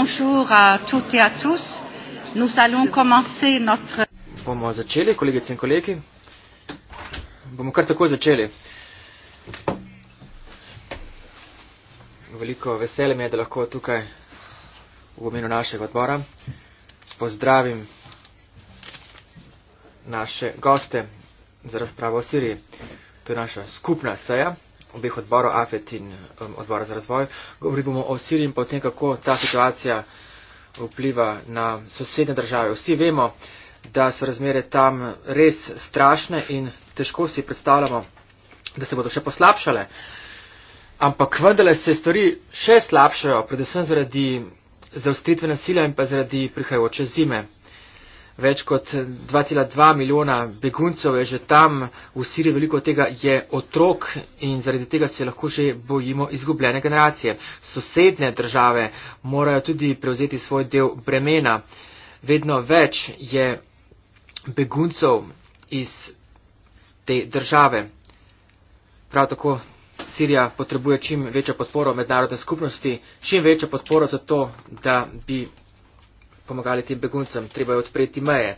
Bonjour à toutes et à tous. Nous allons commencer notre... Bomo začeli, kolegice in kolegi. Bomo kar tako začeli. Veliko veselje mi je, da lahko tukaj v imenu našega odbora pozdravim naše goste za razpravo o Siriji. To je naša skupna seja, obeh odborov, AFET in um, odbora za razvoj. Govorili bomo o Siriji in pa o tem, kako ta situacija vpliva na sosednje države. Vsi vemo, da so razmere tam res strašne in težko si predstavljamo, da se bodo še poslabšale. Ampak vendarle se stvari še slabšajo, predvsem zaradi zaustritve nasilja in pa zaradi prihajajoče zime več kot 2,2 milijona beguncev je že tam, v Siriji veliko tega je otrok in zaradi tega se lahko že bojimo izgubljene generacije. Sosedne države morajo tudi prevzeti svoj del bremena. Vedno več je beguncev iz te države. Prav tako Sirija potrebuje čim večjo podporo mednarodne skupnosti, čim večjo podporo za to, da bi pomagali tem beguncem, treba je odpreti meje.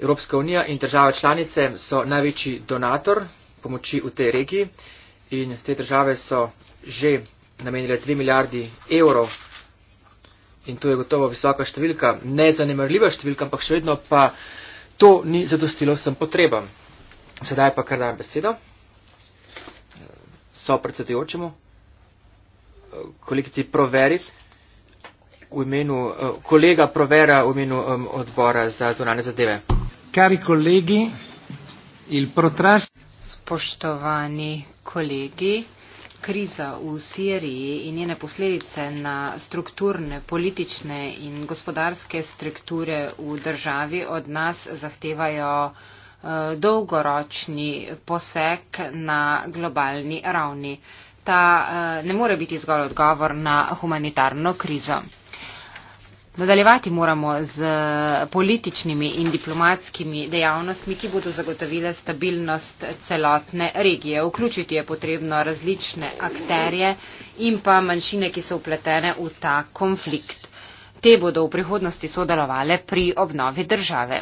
Evropska unija in države članice so največji donator pomoči v tej regiji in te države so že namenile 2 milijardi evrov in to je gotovo visoka številka, nezanemrljiva številka, ampak še vedno pa to ni zadostilo vsem potrebam. Sedaj pa kar dajem besedo eh, so predsedujočemu eh, kolikici proveriti v imenu eh, kolega Provera, v imenu odbora za zunane zadeve. Kari kolegi, il protras. Spoštovani kolegi, kriza v Siriji in njene posledice na strukturne, politične in gospodarske strukture v državi od nas zahtevajo eh, dolgoročni poseg na globalni ravni. Ta eh, ne more biti zgolj odgovor na humanitarno krizo. Nadaljevati moramo z političnimi in diplomatskimi dejavnostmi, ki bodo zagotovile stabilnost celotne regije. Vključiti je potrebno različne akterje in pa manjšine, ki so upletene v ta konflikt. Te bodo v prihodnosti sodelovale pri obnovi države.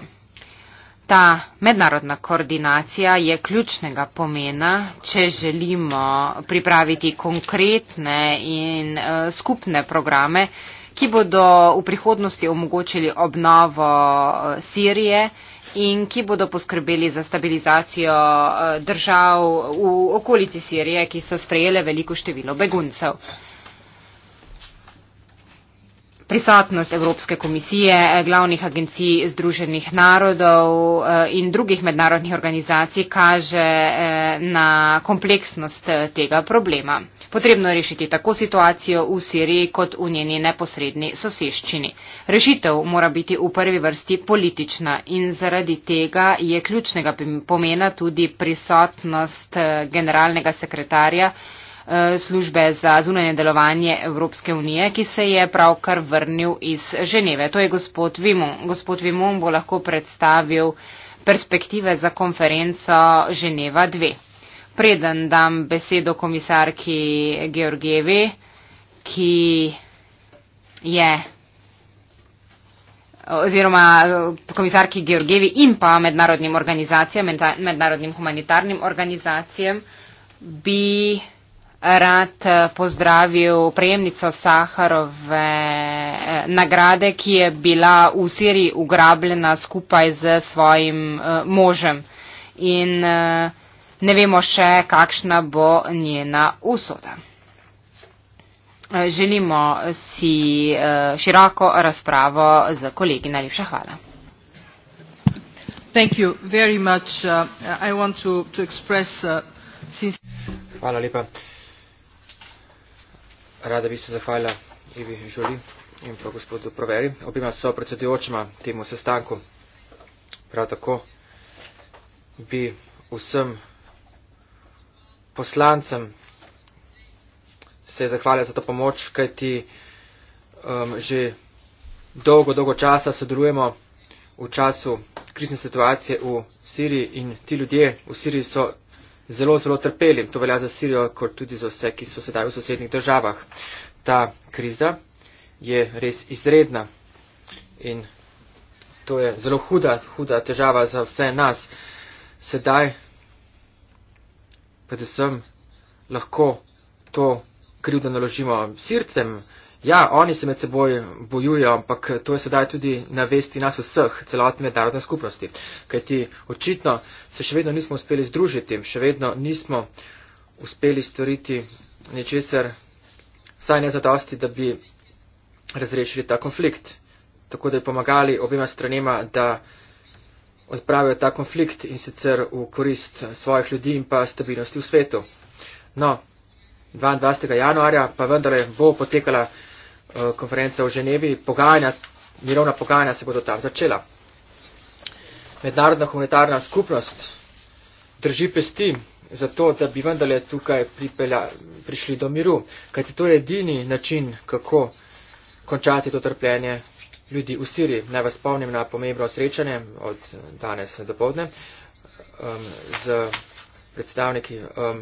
Ta mednarodna koordinacija je ključnega pomena, če želimo pripraviti konkretne in eh, skupne programe, ki bodo v prihodnosti omogočili obnovo eh, Sirije in ki bodo poskrbeli za stabilizacijo eh, držav v okolici Sirije, ki so sprejele veliko število beguncev. Prisotnost Evropske komisije, eh, glavnih agencij Združenih narodov in drugih mednarodnih organizacij kaže na kompleksnost tega problema. Potrebno je rešiti tako situacijo v Siriji kot v njeni neposredni soseščini. Rešitev mora biti v prvi vrsti politična in zaradi tega je ključnega pomena tudi prisotnost eh, generalnega sekretarja eh, službe za zunanje delovanje Evropske unije, ki se je pravkar vrnil iz Ženeve. To je gospod Vimon. Gospod Vimon bo lahko predstavil perspektive za konferenco Ženeva 2 preden dam besedo komisarki Georgijevi, ki je oziroma komisarki Georgijevi in pa mednarodnim organizacijam, mednarodnim humanitarnim organizacijam, bi rad pozdravil prejemnico Saharove eh, nagrade, ki je bila v Siriji ugrabljena skupaj z svojim eh, možem. In uh, ne vemo še, kakšna bo njena usoda. E, želimo si e, široko razpravo z kolegi. Najlepša hvala. Uh, uh, hvala lepa. Rada bi se zahvalila Ivi Žuli in pa gospodu Proveri, obima so predsedujočima temu sestanku. Prav tako bi vsem poslancem se zahvalja za to pomoč, kajti um, že dolgo, dolgo časa sodelujemo v času krizne situacije v Siriji in ti ljudje v Siriji so zelo, zelo trpeli. To velja za Sirijo, kot tudi za vse, ki so sedaj v sosednjih državah. Ta kriza je res izredna in to je zelo huda, huda težava za vse nas. Sedaj predvsem lahko to krivdo naložimo sircem. Ja, oni se med seboj bojujo, ampak to je sedaj tudi na vesti nas vseh, celotne mednarodne skupnosti. Kaj ti očitno se še vedno nismo uspeli združiti, še vedno nismo uspeli storiti ničesar, saj ne zadosti, da bi razrešili ta konflikt. Tako da bi pomagali obima stranema, da odpravijo ta konflikt in sicer v korist eh, svojih ljudi in pa stabilnosti v svetu. No, 22. januarja pa vendarle bo potekala eh, konferenca v Ženevi, pogajanja, mirovna pogajanja se bodo tam začela. Mednarodna humanitarna skupnost drži pesti za to, da bi vendarle tukaj pripelja, prišli do miru, kajti to je edini način, kako končati to trpljenje ljudi v Siriji. Naj vas spomnim na pomembno srečanje od eh, danes do povdne um, z predstavniki um,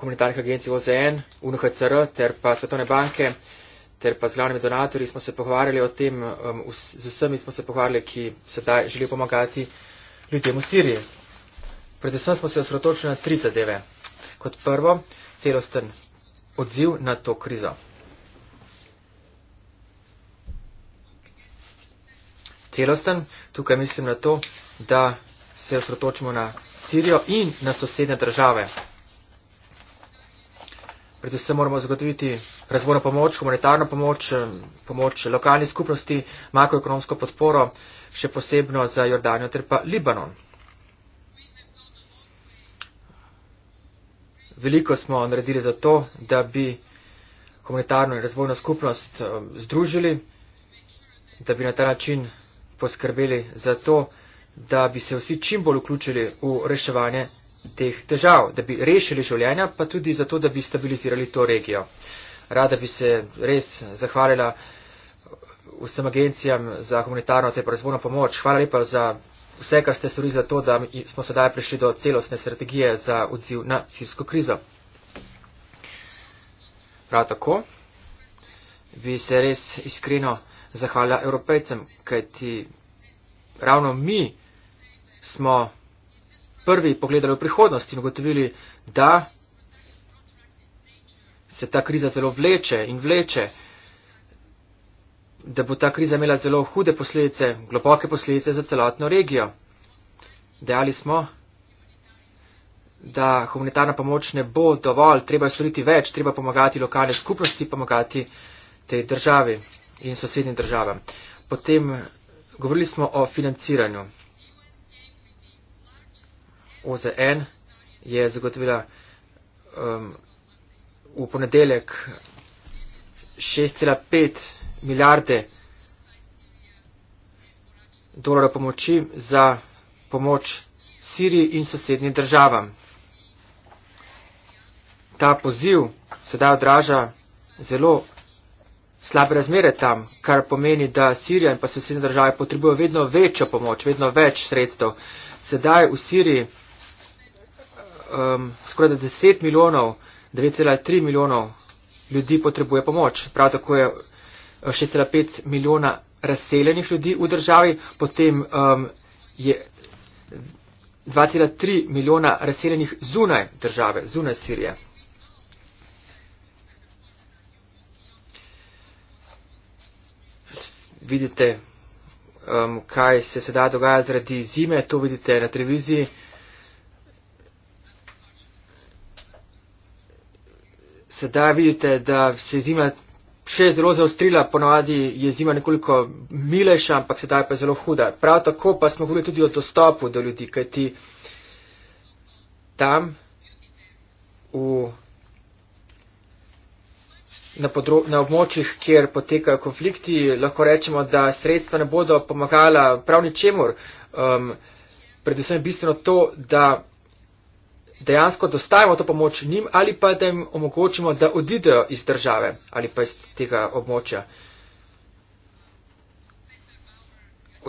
humanitarnih agencij OZN, UNHCR ter pa Svetovne banke ter pa z glavnimi donatorji smo se pogovarjali o tem, um, v, z vsemi smo se pogovarjali, ki sedaj želijo pomagati ljudem v Siriji. Predvsem smo se osredotočili na tri zadeve. Kot prvo, celosten odziv na to krizo. celosten. Tukaj mislim na to, da se osredotočimo na Sirijo in na sosedne države. Predvsem moramo zagotoviti razvojno pomoč, humanitarno pomoč, pomoč lokalni skupnosti, makroekonomsko podporo, še posebno za Jordanijo ter pa Libanon. Veliko smo naredili za to, da bi humanitarno in razvojno skupnost um, združili, da bi na ta način poskrbeli za to, da bi se vsi čim bolj vključili v reševanje teh težav, da bi rešili življenja, pa tudi zato, da bi stabilizirali to regijo. Rada bi se res zahvalila vsem agencijam za humanitarno te razvojno pomoč. Hvala lepa za vse, kar ste storili za to, da smo sedaj prišli do celostne strategije za odziv na sirsko krizo. Prav tako bi se res iskreno zahvalja evropejcem, kajti ravno mi smo prvi pogledali v prihodnost in ugotovili, da se ta kriza zelo vleče in vleče, da bo ta kriza imela zelo hude posledice, globoke posledice za celotno regijo. Dejali smo, da humanitarna pomoč ne bo dovolj, treba je storiti več, treba pomagati lokalne skupnosti, pomagati tej državi in sosednjim državam. Potem govorili smo o financiranju. OZN je zagotovila um, v ponedeljek 6,5 milijarde dolarja pomoči za pomoč Siriji in sosednjim državam. Ta poziv sedaj odraža zelo slabe razmere tam, kar pomeni, da Sirija in pa sosednje države potrebujejo vedno večjo pomoč, vedno več sredstev. Sedaj v Siriji um, skoraj 10 milijonov, 9,3 milijonov ljudi potrebuje pomoč. Prav tako je 6,5 uh, milijona razseljenih ljudi v državi, potem um, je 2,3 milijona razseljenih zunaj države, zunaj Sirije. vidite, um, kaj se sedaj dogaja zaradi zime, to vidite na televiziji. Sedaj vidite, da se je zima še zelo zaostrila, ponovadi je zima nekoliko milejša, ampak sedaj pa je zelo huda. Prav tako pa smo govorili tudi o dostopu do ljudi, kajti tam v na, na območjih, kjer potekajo konflikti, lahko rečemo, da sredstva ne bodo pomagala prav ničemur. Um, predvsem je bistveno to, da dejansko dostajamo to pomoč njim ali pa da jim omogočimo, da odidejo iz države ali pa iz tega območja.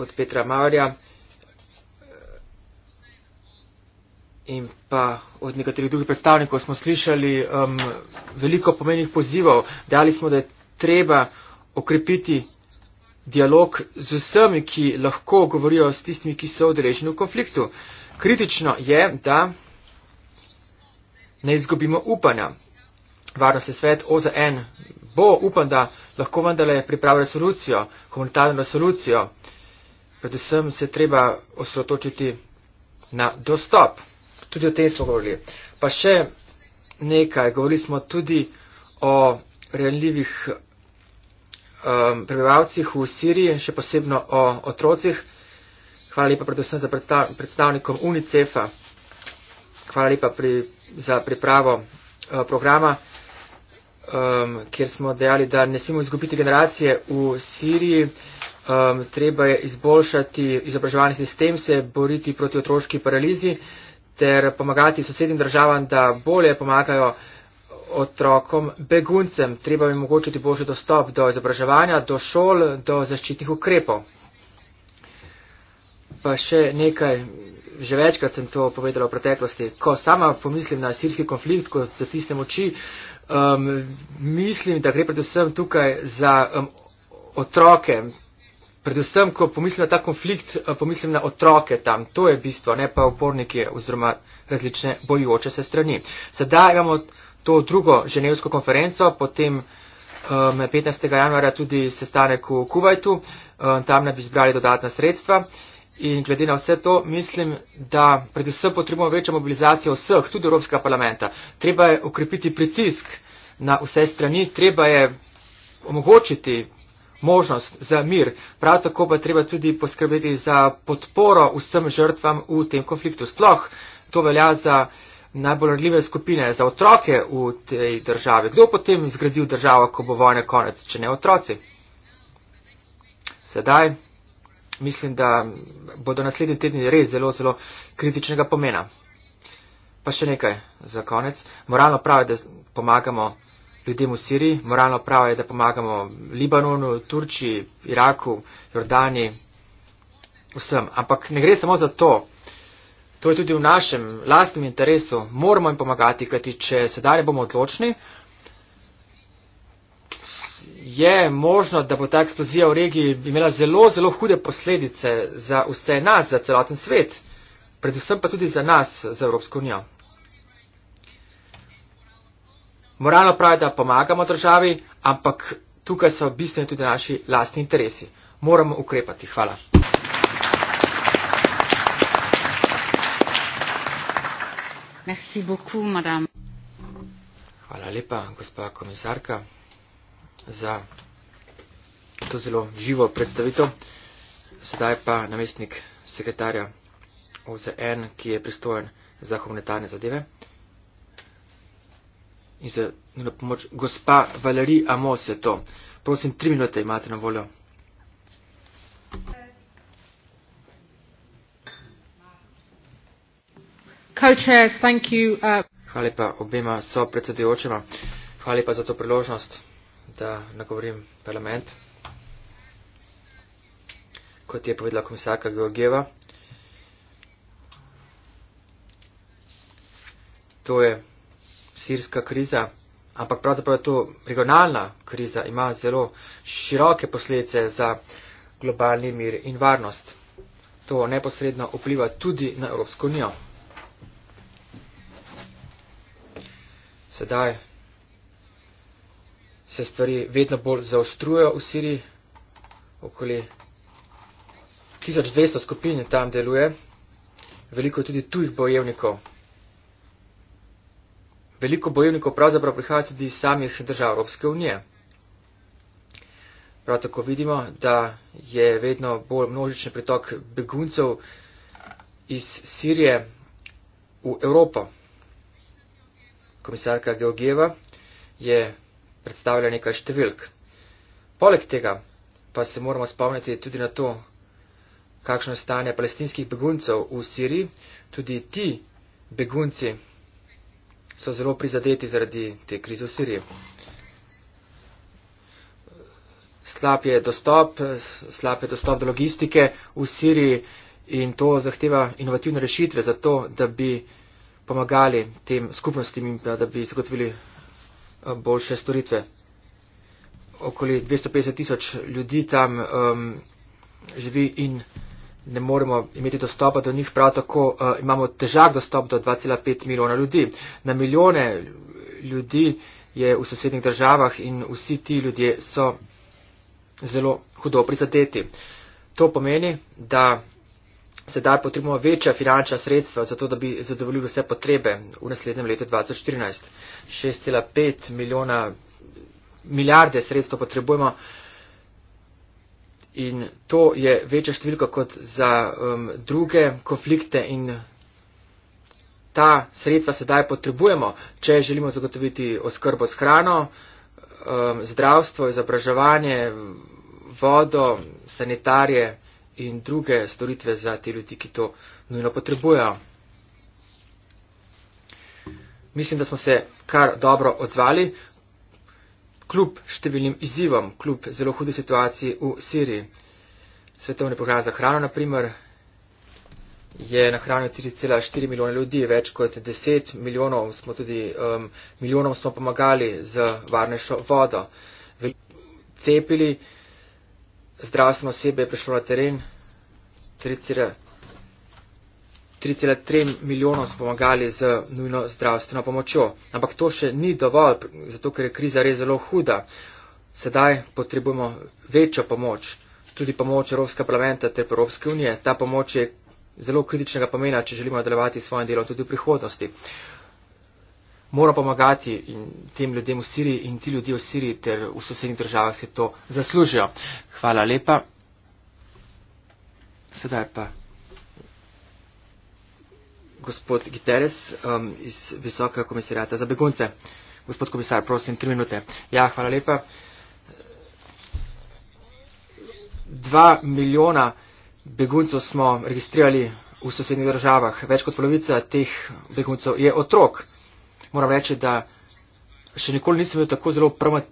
Od Petra Maurja. in pa od nekaterih drugih predstavnikov smo slišali um, veliko pomenih pozivov. Dejali smo, da je treba okrepiti dialog z vsemi, ki lahko govorijo s tistimi, ki so odreženi v konfliktu. Kritično je, da ne izgubimo upanja. Varnostni svet OZN bo upan, da lahko vendarle pripravi resolucijo, humanitarno resolucijo. Predvsem se treba osredotočiti na dostop. Tudi o tem smo govorili. Pa še nekaj, govorili smo tudi o renljivih um, prebivalcih v Siriji in še posebno o otrocih. Hvala lepa predvsem za predstav, predstavnikom UNICEF-a. Hvala lepa pri, za pripravo uh, programa, um, kjer smo dejali, da ne smemo izgubiti generacije v Siriji. Um, treba je izboljšati izobraževalni sistem, se boriti proti otroški paralizi ter pomagati sosednjim državam, da bolje pomagajo otrokom, beguncem. Treba jim omogočiti boljši dostop do izobraževanja, do šol, do zaščitnih ukrepov. Pa še nekaj, že večkrat sem to povedala v preteklosti. Ko sama pomislim na sirski konflikt, ko zatisnem oči, um, mislim, da gre predvsem tukaj za um, otroke, predvsem, ko pomislim na ta konflikt, eh, pomislim na otroke tam. To je bistvo, ne pa uporniki oziroma različne bojujoče se strani. Sedaj imamo to drugo ženevsko konferenco, potem um, eh, 15. januarja tudi sestanek v Kuvajtu, um, tam ne bi zbrali dodatna sredstva. In glede na vse to, mislim, da predvsem potrebujemo večjo mobilizacijo vseh, tudi Evropskega parlamenta. Treba je ukrepiti pritisk na vse strani, treba je omogočiti možnost za mir. Prav tako pa treba tudi poskrbeti za podporo vsem žrtvam v tem konfliktu. Sploh to velja za najbolj rljive skupine, za otroke v tej državi. Kdo potem zgradil državo, ko bo vojna konec, če ne otroci? Sedaj mislim, da bodo naslednji tedni res zelo, zelo kritičnega pomena. Pa še nekaj za konec. Moralno pravi, da pomagamo ljudem v Siriji. Moralno pravo je, da pomagamo Libanonu, Turčiji, Iraku, Jordani, vsem. Ampak ne gre samo za to. To je tudi v našem lastnem interesu. Moramo jim pomagati, kajti če sedaj ne bomo odločni, je možno, da bo ta eksplozija v regiji imela zelo, zelo hude posledice za vse nas, za celoten svet, predvsem pa tudi za nas, za Evropsko unijo. Moralno pravi, da pomagamo državi, ampak tukaj so bistveni tudi naši lastni interesi. Moramo ukrepati. Hvala. Beaucoup, Hvala lepa, gospa komisarka, za to zelo živo predstavitev. Sedaj pa namestnik sekretarja OZN, ki je pristojen za humanitarne zadeve in za njeno pomoč gospa Valeri Amoseto. Prosim, tri minute imate na voljo. Co-chairs, thank you. Uh, Hvala lepa obema so predsedujočima. Hvala lepa za to priložnost, da nagovorim parlament. Kot je povedala komisarka Georgieva, to je sirska kriza, ampak pravzaprav je to regionalna kriza, ima zelo široke posledice za globalni mir in varnost. To neposredno vpliva tudi na Evropsko unijo. Sedaj se stvari vedno bolj zaostrujo v Siriji, okoli 1200 skupin tam deluje, veliko je tudi tujih bojevnikov veliko bojevnikov pravzaprav prihaja tudi iz samih držav Evropske unije. Prav tako vidimo, da je vedno bolj množičen pritok beguncev iz Sirije v Evropo. Komisarka Georgieva je predstavila nekaj številk. Poleg tega pa se moramo spomniti tudi na to, kakšno je stanje palestinskih beguncev v Siriji. Tudi ti begunci so zelo prizadeti zaradi te krize v Siriji. Slab je dostop, slab je dostop do logistike v Siriji in to zahteva inovativne rešitve za to, da bi pomagali tem skupnostim in da bi zagotovili eh, boljše storitve. Okoli 250 tisoč ljudi tam um, živi in ne moremo imeti dostopa do njih, prav tako uh, imamo težak dostop do 2,5 milijona ljudi. Na milijone ljudi je v sosednjih državah in vsi ti ljudje so zelo hudo prizadeti. To pomeni, da sedaj potrebujemo večja finančna sredstva, zato da bi zadovoljili vse potrebe v naslednjem letu 2014. 6,5 milijona milijarde sredstva potrebujemo. Uh, in to je večja številka kot za um, druge konflikte in ta sredstva sedaj potrebujemo, če želimo zagotoviti oskrbo s hrano, um, zdravstvo, izobraževanje, vodo, sanitarje in druge storitve za te ljudi, ki to nujno potrebujejo. Mislim, da smo se kar dobro odzvali kljub številnim izzivom, kljub zelo hudi situaciji v Siriji. Svetovni program za hrano, naprimer, je na hrano 3,4 milijona ljudi, več kot 10 milijonov smo tudi, um, milijonom smo pomagali z varnejšo vodo. Cepili, zdravstveno osebe je prišlo na teren, 3,3 milijonom smo pomagali z nujno zdravstveno pomočjo. Ampak to še ni dovolj, zato ker je kriza res zelo huda. Sedaj potrebujemo večjo pomoč, tudi pomoč Evropskega parlamenta ter Evropske unije. Ta pomoč je zelo kritičnega pomena, če želimo nadaljevati svoje delo tudi v prihodnosti. Moramo pomagati tem ljudem v Siriji in ti ljudje v Siriji ter v sosednjih državah si to zaslužijo. Hvala lepa. Sedaj pa gospod Giteres um, iz Visokega komisarjata za begunce. Gospod komisar, prosim, tri minute. Ja, hvala lepa. Dva milijona beguncev smo registrirali v sosednjih državah. Več kot polovica teh beguncev je otrok. Moram reči, da še nikoli nisem bil tako zelo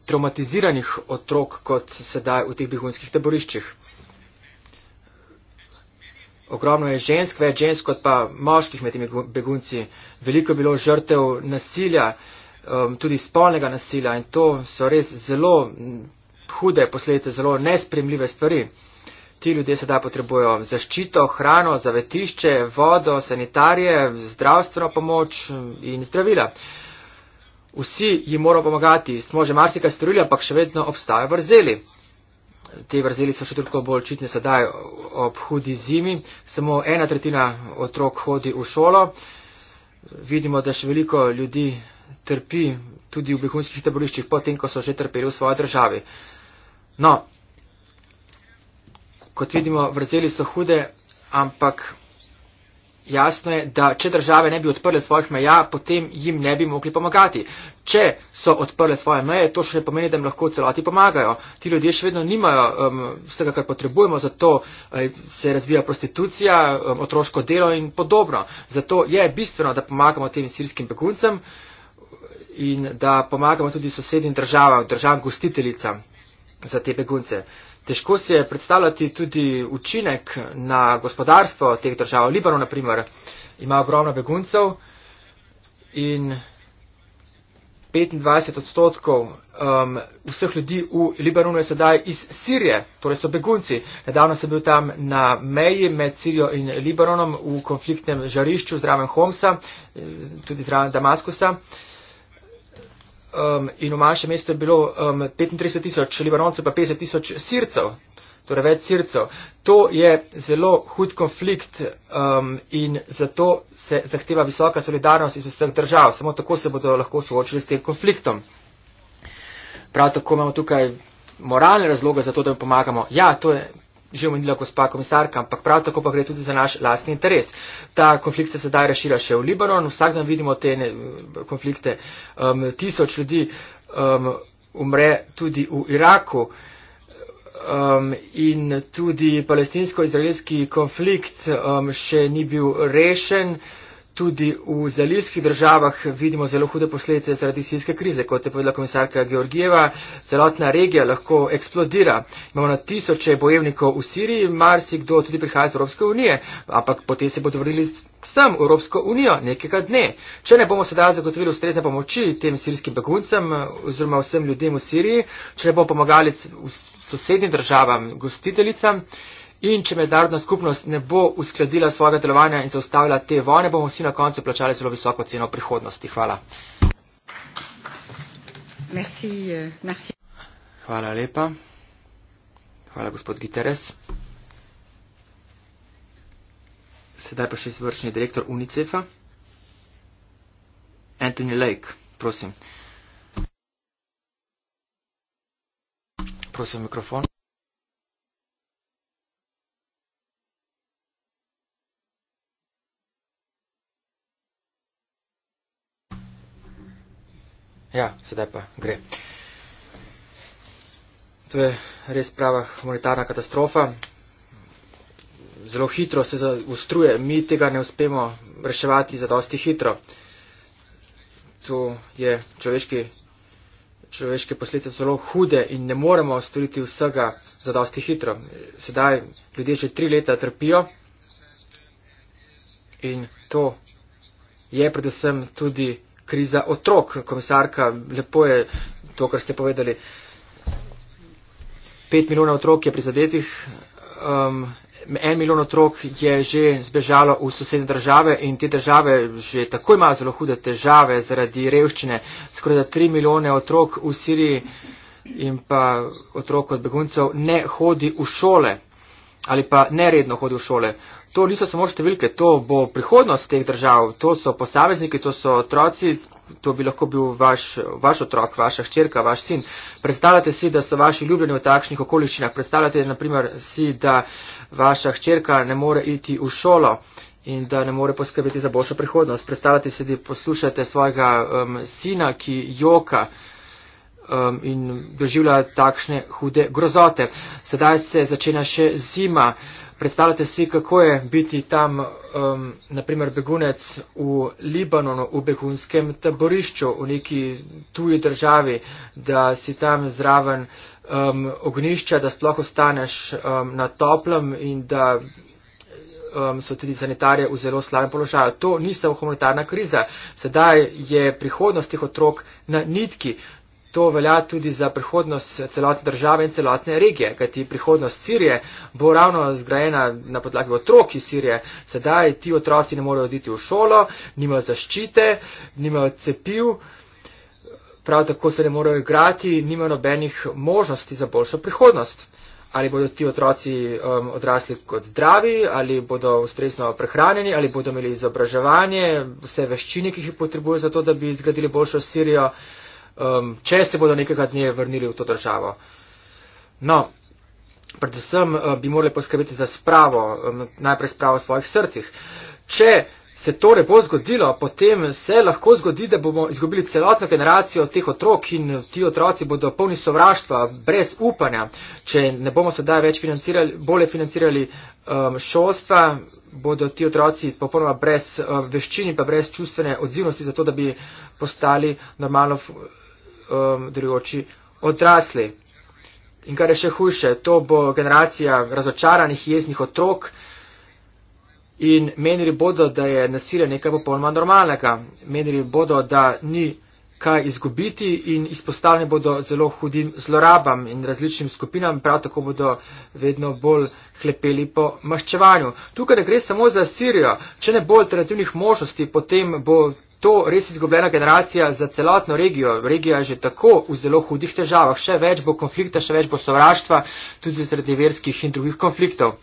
traumatiziranih otrok, kot sedaj v teh begunskih taboriščih. Ogromno je žensk, več žensk kot pa moških med temi begunci. Veliko je bilo žrtev nasilja, um, tudi spolnega nasilja in to so res zelo hude posledice, zelo nespremljive stvari. Ti ljudje sedaj potrebujo zaščito, hrano, zavetišče, vodo, sanitarije, zdravstveno pomoč in zdravila. Vsi jim moramo pomagati, smo že marsikaj storili, ampak še vedno obstajajo vrzeli te vrzeli so še toliko bolj očitne sedaj ob hudi zimi. Samo ena tretjina otrok hodi v šolo. Vidimo, da še veliko ljudi trpi tudi v behunskih taboriščih, potem, ko so že trpeli v svoji državi. No, kot vidimo, vrzeli so hude, ampak jasno je, da če države ne bi odprle svojih meja, potem jim ne bi mogli pomagati. Če so odprle svoje meje, to še ne pomeni, da jim lahko celoti pomagajo. Ti ljudje še vedno nimajo um, vsega, kar potrebujemo, zato eh, se razvija prostitucija, um, otroško delo in podobno. Zato je bistveno, da pomagamo tem sirskim beguncem in da pomagamo tudi sosednjim državam, državam gostiteljicam za te begunce. Težko si je predstavljati tudi učinek na gospodarstvo teh držav. Libanon, naprimer, ima ogromno beguncev in 25 odstotkov um, vseh ljudi v Libanonu je sedaj iz Sirije, torej so begunci. Nedavno sem bil tam na meji med Sirijo in Libanonom v konfliktnem žarišču zraven Homsa, eh, tudi zraven Damaskusa. Uh, um, in v manjšem mestu je bilo um, 35 tisoč libanoncev, pa 50 tisoč sircev, torej več sircev. To je zelo hud konflikt um, in zato se zahteva visoka solidarnost iz vseh držav. Samo tako se bodo lahko soočili s tem konfliktom. Prav tako imamo tukaj moralne razloge za to, da jim pomagamo. Ja, to je že omenila gospa komisarka, ampak prav tako pa gre tudi za naš lastni interes. Ta konflikt se sedaj razšira še v Libanon, vsak dan vidimo te ne, konflikte. Um, tisoč ljudi um, umre tudi v Iraku um, in tudi palestinsko-izraelski konflikt um, še ni bil rešen tudi v zalivskih državah vidimo zelo hude posledice zaradi sirske krize. Kot je povedala komisarka Georgijeva, celotna regija lahko eksplodira. Imamo na tisoče bojevnikov v Siriji, marsikdo tudi prihaja iz Evropske unije, ampak potem se bodo vrnili sam v Evropsko unijo nekega dne. Če ne bomo sedaj zagotovili ustrezne pomoči tem sirskim beguncem oziroma vsem ljudem v Siriji, če ne bomo pomagali sosednjim državam, gostiteljicam, In če mednarodna skupnost ne bo uskladila svojega delovanja in zaustavila te vojne, bomo vsi na koncu plačali zelo visoko ceno v prihodnosti. Hvala. Merci, eh, merci. Hvala lepa. Hvala, gospod Giteres. Sedaj pa še izvršni direktor UNICEF-a. Anthony Lake, prosim. Prosim, mikrofon. Ja, sedaj pa gre. To je res prava humanitarna katastrofa. Zelo hitro se ustruje, mi tega ne uspemo reševati za dosti hitro. To je človeški, človeške posledice zelo hude in ne moremo storiti vsega za dosti hitro. Sedaj ljudje že tri leta trpijo in to je predvsem tudi kriza otrok, komisarka, lepo je to, kar ste povedali. Pet milijona otrok je prizadetih, um, en milijon otrok je že zbežalo v sosednje države in te države že tako imajo zelo hude težave zaradi revščine. Skoraj da tri milijone otrok v Siriji in pa otrok od beguncev ne hodi v šole ali pa neredno hodi v šole to niso samo številke, to bo prihodnost teh držav, to so posamezniki, to so otroci, to bi lahko bil vaš, vaš otrok, vaša hčerka, vaš sin. Predstavljate si, da so vaši ljubljeni v takšnih okoliščinah, predstavljate naprimer si, da vaša hčerka ne more iti v šolo in da ne more poskrbeti za boljšo prihodnost. Predstavljate si, da poslušate svojega um, sina, ki joka um, in doživlja takšne hude grozote. Sedaj se začenja še zima. Predstavljate si, kako je biti tam, um, naprimer, begunec v Libanonu, v begunskem taborišču, v neki tuji državi, da si tam zraven um, ognišča, da sploh ostaneš um, na toplem in da um, so tudi sanitarije v zelo slabem položaju. To ni samo humanitarna kriza. Sedaj je prihodnost teh otrok na nitki. To velja tudi za prihodnost celotne države in celotne regije, kajti prihodnost Sirije bo ravno zgrajena na podlagi otrok iz Sirije. Sedaj ti otroci ne morejo oditi v šolo, nimajo zaščite, nimajo cepiv, prav tako se ne morejo igrati, nimajo nobenih možnosti za boljšo prihodnost. Ali bodo ti otroci um, odrasli kot zdravi, ali bodo ustrezno prehranjeni, ali bodo imeli izobraževanje, vse veščine, ki jih potrebujejo za to, da bi zgradili boljšo Sirijo um, če se bodo nekega dne vrnili v to državo. No, predvsem uh, bi morali poskrbeti za spravo, um, najprej spravo v svojih srcih. Če se torej bo zgodilo, potem se lahko zgodi, da bomo izgubili celotno generacijo teh otrok in ti otroci bodo polni sovraštva, brez upanja. Če ne bomo sedaj več financirali, bolje financirali um, šolstva, bodo ti otroci popolnoma brez um, veščini, pa brez čustvene odzivnosti za to, da bi postali normalno um, drugoči odrasli. In kar je še hujše, to bo generacija razočaranih jeznih otrok in menili bodo, da je nasilje nekaj popolnoma normalnega. Menili bodo, da ni kaj izgubiti in izpostavljeni bodo zelo hudim zlorabam in različnim skupinam, prav tako bodo vedno bolj hlepeli po maščevanju. Tukaj ne gre samo za Sirijo. Če ne bo alternativnih možnosti, potem bo to res izgubljena generacija za celotno regijo. Regija je že tako v zelo hudih težavah. Še več bo konflikta, še več bo sovraštva, tudi zaradi verskih in drugih konfliktov.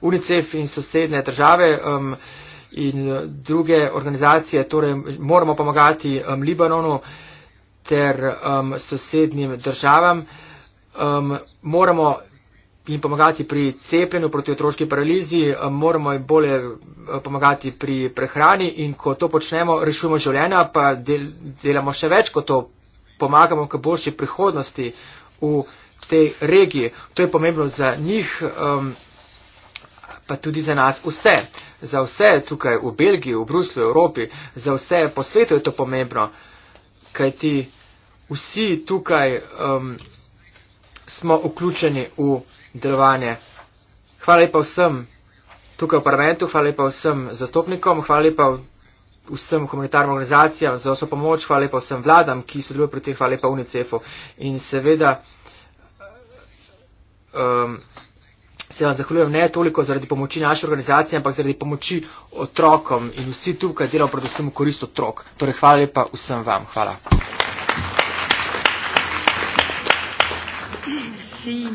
UNICEF in sosedne države um, in uh, druge organizacije, torej moramo pomagati um, Libanonu ter um, sosednjim državam. Um, moramo jim pomagati pri cepljenju proti otroški paralizi, eh, moramo jim bolje eh, pomagati pri prehrani in ko to počnemo, rešujemo življenja, pa del, delamo še več kot to, pomagamo k boljši prihodnosti v tej regiji. To je pomembno za njih, um, pa tudi za nas vse. Za vse tukaj v Belgiji, v Bruslju, v Evropi, za vse po svetu je to pomembno, kajti vsi tukaj um, smo vključeni v delovanje. Hvala lepa vsem tukaj v parlamentu, hvala lepa vsem zastopnikom, hvala lepa vsem humanitarnim organizacijam za vso pomoč, hvala lepa vsem vladam, ki sodelujo pri tem, hvala lepa UNICEF-u. In seveda um, se vam zahvaljujem ne toliko zaradi pomoči naše organizacije, ampak zaradi pomoči otrokom in vsi tukaj delamo predvsem v korist otrok. Torej hvala lepa vsem vam. Hvala.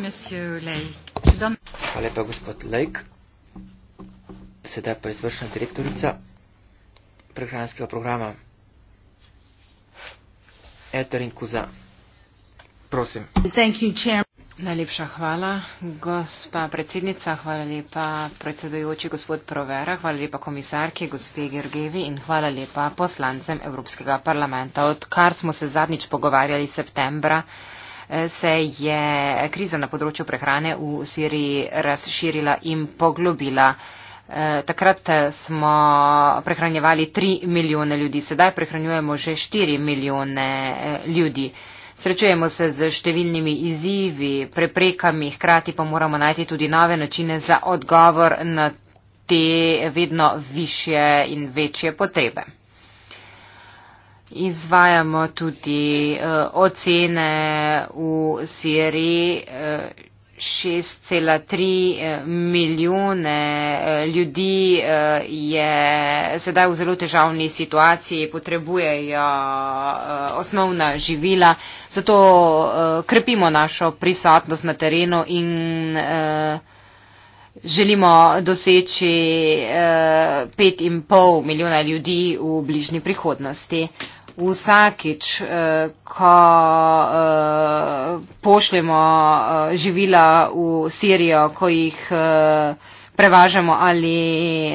monsieur Lake. Don... Hvala lepa, gospod Lake. Sedaj pa izvršna direktorica prehranskega programa Eter in Kuza. Prosim. Thank you, chair. Najlepša hvala, gospa predsednica, hvala lepa predsedujoči gospod Provera, hvala lepa komisarki gospe Gergevi in hvala lepa poslancem Evropskega parlamenta. Odkar smo se zadnjič pogovarjali septembra, se je kriza na področju prehrane v Siriji razširila in poglobila. Eh, takrat smo prehranjevali 3 milijone ljudi, sedaj prehranjujemo že 4 milijone eh, ljudi. Srečujemo se z številnimi izzivi, preprekami, hkrati pa moramo najti tudi nove načine za odgovor na te vedno više in večje potrebe izvajamo tudi uh, ocene v Siriji. Uh, eh, 6,3 eh, milijone ljudi je sedaj v zelo težavni situaciji, potrebujejo osnovna živila, zato krepimo našo prisotnost na terenu in želimo doseči 5,5 milijona ljudi v bližnji prihodnosti vsakič, eh, ko eh, pošljemo eh, živila v Sirijo, ko jih prevažamo ali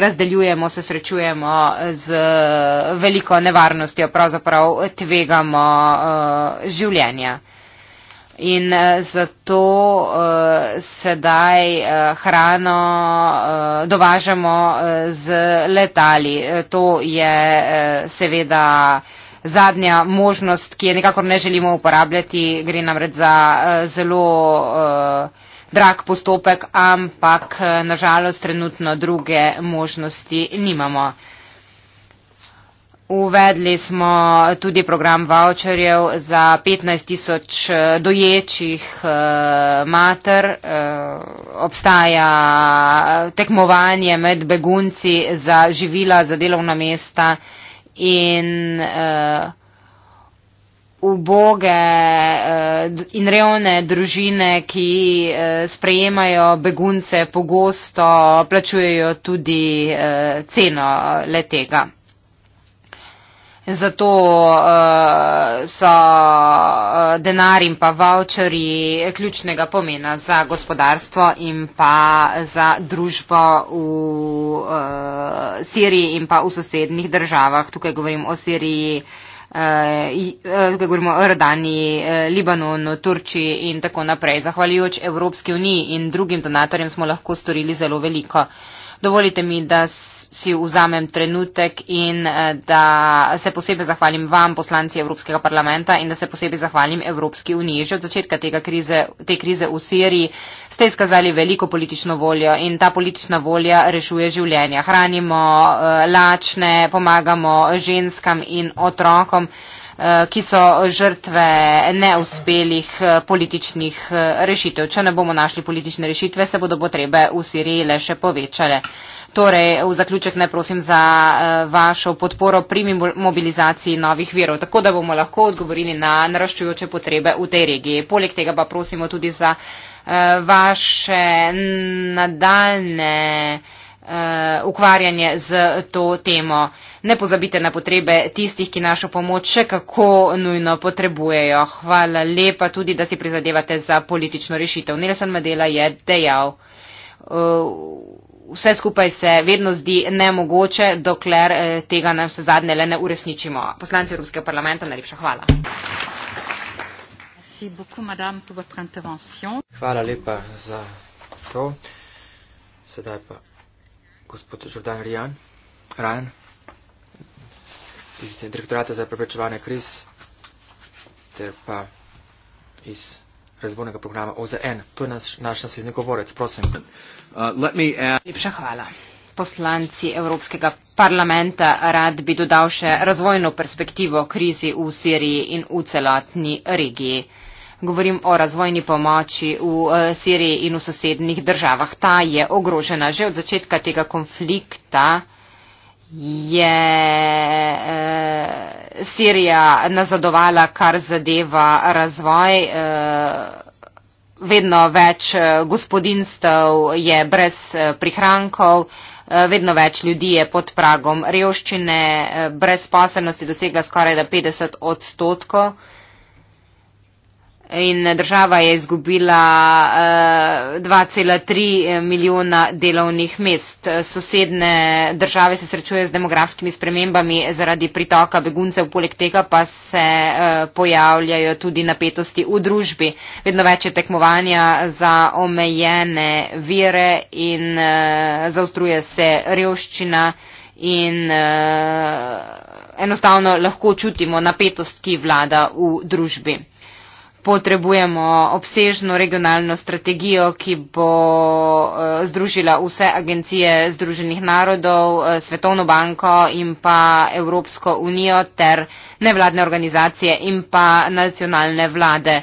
razdeljujemo, se srečujemo z veliko nevarnostjo, pravzaprav tvegamo življenja. In eh, zato uh, sedaj uh, hrano uh, dovažamo uh, z letali. To je uh, seveda zadnja možnost, ki je nekakor ne želimo uporabljati. Gre namreč za uh, zelo uh, drag postopek, ampak uh, nažalost trenutno druge možnosti nimamo. Uvedli smo tudi program voucherjev za 15 tisoč eh, doječih eh, mater. Eh, obstaja tekmovanje med begunci za živila, za delovna mesta in uboge in revne družine, ki sprejemajo begunce, pogosto plačujejo tudi ceno letega. Zato uh, so eh, denar in pa voucheri ključnega pomena za gospodarstvo in pa za družbo v uh, Siriji in pa v sosednjih državah. Tukaj govorim o Siriji, uh, tukaj govorim o Jordaniji, Libanonu, Turčiji in tako naprej. Zahvaljujoč Evropski uniji in drugim donatorjem smo lahko storili zelo veliko. Dovolite mi, da si vzamem trenutek in eh, da se posebej zahvalim vam, poslanci Evropskega parlamenta in da se posebej zahvalim Evropski uniji. Že od začetka krize, te krize v Siriji ste izkazali veliko politično voljo in ta politična volja rešuje življenja. Hranimo eh, lačne, pomagamo ženskam in otrokom eh, ki so žrtve neuspelih političnih rešitev. Če ne bomo našli politične rešitve, se bodo potrebe v Siriji le še povečale. Torej, v zaključek ne prosim za uh, vašo podporo pri mobilizaciji novih virov, tako da bomo lahko odgovorili na naraščujoče potrebe v tej regiji. Poleg tega pa prosimo tudi za uh, vaše nadaljne uh, ukvarjanje z to temo. Ne pozabite na potrebe tistih, ki našo pomoč še kako nujno potrebujejo. Hvala lepa tudi, da si prizadevate za politično rešitev. Nelson Medela je dejal. Uh, vse skupaj se vedno zdi nemogoče, dokler eh, tega na vse zadnje le ne uresničimo. Poslanci Evropskega parlamenta, najlepša hvala. Hvala lepa za to. Sedaj pa gospod Žordan Rijan, Rajan iz Direktorata za preprečevanje kriz ter pa iz razvojnega programa OZN. To je naš, naš naslednji govorec, prosim. Uh, hvala. Poslanci Evropskega parlamenta rad bi dodal še razvojno perspektivo krizi v Siriji in v celotni regiji. Govorim o razvojni pomoči v uh, Siriji in v sosednjih državah. Ta je ogrožena. Že od začetka tega konflikta je uh, Sirija nazadovala, kar zadeva razvoj vedno več eh, gospodinstv je brez eh, prihrankov, eh, vedno več ljudi je pod pragom revščine, brezposelnosti dosegla skoraj da 50 odstotkov in država je izgubila 2,3 eh, eh, milijona delovnih mest. Sosedne države se srečujejo z demografskimi spremembami zaradi pritoka beguncev, poleg tega pa se eh, pojavljajo tudi napetosti v družbi. Vedno več je tekmovanja za omejene vire in zaostruje se revščina in enostavno lahko čutimo napetost, ki vlada v družbi potrebujemo obsežno regionalno strategijo, ki bo eh, združila vse agencije Združenih narodov, eh, Svetovno banko in pa Evropsko unijo ter nevladne organizacije in pa nacionalne vlade.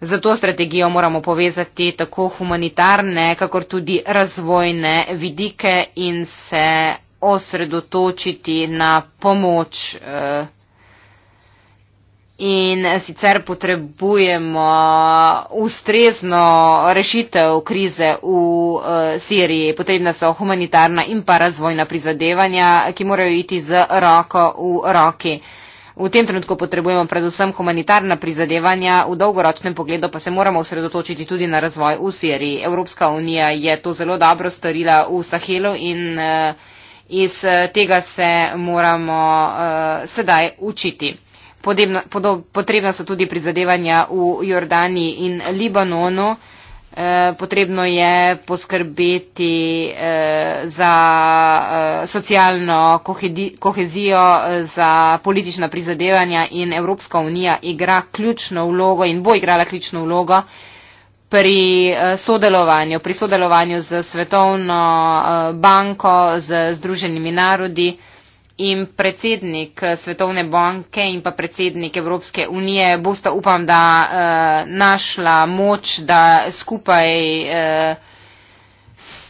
Za to strategijo moramo povezati tako humanitarne, kakor tudi razvojne vidike in se osredotočiti na pomoč. Eh, In sicer potrebujemo ustrezno rešitev krize v eh, Siriji. Potrebna so humanitarna in pa razvojna prizadevanja, ki morajo iti z roko v roki. V tem trenutku potrebujemo predvsem humanitarna prizadevanja, v dolgoročnem pogledu pa se moramo osredotočiti tudi na razvoj v Siriji. Evropska unija je to zelo dobro storila v Sahelu in eh, iz eh, tega se moramo sedaj učiti podobno, podob, potrebna so tudi prizadevanja v Jordaniji in Libanonu. Eh, potrebno je poskrbeti eh, za eh, socialno kohezijo, za politična prizadevanja in Evropska unija igra ključno vlogo in bo igrala ključno vlogo pri sodelovanju, pri sodelovanju z Svetovno banko, z Združenimi narodi in predsednik eh, Svetovne banke in pa predsednik Evropske unije bosta, upam, da eh, našla moč, da skupaj eh,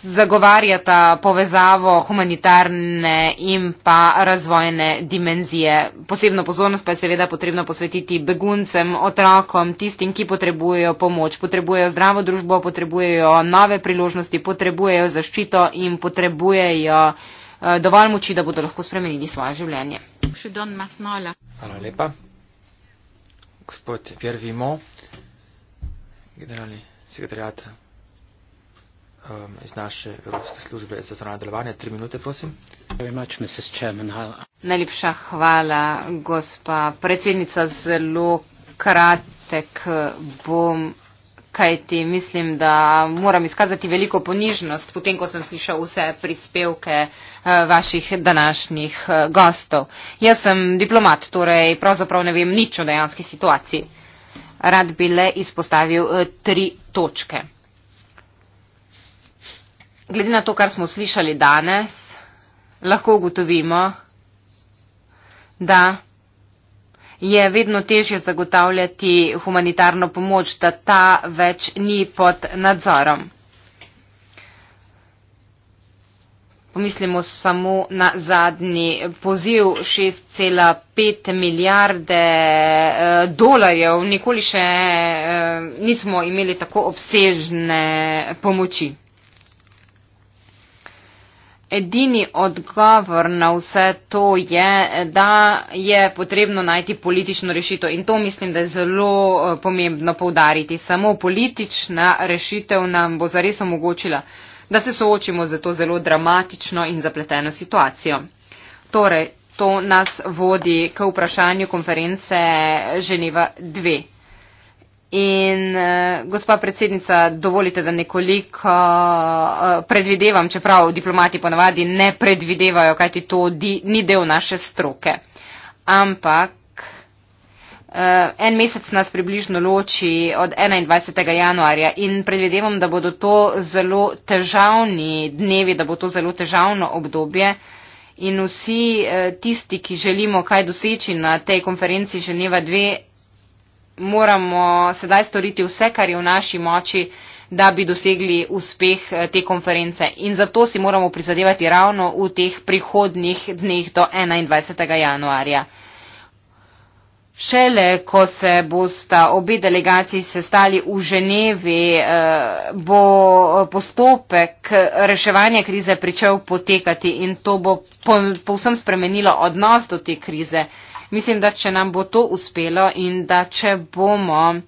zagovarjata povezavo humanitarne in pa razvojne dimenzije. Posebno pozornost pa je seveda potrebno posvetiti beguncem, otrokom, tistim, ki potrebujejo pomoč, potrebujejo zdravo družbo, potrebujejo nove priložnosti, potrebujejo zaščito in potrebujejo uh, Eh, dovolj moči, da bodo lahko spremenili svoje življenje. Hvala lepa. Gospod Pierre Vimo, generalni sekretarjat um, ehm, iz naše Evropske službe za zdravljeno delovanje. Tri minute, prosim. Najlepša hvala, gospa predsednica. Zelo kratek eh, bom kajti mislim, da moram izkazati veliko ponižnost, potem ko sem slišal vse prispevke eh, vaših današnjih eh, gostov. Jaz sem diplomat, torej pravzaprav ne vem nič o dejanski situaciji. Rad bi le izpostavil eh, tri točke. Glede na to, kar smo slišali danes, lahko ugotovimo, da je vedno težje zagotavljati humanitarno pomoč, da ta več ni pod nadzorom. Pomislimo samo na zadnji poziv 6,5 milijarde eh, dolarjev. Nikoli še eh, nismo imeli tako obsežne pomoči. Edini odgovor na vse to je, da je potrebno najti politično rešitev in to mislim, da je zelo eh, pomembno povdariti. Samo politična rešitev nam bo zares omogočila, da se soočimo z to zelo dramatično in zapleteno situacijo. Torej, to nas vodi k vprašanju konference Ženeva 2. In eh, gospa predsednica, dovolite, da nekoliko eh, predvidevam, čeprav diplomati ponavadi ne predvidevajo, kajti to di, ni del naše stroke. Ampak eh, en mesec nas približno loči od 21. januarja in predvidevam, da bodo to zelo težavni dnevi, da bo to zelo težavno obdobje. In vsi tisti, ki želimo kaj doseči na tej konferenci Ženeva 2, moramo sedaj storiti vse, kar je v naši moči, da bi dosegli uspeh eh, te konference. In zato si moramo prizadevati ravno v teh prihodnih dneh do 21. januarja. Šele, ko se bosta obe delegaciji sestali v Ženevi, eh, bo postopek reševanja krize pričel potekati in to bo povsem spremenilo odnos do te krize. Mislim, da če nam bo to uspelo in da če bomo eh,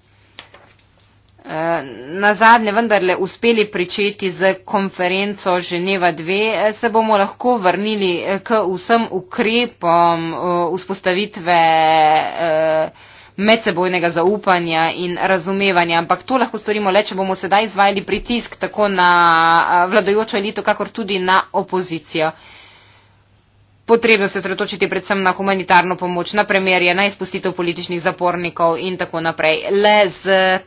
na zadnje vendarle uspeli pričeti z konferenco Ženeva 2, eh, se bomo lahko vrnili eh, k vsem ukrepom vzpostavitve medsebojnega zaupanja in razumevanja, ampak to lahko storimo le, če bomo sedaj izvajali pritisk tako na vladojočo elito, kakor tudi na opozicijo. Potrebno se sredotočiti predvsem na humanitarno pomoč, na primer je na izpustitev političnih zapornikov in tako naprej. Le z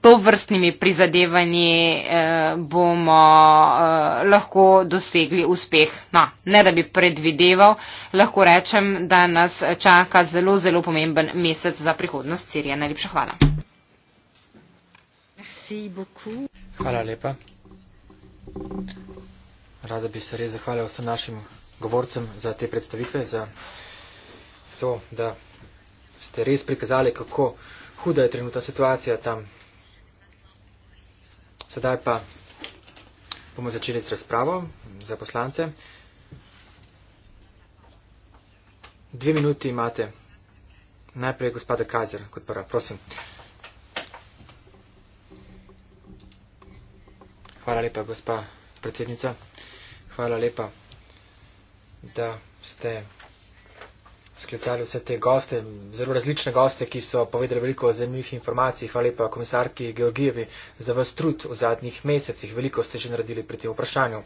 to vrstnimi prizadevanji eh, bomo eh, lahko dosegli uspeh. No, ne da bi predvideval, lahko rečem, da nas čaka zelo, zelo pomemben mesec za prihodnost Sirije. Najlepša hvala. Hvala lepa. Rada bi se res zahvalila vsem našim govorcem za te predstavitve, za to, da ste res prikazali, kako huda je trenutna situacija tam. Sedaj pa bomo začeli s razpravo za poslance. Dve minuti imate. Najprej gospoda Kajzer, kot prva, prosim. Hvala lepa, gospa predsednica. Hvala lepa da ste sklicali vse te goste, zelo različne goste, ki so povedali veliko o zemljih informacij. Hvala lepa komisarki Georgijevi za vas trud v zadnjih mesecih. Veliko ste že naredili pri tem vprašanju.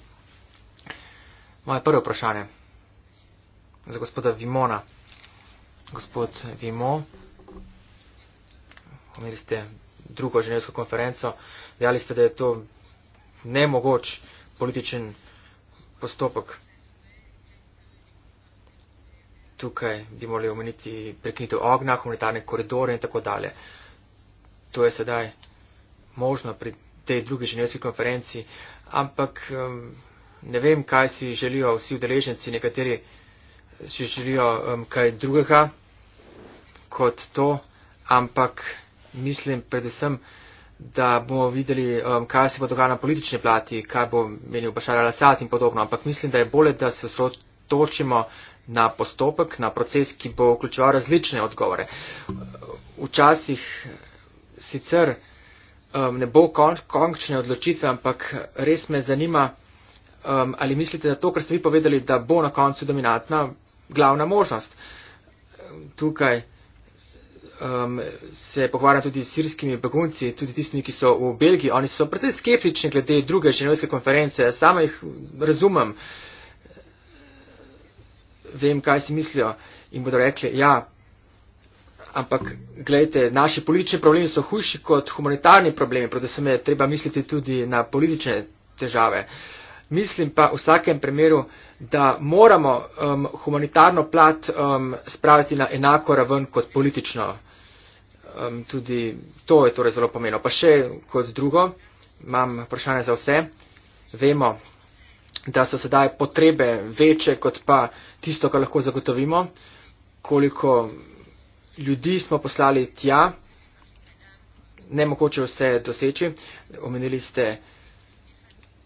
Moje prvo vprašanje za gospoda Vimona. Gospod Vimo, omenili ste drugo ženevsko konferenco, dejali ste, da je to nemogoč političen postopek tukaj bi morali omeniti prekinitev ognja, humanitarne koridore in tako dalje. To je sedaj možno pri tej drugi ženevski konferenci, ampak um, ne vem, kaj si želijo vsi udeleženci, nekateri si želijo um, kaj drugega kot to, ampak mislim predvsem, da bomo videli, um, kaj se bo dogajalo na politični plati, kaj bo menil Bašar al-Assad in podobno, ampak mislim, da je bolje, da se osotočimo na postopek, na proces, ki bo vključeval različne odgovore. Včasih sicer um, ne bo končne odločitve, ampak res me zanima, um, ali mislite, da to, kar ste vi povedali, da bo na koncu dominantna glavna možnost. Tukaj um, se pogovarjam tudi s sirskimi begunci, tudi tistimi, ki so v Belgiji. Oni so precej skeptični glede druge ženevske konference. Sama jih razumem. Uh, vem, kaj si mislijo in bodo rekli, ja, ampak gledajte, naši politični problemi so hujši kot humanitarni problemi, predvsem je treba misliti tudi na politične težave. Mislim pa v vsakem primeru, da moramo um, humanitarno plat um, spraviti na enako raven kot politično. Um, tudi to je torej zelo pomeno. Pa še kot drugo, imam vprašanje za vse. Vemo, da so sedaj potrebe večje kot pa tisto, kar lahko zagotovimo, koliko ljudi smo poslali tja, ne mogoče vse doseči. Omenili ste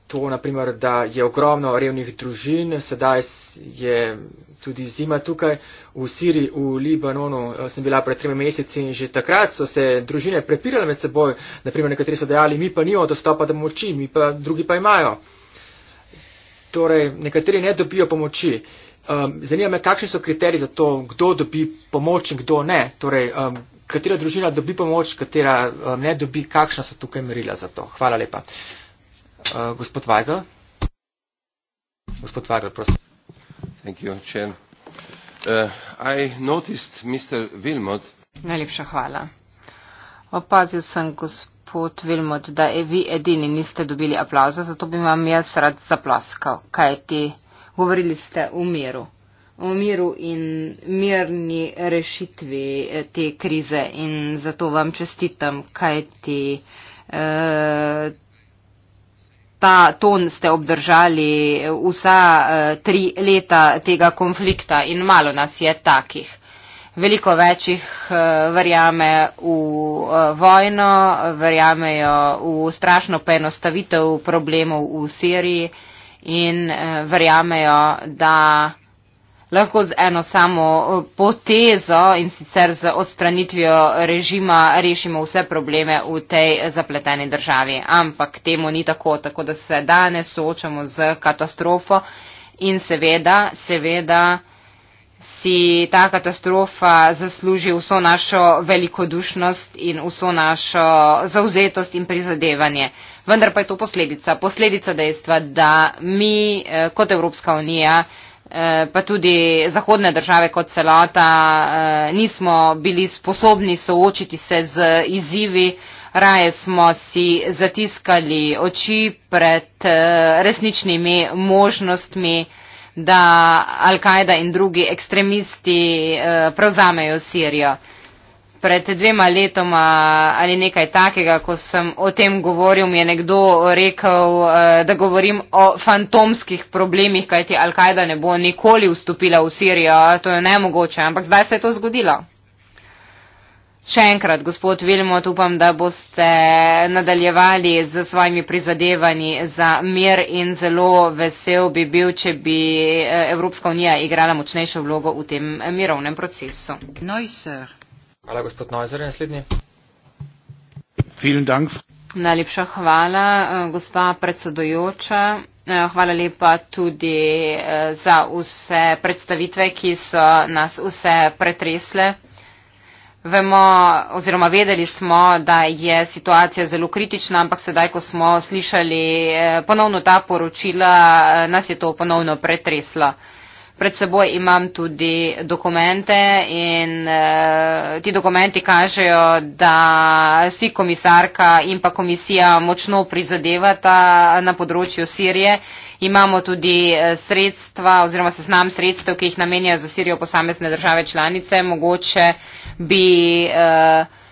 to, naprimer, da je ogromno revnih družin, sedaj je tudi zima tukaj v Siriji, v Libanonu sem bila pred tremi meseci in že takrat so se družine prepirale med seboj, naprimer nekateri so dejali, mi pa nimamo dostopa do moči, mi pa drugi pa imajo. Torej, nekateri ne dobijo pomoči. Um, zanima me, kakšni so kriteriji za to, kdo dobi pomoč in kdo ne. Torej, um, katera družina dobi pomoč, katera um, ne dobi, kakšna so tukaj merila za to. Hvala lepa. Uh, gospod Vajgel. Gospod Vajgel, prosim. Thank you, Chen. Uh, I noticed, Mr. Wilmot. Najlepša hvala. Opazil sem gospod gospod Vilmot, da e, vi edini niste dobili aplauza, zato bi vam jaz rad zaplaskal, kaj ti govorili ste o miru. O miru in mirni rešitvi e, te krize in zato vam čestitam, kaj ti e, ta ton ste obdržali vsa tri leta tega konflikta in malo nas je takih veliko večjih eh, verjame v eh, vojno, verjamejo v strašno poenostavitev problemov v Siriji in eh, verjamejo, da lahko z eno samo potezo in sicer z odstranitvijo režima rešimo vse probleme v tej zapleteni državi. Ampak temu ni tako, tako da se danes soočamo z katastrofo in seveda, seveda, si ta katastrofa zasluži vso našo velikodušnost in vso našo zauzetost in prizadevanje. Vendar pa je to posledica. Posledica dejstva, da mi eh, kot Evropska unija, eh, pa tudi zahodne države kot celota, eh, nismo bili sposobni soočiti se z izzivi, raje smo si zatiskali oči pred resničnimi možnostmi, da Al-Kaida in drugi ekstremisti eh, prevzamejo Sirijo. Pred dvema letoma ali nekaj takega, ko sem o tem govoril, mi je nekdo rekel, eh, da govorim o fantomskih problemih, kajti Al-Kaida ne bo nikoli vstopila v Sirijo, to je nemogoče, ampak zdaj se je to zgodilo. Še enkrat, gospod Vilmot, upam, da boste nadaljevali z svojimi prizadevanji za mir in zelo vesel bi bil, če bi eh, Evropska unija igrala močnejšo vlogo v tem eh, mirovnem procesu. Neuser. Hvala, gospod Neuser, naslednji. Najlepša hvala, eh, gospa predsedojoča. Hvala lepa tudi za vse predstavitve, ki so nas vse pretresle. Vemo oziroma vedeli smo, da je situacija zelo kritična, ampak sedaj, ko smo slišali eh, ponovno ta poročila, eh, nas je to ponovno pretreslo. Pred seboj imam tudi dokumente in uh, ti dokumenti kažejo, da si komisarka in pa komisija močno prizadevata na področju Sirije. Imamo tudi eh, sredstva oziroma seznam sredstev, ki jih namenjajo za Sirijo posamezne države članice. Mogoče bi. Uh,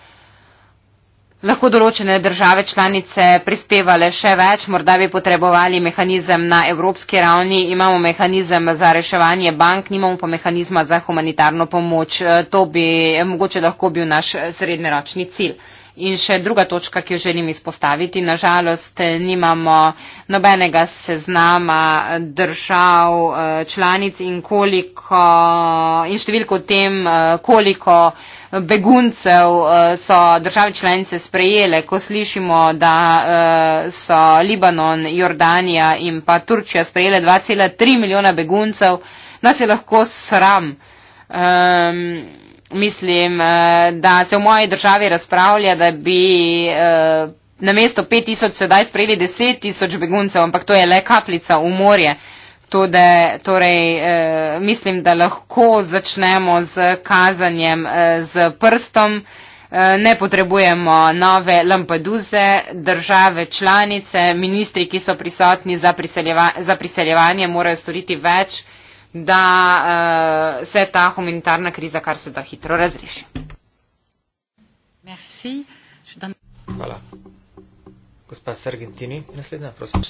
lahko določene države članice prispevale še več, morda bi potrebovali mehanizem na evropski ravni, imamo mehanizem za reševanje bank, nimamo pa mehanizma za humanitarno pomoč. E, to bi e, mogoče lahko bil naš srednjeročni cilj. In še druga točka, ki jo želim izpostaviti. Nažalost, e, nimamo nobenega seznama držav članic in, koliko, in številko tem, koliko beguncev eh, so države članice sprejele, ko slišimo, da eh, so Libanon, Jordanija in pa Turčija sprejele 2,3 milijona beguncev, nas je lahko sram. Um, mislim, eh, da se v moji državi razpravlja, da bi uh, na mesto 5 tisoč sedaj sprejeli 10 tisoč beguncev, ampak to je le kapljica v morje. Uh, Tode, torej, eh, mislim, da lahko začnemo z kazanjem eh, z prstom. Eh, ne potrebujemo nove Lampeduze, države, članice, ministri, ki so prisotni za, priseljeva, za priseljevanje, morajo storiti več, da se ta humanitarna kriza kar se da hitro razreši. Merci. Hvala. Gospa Sargentini, naslednja, prosim.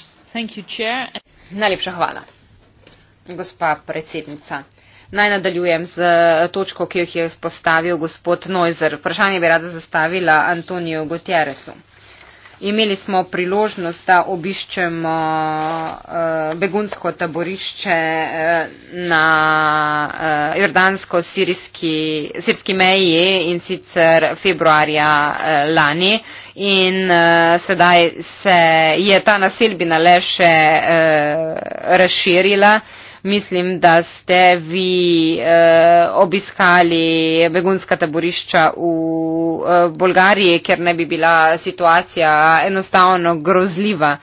Najlepša hvala gospa predsednica. Naj nadaljujem z eh, točko, ki jo je postavil gospod Nojzer. Vprašanje bi rada zastavila Antoniju Gutjeresu. Imeli smo priložnost, da obiščemo eh, begunsko taborišče eh, na jordansko-sirski meji in sicer februarja lani in sedaj se je ta naselbina le še razširila mislim, da ste vi eh, obiskali begunska taborišča v eh, Bolgariji, ker ne bi bila situacija enostavno grozljiva.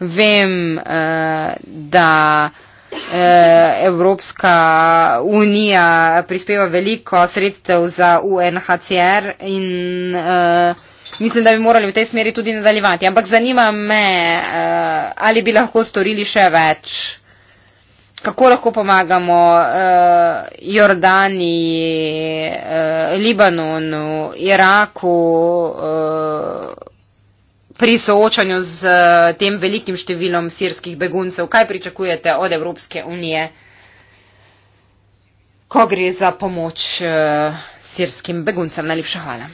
Vem, eh, da eh, Evropska unija prispeva veliko sredstev za UNHCR in uh, mislim, da bi morali v tej smeri tudi nadaljevati. Ampak zanima me, uh, ali bi lahko storili še več. Uh, kako lahko pomagamo uh, Jordaniji, uh, Libanonu, Iraku uh, pri soočanju z uh, tem velikim številom sirskih beguncev? Kaj pričakujete od Evropske unije, ko gre za pomoč uh, sirskim beguncem? Najlepša hvala.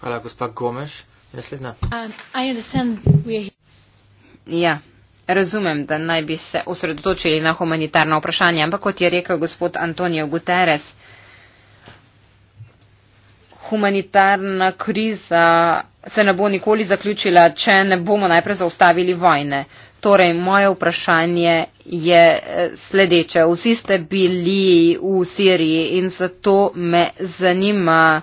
Hvala, gospod Gomeš. Naslednja. Um, ja, razumem, da naj bi se osredotočili na humanitarno vprašanje, ampak kot je rekel gospod Antonijo Guterres, humanitarna kriza se ne bo nikoli zaključila, če ne bomo najprej zaustavili vojne. Torej, moje vprašanje je eh, sledeče. Vsi ste bili v Siriji in zato me zanima,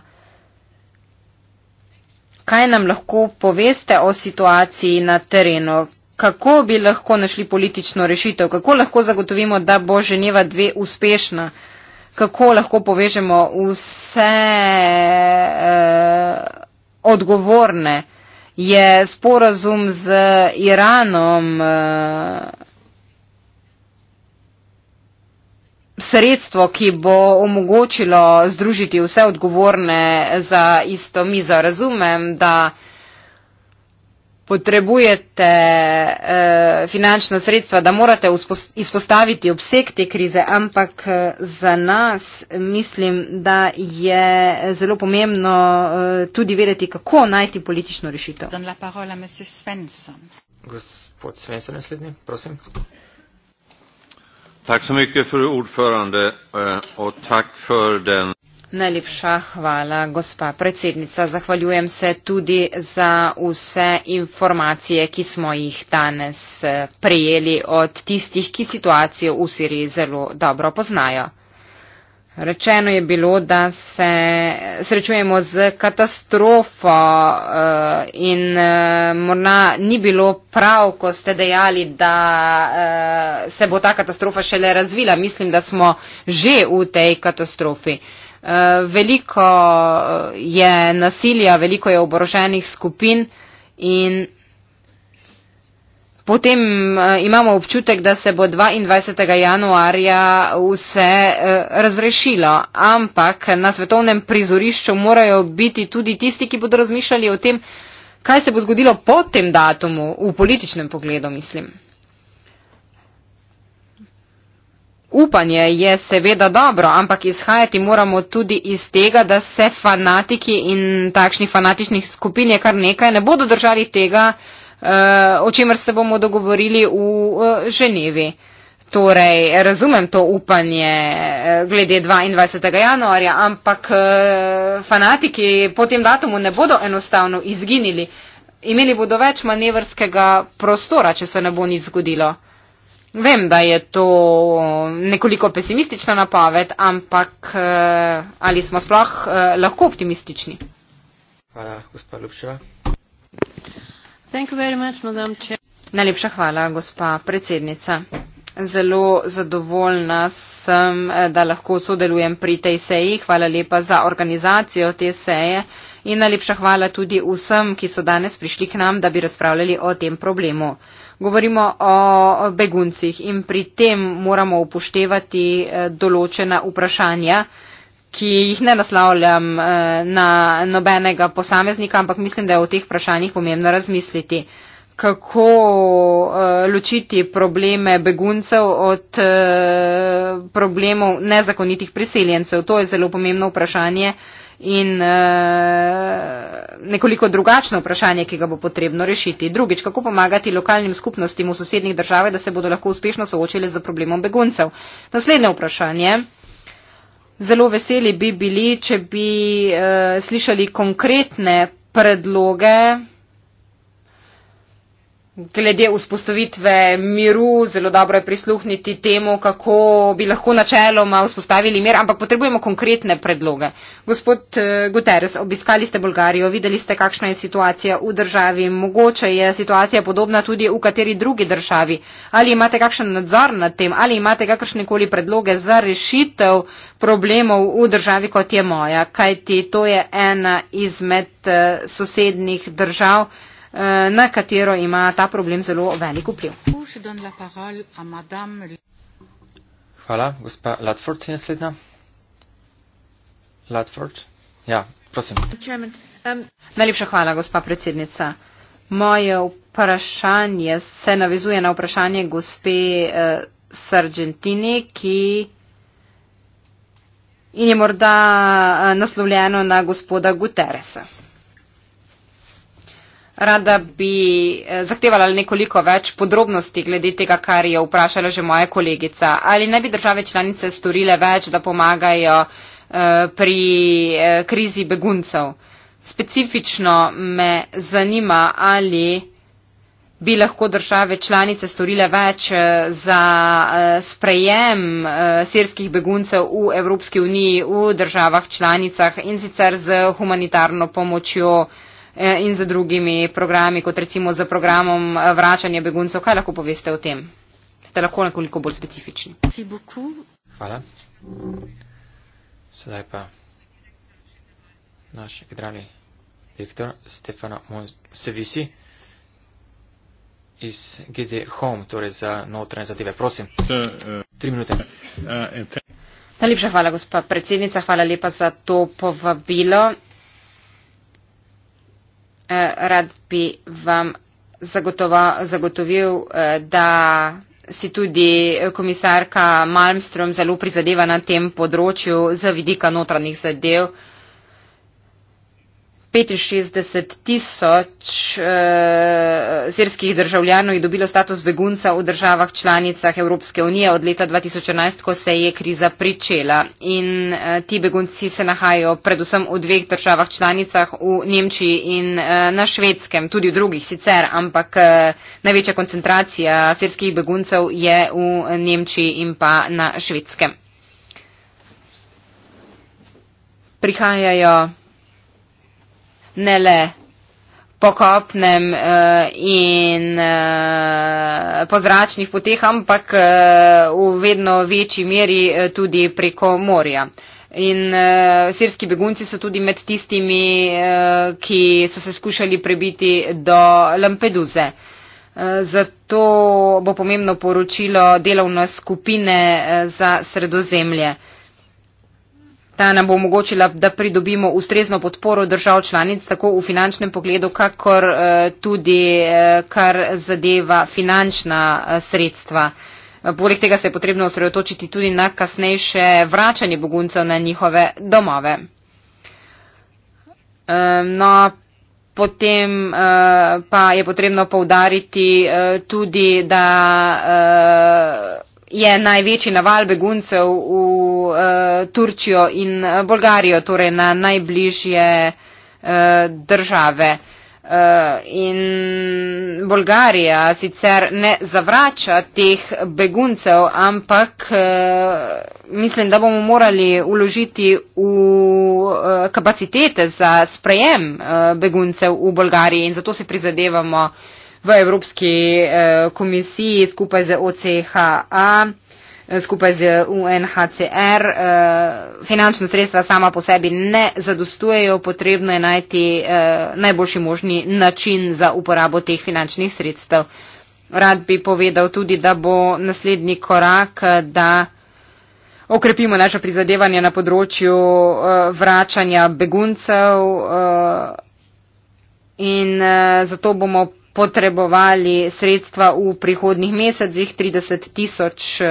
kaj nam lahko poveste o situaciji na terenu, kako bi lahko našli politično rešitev, kako lahko zagotovimo, da bo Ženeva dve uspešna, kako lahko povežemo vse eh, odgovorne. Je sporazum z Iranom eh, sredstvo, ki bo omogočilo združiti vse odgovorne za isto mizo. Razumem, da potrebujete eh, finančna sredstva, da morate izpostaviti obseg te krize, ampak eh, za nas mislim, da je zelo pomembno eh, tudi vedeti, kako najti politično rešitev. Gospod Svensson, naslednji, prosim. Tak so mi, ker je ordförande, eh, o tak for den. Najlepša hvala, gospa predsednica. Zahvaljujem se tudi za vse informacije, ki smo jih danes eh, prejeli od tistih, ki situacijo v Siriji zelo dobro poznajo. Rečeno je bilo, da se srečujemo z katastrofo eh, in eh, morda ni bilo prav, ko ste dejali, da se bo ta katastrofa šele razvila. Mislim, da smo že v tej katastrofi. Eh, veliko eh, je nasilja, veliko je oboroženih skupin in potem eh, imamo občutek, da se bo 22. januarja vse razrešilo. Ampak na svetovnem prizorišču morajo biti tudi tisti, ki bodo razmišljali o tem, kaj se bo zgodilo po tem datumu v političnem pogledu, mislim. Upanje je seveda dobro, ampak izhajati moramo tudi iz tega, da se fanatiki in takšnih fanatičnih skupin je kar nekaj, ne bodo držali tega, eh, o čemer se bomo dogovorili v eh, Ženevi. Torej, razumem to upanje eh, glede 22. januarja, ampak fanatiki po tem datumu ne bodo enostavno izginili. Imeli bodo več manevrskega prostora, če se ne bo nič zgodilo. Vem, da je to nekoliko pesimistična napoved, ampak eh, ali smo sploh eh, lahko optimistični? Hvala, gospa Lupševa. Najlepša hvala, gospa predsednica. Zelo zadovoljna sem, eh, da lahko sodelujem pri tej seji. Hvala lepa za organizacijo te seje in najlepša hvala tudi vsem, ki so danes prišli k nam, da bi razpravljali o tem problemu. Govorimo o beguncih in pri tem moramo upoštevati eh, določena vprašanja, ki jih ne naslavljam eh, na nobenega posameznika, ampak mislim, da je o teh vprašanjih pomembno razmisliti. Kako eh, ločiti probleme beguncev od problemov nezakonitih priseljencev? To je zelo pomembno vprašanje in eh, nekoliko drugačno vprašanje, ki ga bo potrebno rešiti. Drugič, kako pomagati lokalnim skupnostim v sosednjih državah, da se bodo lahko uspešno soočili z problemom beguncev. Naslednje vprašanje. Zelo veseli bi bili, če bi uh, slišali konkretne predloge glede vzpostavitve miru, zelo dobro je prisluhniti temu, kako bi lahko načeloma vzpostavili mir, ampak potrebujemo konkretne predloge. Gospod eh, Guterres, obiskali ste Bolgarijo, videli ste, kakšna je situacija v državi, mogoče je situacija podobna tudi v kateri drugi državi. Ali imate kakšen nadzor nad tem, ali imate kakršnekoli predloge za rešitev problemov v državi, kot je moja, kajti to je ena izmed eh, sosednih držav, Eh, na katero ima ta problem zelo velik vpliv. Hvala, gospa Latford je naslednja. Latford? Ja, prosim. Chairman, um... Najlepša hvala, gospa predsednica. Moje vprašanje se navezuje na vprašanje gospe uh, Sargentini, ki in je morda uh, naslovljeno na gospoda Guteresa. Rada bi eh, zahtevala nekoliko več podrobnosti glede tega, kar je vprašala že moja kolegica. Ali ne bi države članice storile več, da pomagajo eh, pri eh, krizi beguncev? Specifično me zanima, ali bi lahko države članice storile več za sprejem sirskih beguncev v Evropski uniji, v državah članicah in sicer z humanitarno pomočjo. E, in z drugimi programi, kot recimo z programom e, vračanja beguncev. Kaj lahko poveste o tem? Ste lahko nekoliko bolj specifični. Hvala. Sedaj pa naš generalni direktor Stefano Monsevisi iz GD Home, torej za notranje zadeve. Prosim, tri minute. Najlepša hvala, gospa predsednica. Hvala lepa za to povabilo. Eh, rad bi vam zagotovil, eh, da si tudi komisarka Malmstrom zelo prizadeva na tem področju z vidika notranjih zadev. 65 tisoč uh, sirskih državljanov je dobilo status begunca v državah članicah Evropske unije od leta 2011, ko se je kriza pričela. In uh, ti begunci se nahajajo predvsem v dveh državah članicah, v Nemčiji in uh, na Švedskem, tudi v drugih sicer, ampak uh, največja koncentracija sirskih beguncev je v Nemčiji in pa na Švedskem. Prihajajo ne le pokopnem uh, eh, in uh, po zračnih poteh, ampak uh, v vedno večji meri uh, tudi preko morja. In uh, sirski begunci so tudi med tistimi, uh, ki so se skušali prebiti do Lampeduze. Zato bo pomembno poročilo delovne skupine za sredozemlje. Uh, Ta nam bo omogočila, da pridobimo ustrezno podporo držav članic, tako v finančnem pogledu, kakor eh, tudi eh, kar zadeva finančna eh, sredstva. Poleg tega se je potrebno osredotočiti tudi na kasnejše vračanje beguncev na njihove domove. No, potem pa je potrebno povdariti tudi, da je največji naval beguncev v uh, Turčijo in eh, Bolgarijo, torej na najbližje uh, države. Uh, in Bolgarija sicer ne zavrača teh beguncev, ampak uh, mislim, da bomo morali uložiti v uh, kapacitete za sprejem uh, beguncev v Bolgariji in zato se prizadevamo uh, v Evropski eh, komisiji skupaj z OCHA, eh, skupaj z UNHCR. Eh, finančna sredstva sama po sebi ne zadostujejo, potrebno je najti najboljši možni način za uporabo teh finančnih sredstev. Rad bi povedal tudi, da bo naslednji korak, da okrepimo naše prizadevanje na področju vračanja beguncev in zato bomo potrebovali sredstva v prihodnih mesecih 30 tisoč eh,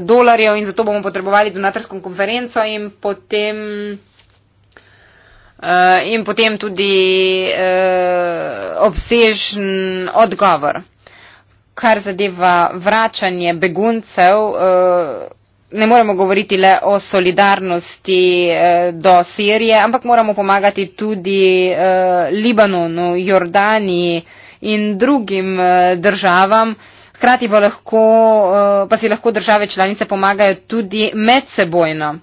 dolarjev in zato bomo potrebovali donatorsko konferenco in potem, eh, in potem tudi eh, obsežen odgovor. Kar zadeva vračanje beguncev, ne moremo govoriti le o solidarnosti eh, do Sirije, ampak moramo pomagati tudi eh, Libanonu, Jordaniji in drugim eh, državam. Hkrati pa, lahko, pa si lahko države članice pomagajo tudi medsebojno.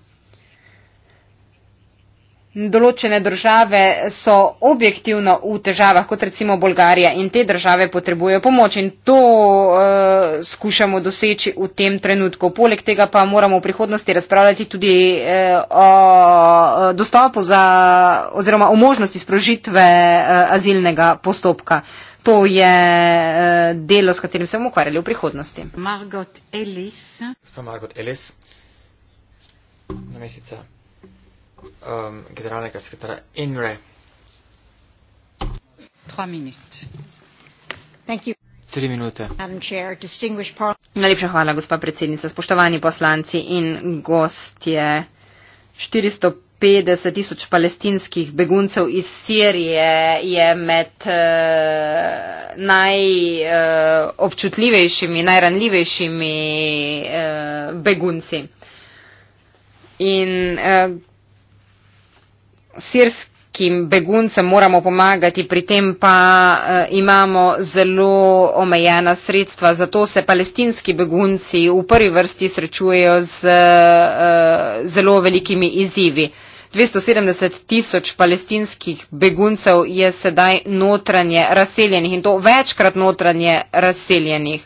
Določene države so objektivno v težavah, kot recimo Bolgarija in te države potrebujejo pomoč in to e, skušamo doseči v tem trenutku. Poleg tega pa moramo v prihodnosti razpravljati tudi e, o dostopu za, oziroma o možnosti sprožitve e, azilnega postopka. To je e, delo, s katerim se bomo ukvarjali v prihodnosti. Margot Ellis. Gospod Margot Ellis. Na meseca um, generalnega sekretara Inre. Tri minute. Najlepša hvala, gospa predsednica. Spoštovani poslanci in gostje. 450 tisoč palestinskih beguncev iz Sirije je med uh, eh, najobčutljivejšimi, eh, uh, najranljivejšimi uh, begunci. In uh, sirskim beguncem moramo pomagati, pri tem pa eh, imamo zelo omejena sredstva. Zato se palestinski begunci v prvi vrsti srečujejo z eh, zelo velikimi izzivi. 270 tisoč palestinskih beguncev je sedaj notranje razseljenih in to večkrat notranje razseljenih.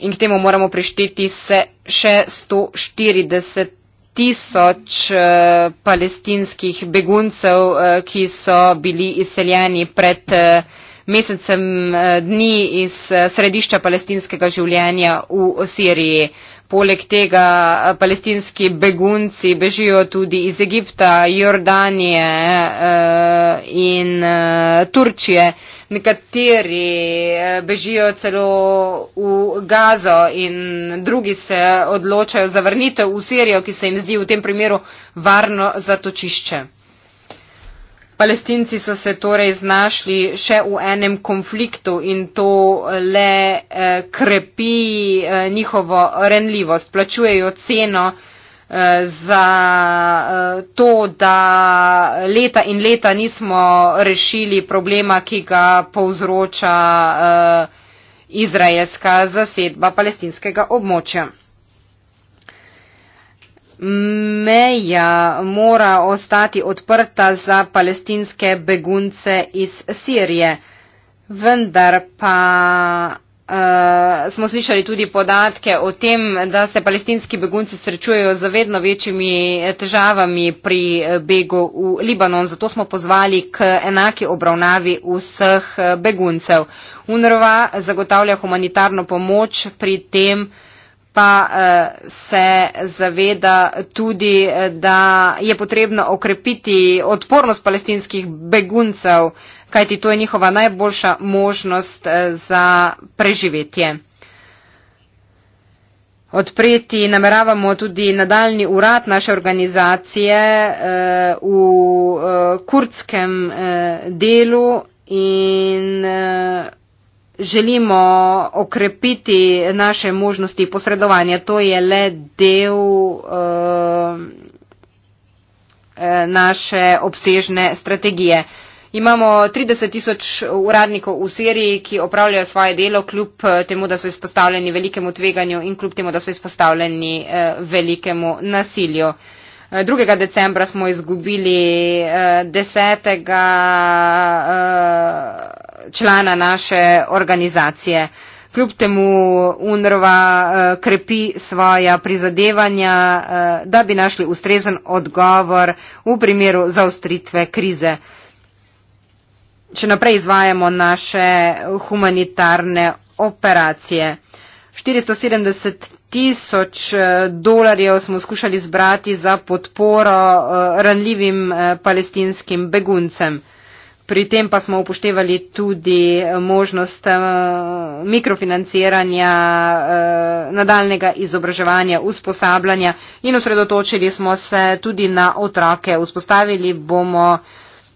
In k temu moramo prišteti se še 140 tisoč eh, palestinskih beguncev, eh, ki so bili izseljeni pred eh, mesecem dni iz središča palestinskega življenja v Siriji. Poleg tega palestinski begunci bežijo tudi iz Egipta, Jordanije in Turčije nekateri eh, bežijo celo v Gazo in drugi se odločajo za vrnitev v Sirijo, ki se jim zdi v tem primeru varno zatočišče. Palestinci so se torej znašli še v enem konfliktu in to le eh, krepi eh, njihovo renljivost. Plačujejo ceno za eh, to, da leta in leta nismo rešili problema, ki ga povzroča eh, izraelska zasedba palestinskega območja. Meja mora ostati odprta za palestinske begunce iz Sirije, vendar pa Eh, smo slišali tudi podatke o tem, da se palestinski begunci srečujejo z vedno večjimi eh, težavami pri eh, begu v Libanon. Zato smo pozvali k enaki obravnavi vseh beguncev. UNRWA zagotavlja humanitarno pomoč pri tem, da pa eh, se zaveda tudi, eh, da je potrebno okrepiti odpornost palestinskih beguncev, kajti to je njihova najboljša možnost eh, za preživetje. Odpreti nameravamo tudi nadaljni urad naše organizacije v kurdskem delu in želimo okrepiti naše možnosti posredovanja. To je le del uh, naše obsežne strategije. Imamo 30 tisoč uradnikov v Siriji, ki opravljajo svoje delo kljub eh, temu, da so izpostavljeni velikemu tveganju in kljub temu, da so izpostavljeni velikemu nasilju. 2. decembra smo izgubili 10 člana naše organizacije. Kljub temu UNRWA eh, krepi svoja prizadevanja, eh, da bi našli ustrezen odgovor v primeru zaustritve krize. Če naprej izvajamo naše humanitarne operacije. 470 tisoč eh, dolarjev smo skušali zbrati za podporo ranljivim palestinskim beguncem. Pri tem pa smo upoštevali tudi eh, možnost eh, mikrofinanciranja eh, nadaljnega izobraževanja, usposabljanja in osredotočili smo se tudi na otroke. Vzpostavili bomo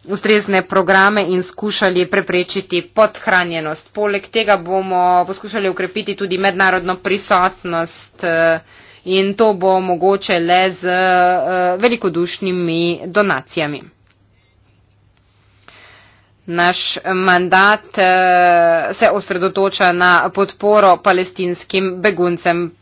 ustrezne programe in skušali preprečiti podhranjenost. Poleg tega bomo poskušali ukrepiti tudi mednarodno prisotnost in to bo mogoče le z velikodušnimi donacijami. Naš mandat eh, se osredotoča na podporo palestinskim beguncem.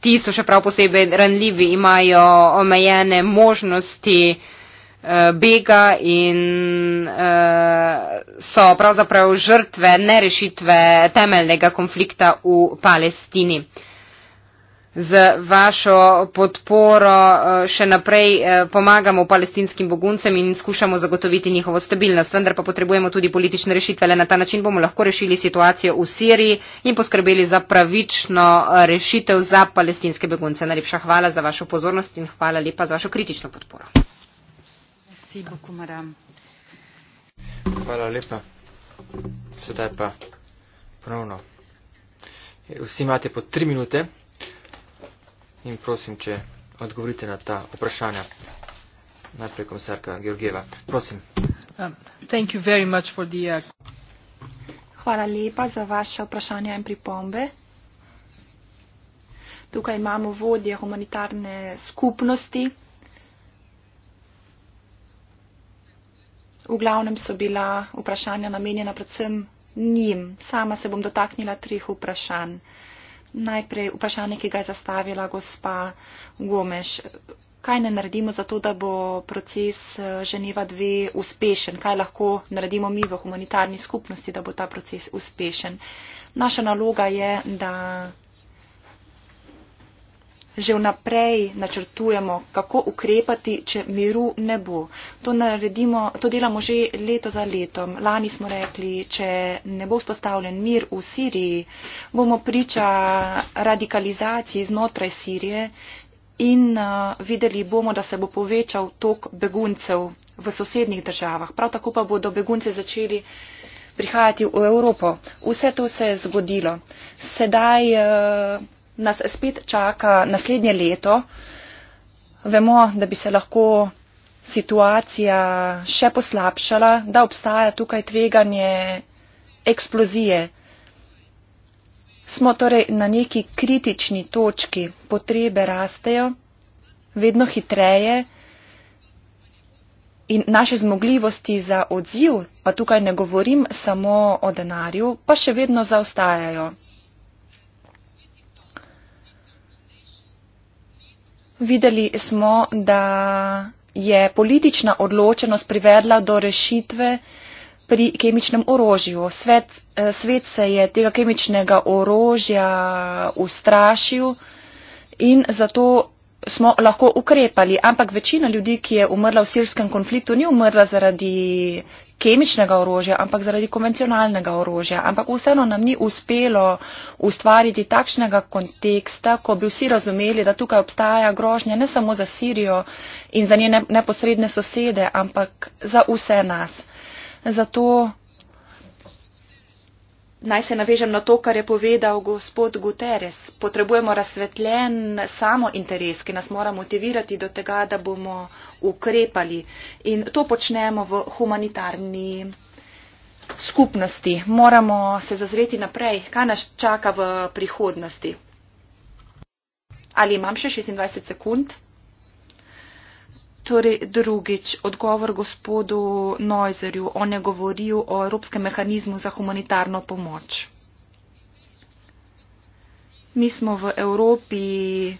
Ti so še prav posebej ranljivi, imajo omejene možnosti eh, bega in eh, so pravzaprav žrtve nerešitve temeljnega konflikta v Palestini z vašo podporo eh, še naprej eh, pomagamo palestinskim boguncem in skušamo zagotoviti njihovo stabilnost. Vendar pa potrebujemo tudi politične rešitve. Le na ta način bomo lahko rešili situacijo v Siriji in poskrbeli za pravično eh, rešitev za palestinske begunce. Najlepša hvala za vašo pozornost in hvala lepa za vašo kritično podporo. Hvala lepa. Sedaj pa ponovno. Vsi imate po tri minute in prosim, če odgovorite na ta vprašanja. Najprej komisarka Georgieva. Prosim. Um, thank you very much for the... Uh, Hvala lepa za vaše vprašanja in pripombe. Tukaj imamo vodje humanitarne skupnosti. V glavnem so bila vprašanja namenjena predvsem njim. Sama se bom dotaknila treh vprašanj. Najprej vprašanje, ki ga je zastavila gospa Gomeš. Kaj ne naredimo za to, da bo proces eh, Ženeva 2 uspešen? Kaj lahko naredimo mi v humanitarni skupnosti, da bo ta proces uspešen? Naša naloga je, da že vnaprej načrtujemo, kako ukrepati, če miru ne bo. To, naredimo, to delamo že leto za letom. Lani smo rekli, če ne bo vzpostavljen mir v Siriji, bomo priča radikalizaciji znotraj Sirije in uh, videli bomo, da se bo povečal tok beguncev v sosednjih državah. Prav tako pa bodo begunce začeli prihajati v Evropo. Vse to se je zgodilo. Sedaj uh, nas spet čaka naslednje leto. Vemo, da bi se lahko situacija še poslabšala, da obstaja tukaj tveganje eksplozije. Smo torej na neki kritični točki, potrebe rastejo vedno hitreje in naše zmogljivosti za odziv, pa tukaj ne govorim samo o denarju, pa še vedno zaostajajo. Videli smo, da je politična odločenost privedla do rešitve pri kemičnem orožju. Svet, eh, svet se je tega kemičnega orožja ustrašil in zato smo lahko ukrepali. Ampak večina ljudi, ki je umrla v sirskem konfliktu, ni umrla zaradi kemičnega orožja, ampak zaradi konvencionalnega orožja. Ampak vseeno nam ni uspelo ustvariti takšnega konteksta, ko bi vsi razumeli, da tukaj obstaja grožnja ne samo za Sirijo in za njene neposredne sosede, ampak za vse nas. Zato naj se navežem na to, kar je povedal gospod Guterres. Potrebujemo razsvetljen samo interes, ki nas mora motivirati do tega, da bomo ukrepali. In to počnemo v humanitarni skupnosti. Moramo se zazreti naprej, kaj nas čaka v prihodnosti. Ali imam še 26 sekund? Torej drugič, odgovor gospodu Neuserju, on je govoril o Evropskem mehanizmu za humanitarno pomoč. Mi smo v Evropi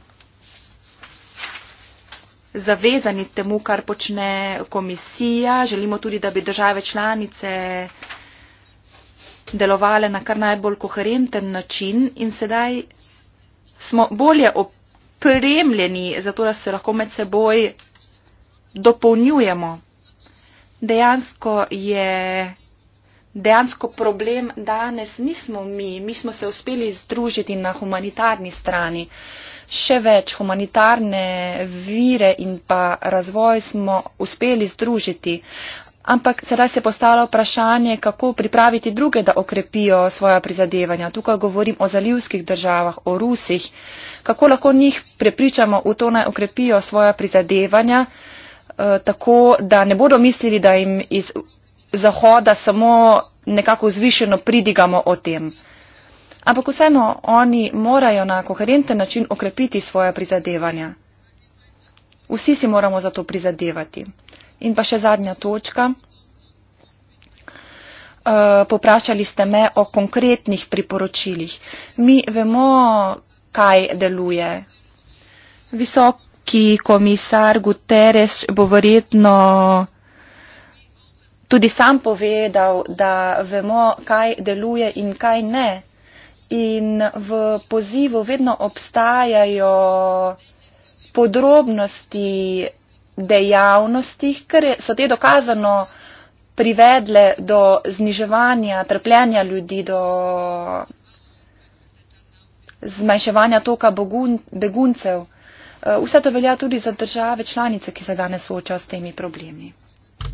zavezani temu, kar počne komisija. Želimo tudi, da bi države članice delovale na kar najbolj koherenten način in sedaj smo bolje opremljeni, zato da se lahko med seboj dopolnjujemo. Dejansko je dejansko problem danes nismo mi, mi smo se uspeli združiti na humanitarni strani. Še več humanitarne vire in pa razvoj smo uspeli združiti. Ampak sedaj se postavlja vprašanje, kako pripraviti druge, da okrepijo svoja prizadevanja. Tukaj govorim o zalivskih državah, o Rusih. Kako lahko njih prepričamo v to, naj okrepijo svoja prizadevanja, Eh, tako, da ne bodo mislili, da jim iz Zahoda samo nekako zvišeno pridigamo o tem. Ampak vseeno oni morajo na koherenten način okrepiti svoje prizadevanja. Vsi si moramo za to prizadevati. In pa še zadnja točka. Uh, eh, popraščali ste me o konkretnih priporočilih. Mi vemo, kaj deluje. Visok ki komisar Guterres bo verjetno tudi sam povedal, da vemo, kaj deluje in kaj ne. In v pozivu vedno obstajajo podrobnosti dejavnosti, ker so te dokazano privedle do zniževanja trpljenja ljudi, do zmanjševanja toka begun, beguncev. Eh, vse to velja tudi za države članice, ki se danes soočajo s temi problemi.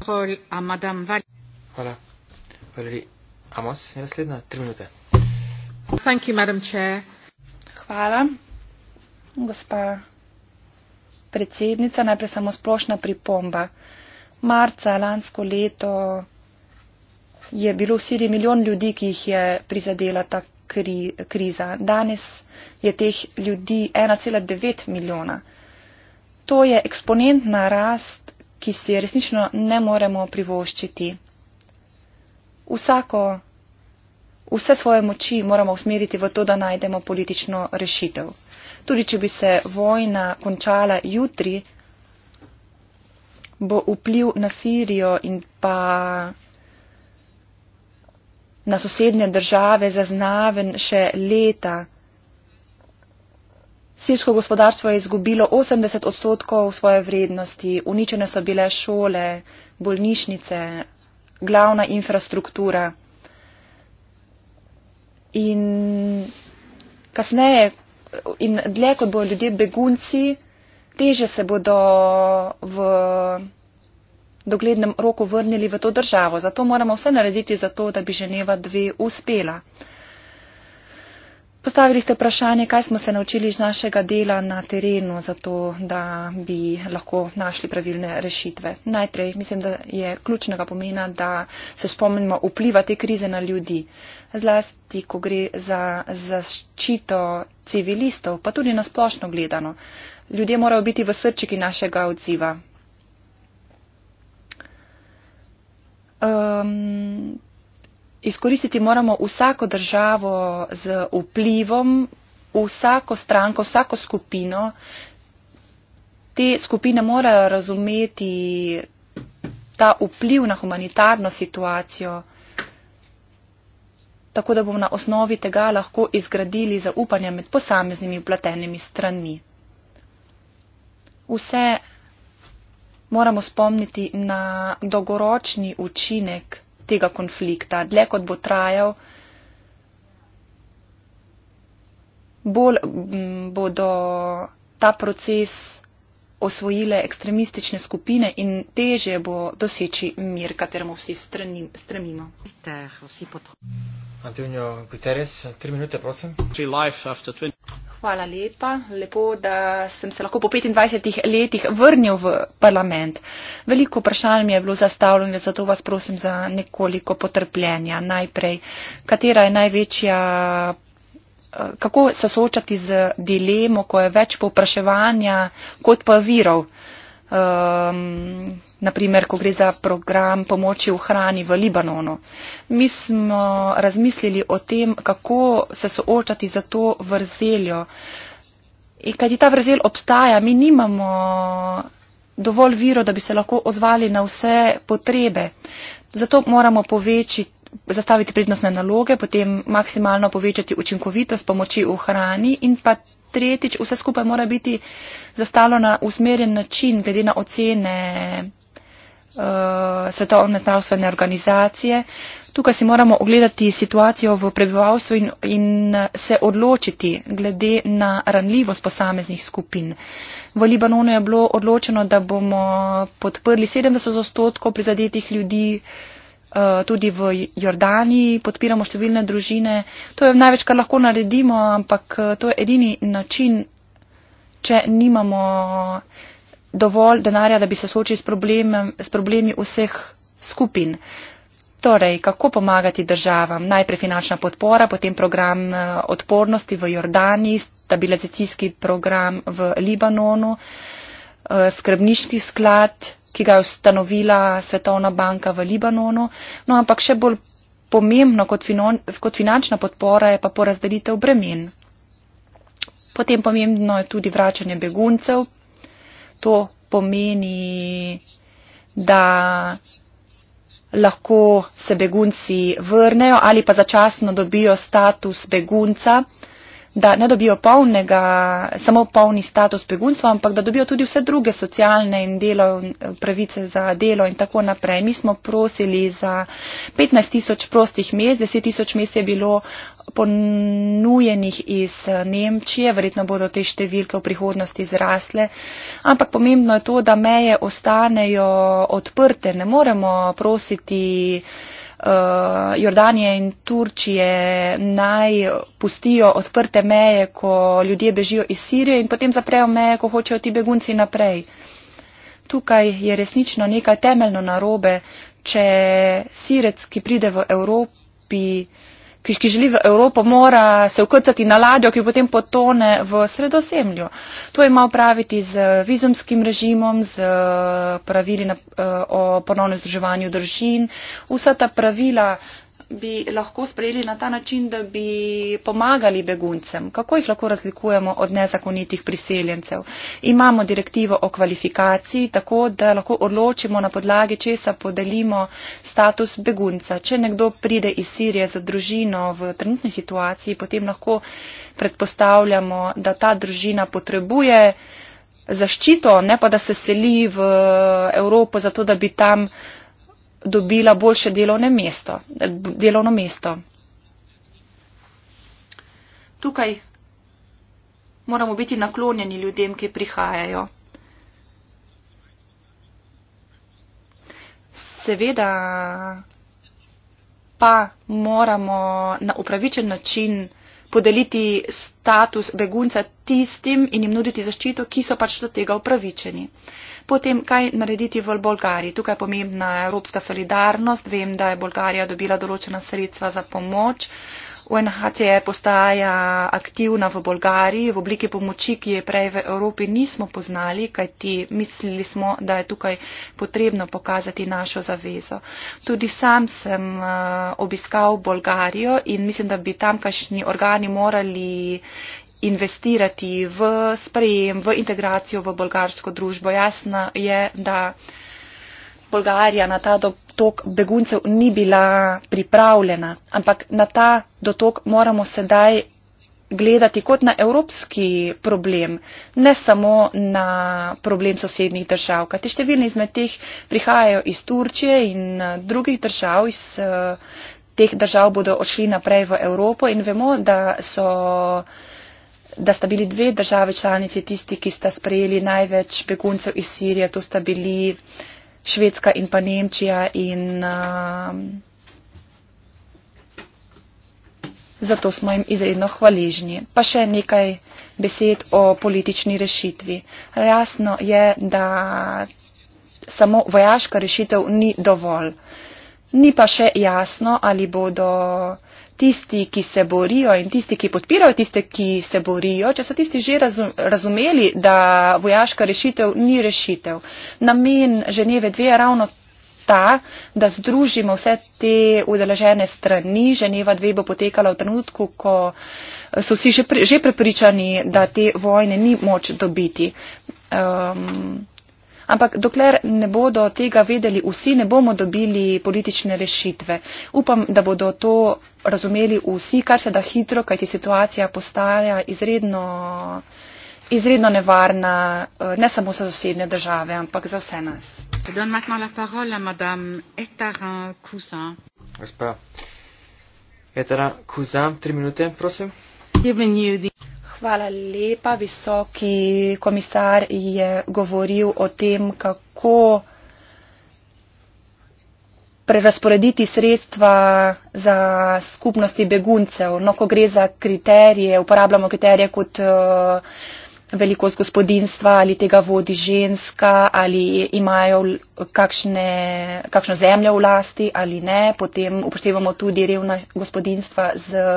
Hvala. Valeri Amos, naslednja tri minute. Thank you, madam chair. Hvala, gospa predsednica. Najprej samo splošna pripomba. Marca lansko leto je bilo v Siriji milijon ljudi, ki jih je prizadela ta kri, kriza. Danes je teh ljudi 1,9 milijona. To je eksponentna rast, ki si je resnično ne moremo privoščiti. Vsako, vse svoje moči moramo usmeriti v to, da najdemo politično rešitev. Tudi, če bi se vojna končala jutri, bo vpliv na Sirijo in pa na sosednje države zaznaven še leta. Sirsko gospodarstvo je izgubilo 80 odstotkov svoje vrednosti, uničene so bile šole, bolnišnice, glavna infrastruktura. In kasneje in dlje, kot bodo ljudje begunci, teže se bodo v doglednem roku vrnili v to državo. Zato moramo vse narediti za to, da bi Ženeva 2 uspela. Postavili ste vprašanje, kaj smo se naučili iz našega dela na terenu, zato da bi lahko našli pravilne rešitve. Najprej mislim, da je ključnega pomena, da se spomnimo vpliva te krize na ljudi. Zlasti, ko gre za zaščito civilistov, pa tudi na splošno gledano. Ljudje morajo biti v srčiki našega odziva. um, izkoristiti moramo vsako državo z vplivom, vsako stranko, vsako skupino. Te skupine morajo razumeti ta vpliv na humanitarno situacijo, tako da bomo na osnovi tega lahko izgradili zaupanje med posameznimi upletenimi stranmi. Vse moramo spomniti na dolgoročni učinek tega konflikta. Dlje kot bo trajal, bolj bodo ta proces osvojile ekstremistične skupine in teže bo doseči mir, kateremu vsi stremimo. Vsi potrebujemo. Antonijo Guterres, tri minute, prosim. Hvala lepa. Lepo, da sem se lahko po 25 letih vrnil v parlament. Veliko vprašanj mi je bilo zastavljeno, zato vas prosim za nekoliko potrpljenja. Najprej, katera je največja, eh, kako se soočati z dilemo, ko je več povpraševanja kot pa virov? um, ehm, naprimer, ko gre za program pomoči v hrani v Libanonu. Mi smo razmislili o tem, kako se soočati za to vrzeljo. In kaj ta vrzel obstaja, mi nimamo dovolj viro, da bi se lahko ozvali na vse potrebe. Zato moramo povečiti, zastaviti prednostne naloge, potem maksimalno povečati učinkovitost pomoči v hrani in pa tretjič, vse skupaj mora biti zastavljeno na usmerjen način, glede na ocene uh, svetovne zdravstvene organizacije. Tukaj si moramo ogledati situacijo v prebivalstvu in, in eh, se odločiti glede na ranljivost posameznih skupin. V Libanonu je bilo odločeno, da bomo podprli 70 odstotkov prizadetih ljudi. Uh, Eh, tudi v Jordaniji, podpiramo številne družine. To je največ, kar lahko naredimo, ampak eh, to je edini način, če nimamo dovolj denarja, da bi se soočili s, s problemi vseh skupin. Torej, kako pomagati državam? Najprej finančna podpora, potem program eh, odpornosti v Jordaniji, stabilizacijski program v Libanonu, skrbniški sklad, ki ga je ustanovila Svetovna banka v Libanonu. No, ampak še bolj pomembno kot, finon, kot finančna podpora je pa porazdelitev bremen. Potem pomembno je tudi vračanje beguncev. To pomeni, da lahko se begunci vrnejo ali pa začasno dobijo status begunca da ne dobijo polnega, samo polni status begunstva, ampak da dobijo tudi vse druge socialne in delo, pravice za delo in tako naprej. Mi smo prosili za 15 tisoč prostih mest, 10 tisoč mest je bilo ponujenih iz Nemčije, verjetno bodo te številke v prihodnosti zrasle, ampak pomembno je to, da meje ostanejo odprte. Ne moremo prositi uh, Jordanije in Turčije naj pustijo odprte meje, ko ljudje bežijo iz Sirije in potem zaprejo meje, ko hočejo ti begunci naprej. Tukaj je resnično nekaj temeljno narobe, če Sirec, ki pride v Evropi, uh, ki, ki želi v Evropo, mora se ukrcati na ladjo, ki potem potone v sredozemlju. To ima upraviti z vizumskim režimom, z eh, pravili na, eh, o ponovnem združevanju držin. Vsa ta pravila bi lahko sprejeli na ta način, da bi pomagali beguncem? Kako jih lahko razlikujemo od nezakonitih priseljencev? Imamo direktivo o kvalifikaciji, tako da lahko odločimo na podlagi, česa podelimo status begunca. Če nekdo pride iz Sirije za družino v trenutni situaciji, potem lahko predpostavljamo, da ta družina potrebuje zaščito, ne pa da se seli v Evropo, zato da bi tam dobila boljše delovne mesto, delovno mesto. Tukaj moramo biti naklonjeni ljudem, ki prihajajo. Seveda pa moramo na upravičen način podeliti status begunca tistim in jim nuditi zaščito, ki so pač do tega upravičeni. Uh, potem kaj narediti v Bolgariji. Tukaj je pomembna evropska solidarnost. Vem, da je Bolgarija dobila določena sredstva za pomoč. UNHCR postaja aktivna v Bolgariji v obliki pomoči, ki je prej v Evropi nismo poznali, kajti mislili smo, da je tukaj potrebno pokazati našo zavezo. Tudi sam sem eh, obiskal Bolgarijo in mislim, da bi tamkajšnji organi morali investirati v sprejem, v integracijo v bolgarsko družbo. Jasno je, da Bolgarija na ta dotok beguncev ni bila pripravljena, ampak na ta dotok moramo sedaj gledati kot na evropski problem, ne samo na problem sosednjih držav, kajti številni izmed teh prihajajo iz Turčije in eh, drugih držav, iz eh, teh držav bodo odšli naprej v Evropo in vemo, da so da sta bili dve države članici tisti, ki sta sprejeli največ beguncev iz Sirije. To sta bili Švedska in pa Nemčija. In, uh, zato smo jim izredno hvaležni. Pa še nekaj besed o politični rešitvi. Jasno je, da samo vojaška rešitev ni dovolj. Ni pa še jasno, ali bodo tisti, ki se borijo in tisti, ki podpirajo tiste, ki se borijo, če so tisti že razumeli, da vojaška rešitev ni rešitev. Namen Ženeve 2 je ravno ta, da združimo vse te udeležene strani. Ženeva 2 bo potekala v trenutku, ko so vsi že, pri, že prepričani, da te vojne ni moč dobiti. Um, Ampak dokler ne bodo tega vedeli vsi, ne bomo dobili politične rešitve. Upam, da bodo to razumeli vsi, kar se da hitro, kajti situacija postaja izredno, izredno nevarna, eh, ne samo za sosednje države, ampak za vse nas. Gospa Etara Kuzam, tri minute, prosim. Hvala lepa. Visoki komisar je govoril o tem, kako prerasporediti sredstva za skupnosti beguncev. No, ko gre za kriterije, uporabljamo kriterije kot eh, velikost gospodinstva ali tega vodi ženska ali imajo kakšne, kakšno zemljo v lasti ali ne, potem upoštevamo tudi revna gospodinstva z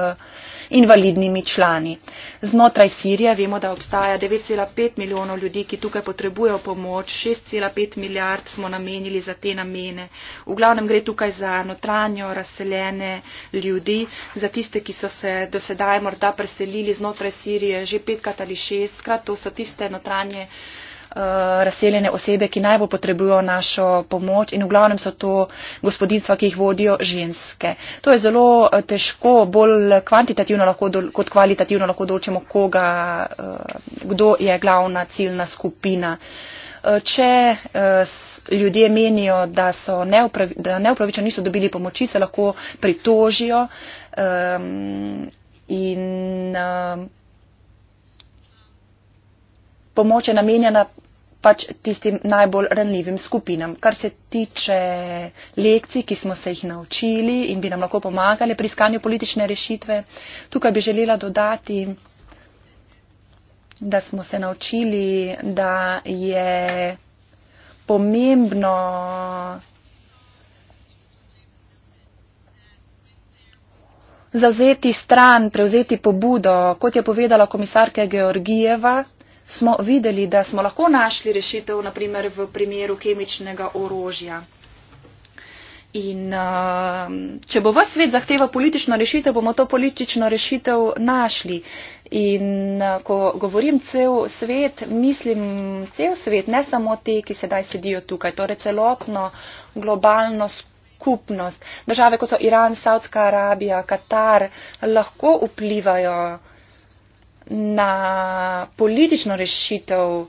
invalidnimi člani. Znotraj Sirije vemo, da obstaja 9,5 milijonov ljudi, ki tukaj potrebujejo pomoč, 6,5 milijard smo namenili za te namene. V glavnem gre tukaj za notranjo razseljene ljudi, za tiste, ki so se dosedaj morda preselili znotraj Sirije že petkrat ali šestkrat, to so tiste notranje. Eh, razseljene osebe, ki najbolj potrebujo našo pomoč in v glavnem so to gospodinstva, ki jih vodijo ženske. To je zelo eh, težko, bolj kvantitativno lahko, kot kvalitativno lahko določimo, koga, eh, kdo je glavna ciljna skupina. Če ljudje menijo, da, neupravi, da neupravičeno niso dobili pomoči, se lahko pritožijo ehm, in ehm, pomoč je namenjena pač tistim najbolj ranljivim skupinam. Kar se tiče lekcij, ki smo se jih naučili in bi nam lahko pomagali pri iskanju politične rešitve, tukaj bi želela dodati, da smo se naučili, da je pomembno. Zavzeti stran, prevzeti pobudo, kot je povedala komisarka Georgijeva, smo videli, da smo lahko našli rešitev, naprimer v primeru kemičnega orožja. In uh, če bo v svet zahteva politično rešitev, bomo to politično rešitev našli. In uh, ko govorim cel svet, mislim cel svet, ne samo te, ki sedaj sedijo tukaj, torej celotno globalno skupnost. Države, kot so Iran, Saudska Arabija, Katar, lahko vplivajo na politično rešitev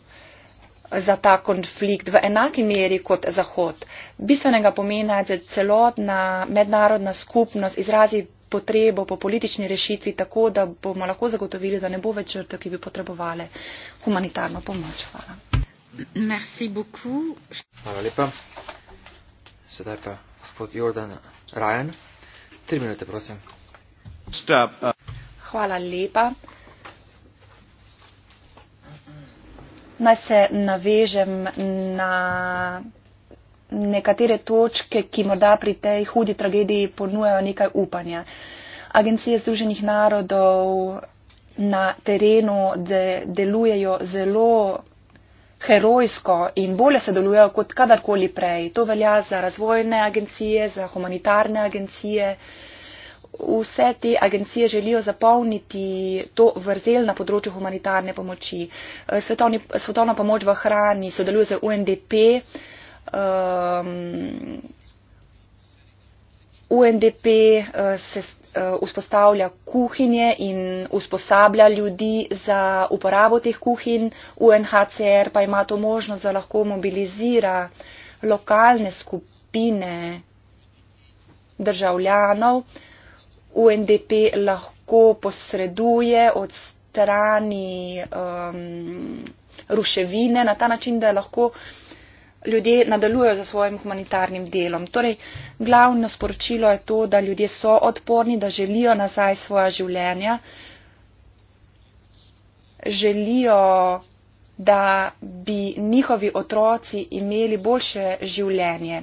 za ta konflikt v enaki meri kot Zahod. Bistvenega pomena je, da celotna mednarodna skupnost izrazi potrebo po politični rešitvi tako, da bomo lahko zagotovili, da ne bo več žrtev, ki bi potrebovali humanitarno pomoč. Hvala. Merci beaucoup. Hvala lepa. Sedaj pa gospod Jordan Ryan. Tri minute, prosim. Stop. Hvala lepa. naj se navežem na nekatere točke, ki morda pri tej hudi tragediji ponujajo nekaj upanja. Agencije Združenih narodov na terenu de delujejo zelo herojsko in bolje se delujejo kot kadarkoli prej. To velja za razvojne agencije, za humanitarne agencije vse te agencije želijo zapolniti to vrzel na področju humanitarne pomoči. Eh, svetovni, svetovna pomoč v hrani sodeluje z UNDP. Um, ehm, UNDP uh, eh, se, uh, vzpostavlja kuhinje in usposablja ljudi za uporabo teh kuhin. UNHCR pa ima to možnost, da lahko mobilizira lokalne skupine državljanov. Uh, UNDP lahko posreduje, odstrani um, ruševine na ta način, da lahko ljudje nadaljujejo za svojim humanitarnim delom. Torej, glavno sporočilo je to, da ljudje so odporni, da želijo nazaj svoja življenja, želijo, da bi njihovi otroci imeli boljše življenje.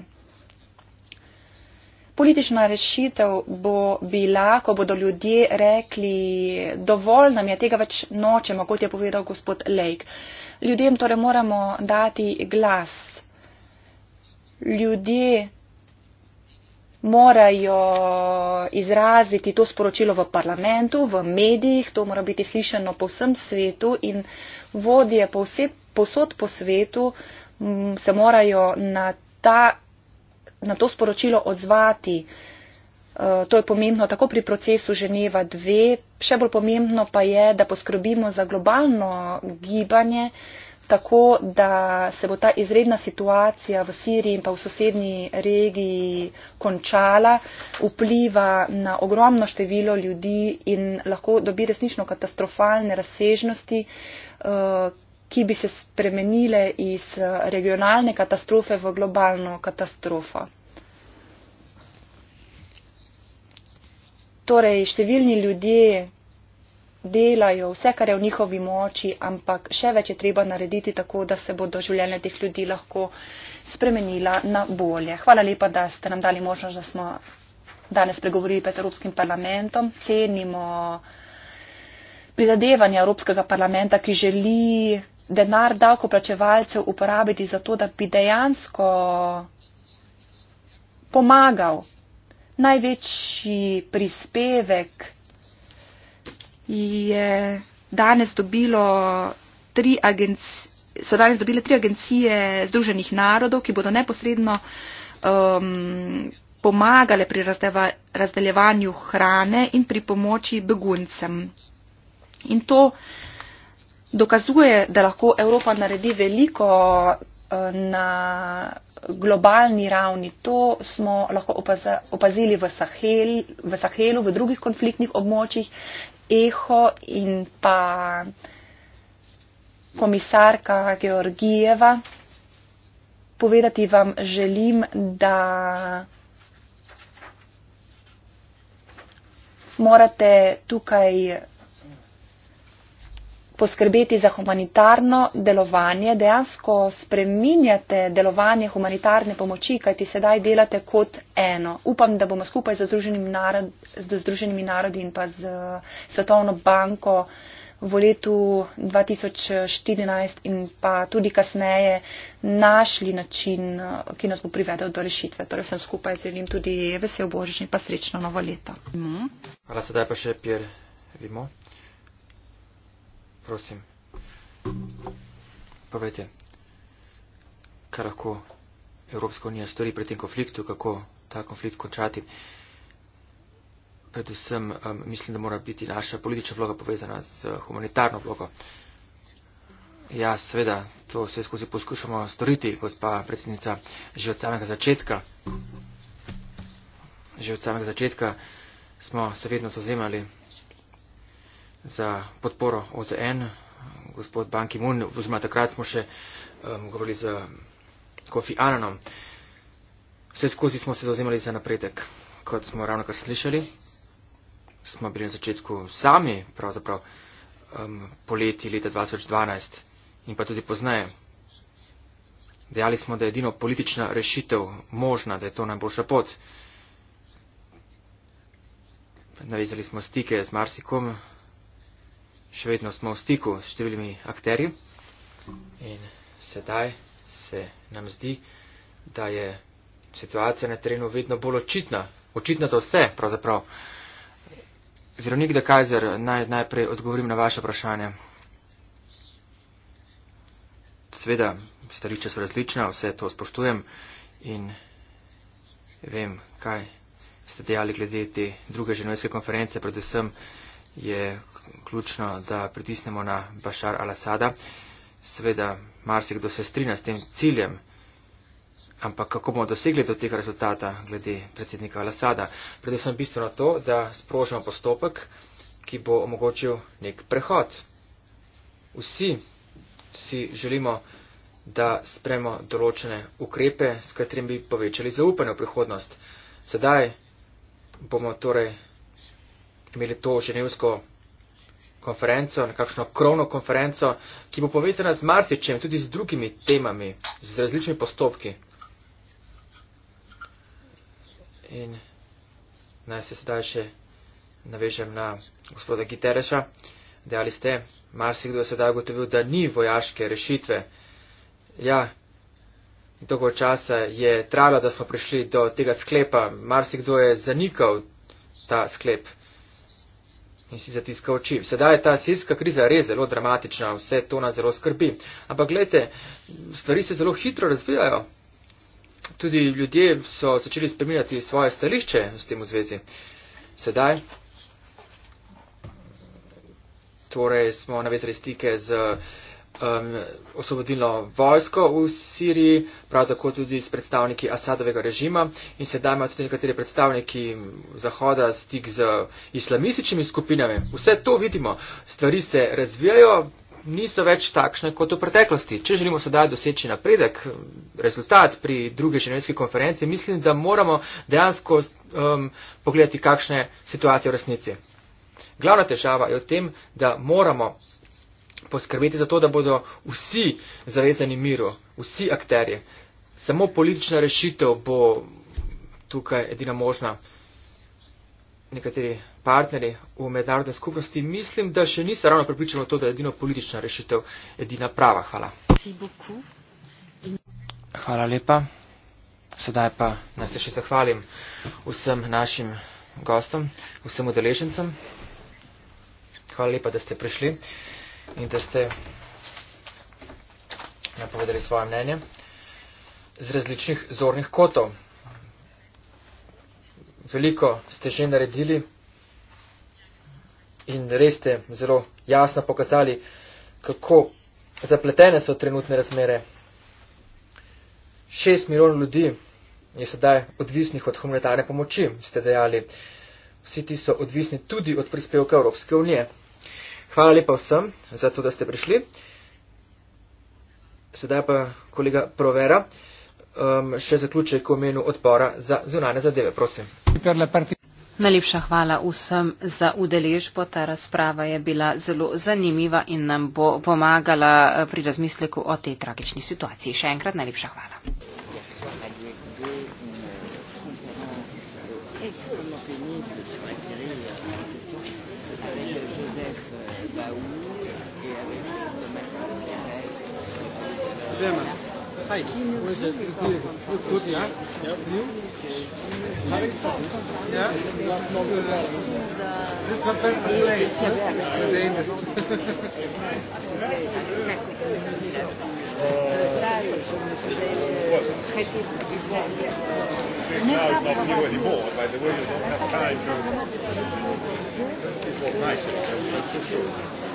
Politična rešitev bo bila, ko bodo ljudje rekli, dovolj nam je, tega več nočemo, kot je povedal gospod Lejk. Ljudem torej moramo dati glas. Ljudje morajo izraziti to sporočilo v parlamentu, v medijih, to mora biti slišeno po vsem svetu in vodje po vse, posod po svetu m, se morajo na ta na to sporočilo odzvati. Eh, to je pomembno tako pri procesu Ženeva 2, še bolj pomembno pa je, da poskrbimo za globalno gibanje, tako da se bo ta izredna situacija v Siriji in pa v sosednji regiji končala, vpliva na ogromno število ljudi in lahko dobi resnično katastrofalne razsežnosti, eh, ki bi se spremenile iz eh, regionalne katastrofe v globalno katastrofo. Torej, številni ljudje delajo vse, kar je v njihovi moči, ampak še več je treba narediti tako, da se bodo življenja teh ljudi lahko spremenila na bolje. Hvala lepa, da ste nam dali možnost, da smo danes pregovorili pred Evropskim parlamentom. Cenimo prizadevanje Evropskega parlamenta, ki želi denar davkoplačevalcev uporabiti za to, da bi dejansko pomagal. Največji prispevek je danes dobilo tri agencije so danes dobile tri agencije Združenih narodov, ki bodo neposredno um, pomagale pri razdeva, razdeljevanju hrane in pri pomoči beguncem. In to uh, dokazuje, da lahko Evropa naredi veliko eh, na globalni ravni. To smo lahko opazili v, Sahel, v Sahelu, v drugih konfliktnih območjih. Eho in pa komisarka Georgijeva. Povedati vam želim, da morate tukaj poskrbeti za humanitarno delovanje, dejansko spreminjate delovanje humanitarne pomoči, kajti sedaj delate kot eno. Upam, da bomo skupaj z Združenimi narodi, Združenimi narodi in pa z eh, Svetovno banko v letu 2014 in pa tudi kasneje našli način, eh, ki nas bo privedel do rešitve. Torej sem skupaj z njim tudi vesel božič in pa srečno novo leto. Hvala sedaj pa še, Pierre Vimo. Prosim, povejte, kar lahko Evropska unija stori pri tem konfliktu, kako ta konflikt končati. Predvsem um, mislim, da mora biti naša politična vloga povezana z uh, humanitarno vlogo. Ja, seveda, to vse skozi poskušamo storiti, gospa predsednica, že od samega začetka. Že od samega začetka smo se vedno zauzemali za podporo OZN, gospod Ban Ki-moon, oziroma takrat smo še um, govorili z Kofi Ananom. Vse skozi smo se zauzemali za napredek, kot smo ravno kar slišali. Smo bili na začetku sami, pravzaprav um, poleti leta 2012 in pa tudi pozneje. Dejali smo, da je edino politična rešitev možna, da je to najboljša pot. Navezali smo stike z marsikom, še vedno smo v stiku s številimi akterji in sedaj se nam zdi, da je situacija na terenu vedno bolj očitna, očitna za vse pravzaprav. Zironik de Kaiser, naj najprej odgovorim na vaše vprašanje. Sveda, stališče so različna, vse to spoštujem in vem, kaj ste dejali glede te druge ženojske konference, predvsem je ključno, da pritisnemo na Bašar al-Asada. Seveda, marsikdo se strina s tem ciljem, ampak kako bomo dosegli do tega rezultata glede predsednika al-Asada? Predvsem bistveno to, da sprožimo postopek, ki bo omogočil nek prehod. Vsi si želimo, da spremo določene ukrepe, s katerimi bi povečali zaupanje v prihodnost. Sedaj bomo torej imeli to ženevsko konferenco, nekakšno krovno konferenco, ki bo povezana z marsičem, tudi z drugimi temami, z različnimi postopki. In naj se sedaj še navežem na gospoda Gitereša, da ali ste, marsikdo je sedaj ugotovil, da ni vojaške rešitve. Ja, dolgo časa je trajalo, da smo prišli do tega sklepa, marsikdo je zanikal ta sklep in si zatiska oči. Sedaj je ta sirska kriza res zelo dramatična, vse to nas zelo skrbi. Ampak gledajte, stvari se zelo hitro razvijajo. Tudi ljudje so začeli spremljati svoje stališče s tem v zvezi. Sedaj torej smo navezali stike z. Uh, um, osvobodilno vojsko v Siriji, prav tako tudi s predstavniki Asadovega režima in sedaj imajo tudi nekateri predstavniki Zahoda stik z islamističnimi skupinami. Vse to vidimo, stvari se razvijajo, niso več takšne kot v preteklosti. Če želimo sedaj doseči napredek, rezultat pri druge ženevske konference, mislim, da moramo dejansko um, pogledati, kakšne situacije v resnici. Glavna težava je v tem, da moramo poskrbeti za to, da bodo vsi zavezani miru, vsi akterje. Samo politična rešitev bo tukaj edina možna. Nekateri partneri v mednarodne skupnosti mislim, da še niso ravno pripričali to, da je edino politična rešitev edina prava. Hvala. Hvala lepa. Sedaj pa naj se še zahvalim vsem našim gostom, vsem udeležencem. Hvala lepa, da ste prišli in da ste napovedali svoje mnenje z različnih zornih kotov. Veliko ste že naredili in res ste zelo jasno pokazali, kako zapletene so trenutne razmere. Šest milijonov ljudi je sedaj odvisnih od humanitarne pomoči, ste dejali. Vsi ti so odvisni tudi od prispevka Evropske unije. Hvala lepa vsem za to, da ste prišli. Sedaj pa kolega Provera, um, še zaključek k omenu odbora za zunane zadeve, prosim. Najlepša hvala vsem za udeležbo. Ta razprava je bila zelo zanimiva in nam bo pomagala pri razmisleku o tej tragični situaciji. Še enkrat najlepša hvala. Hvala. Raymond. Hi. Who is it? Good, yeah? Yep. You? Yeah. You? Yeah? It's a bad delay. Yeah. Huh? Yeah. Now it's not new anymore, by the way, you don't have time to. It's nice.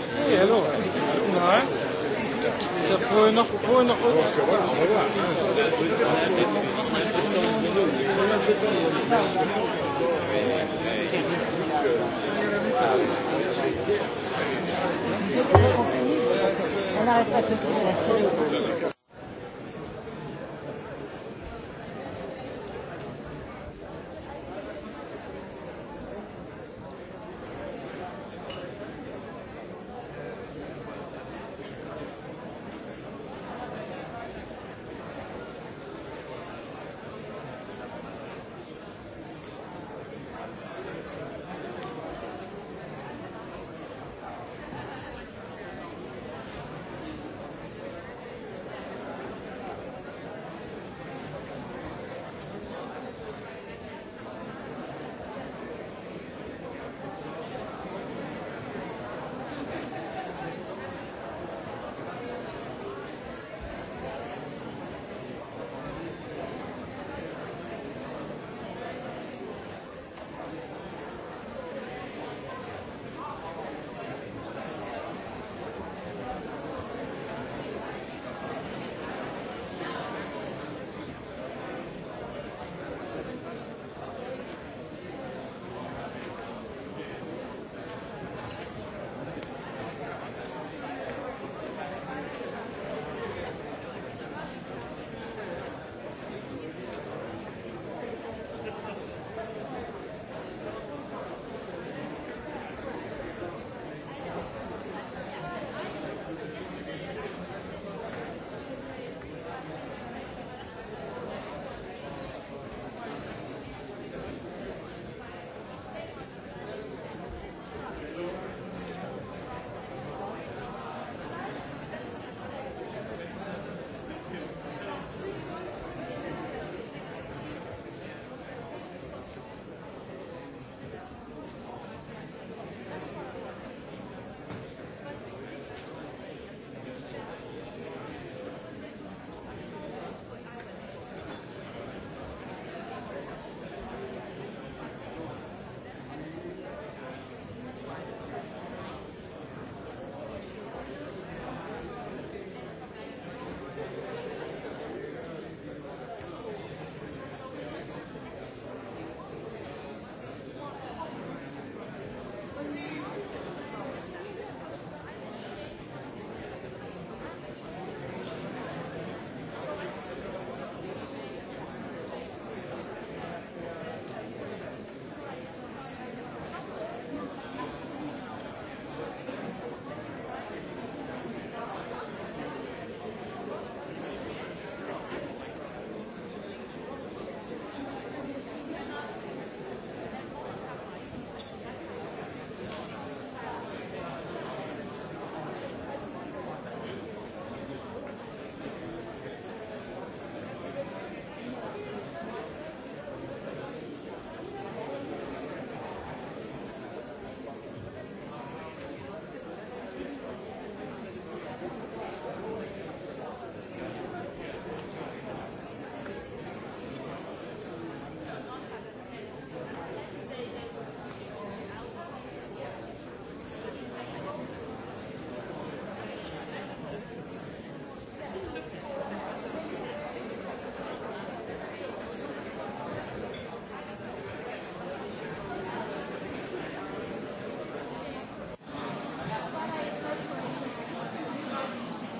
Hey, hallo. Na? Ich habe vorher noch, vorher noch. Thank you.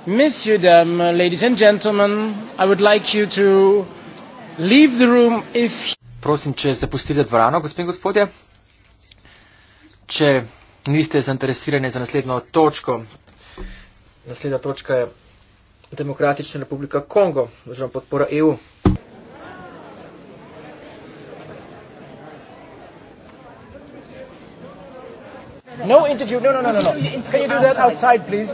messieurs, dames, ladies and gentlemen, I would like you to leave the room if... Prosim, če zapustite dvorano, gospod in gospodje. Če niste zainteresirani za naslednjo točko, naslednja točka je Demokratična republika Kongo, držav podpora EU. No interview, no, no, no, no, no. Can you do that outside, please?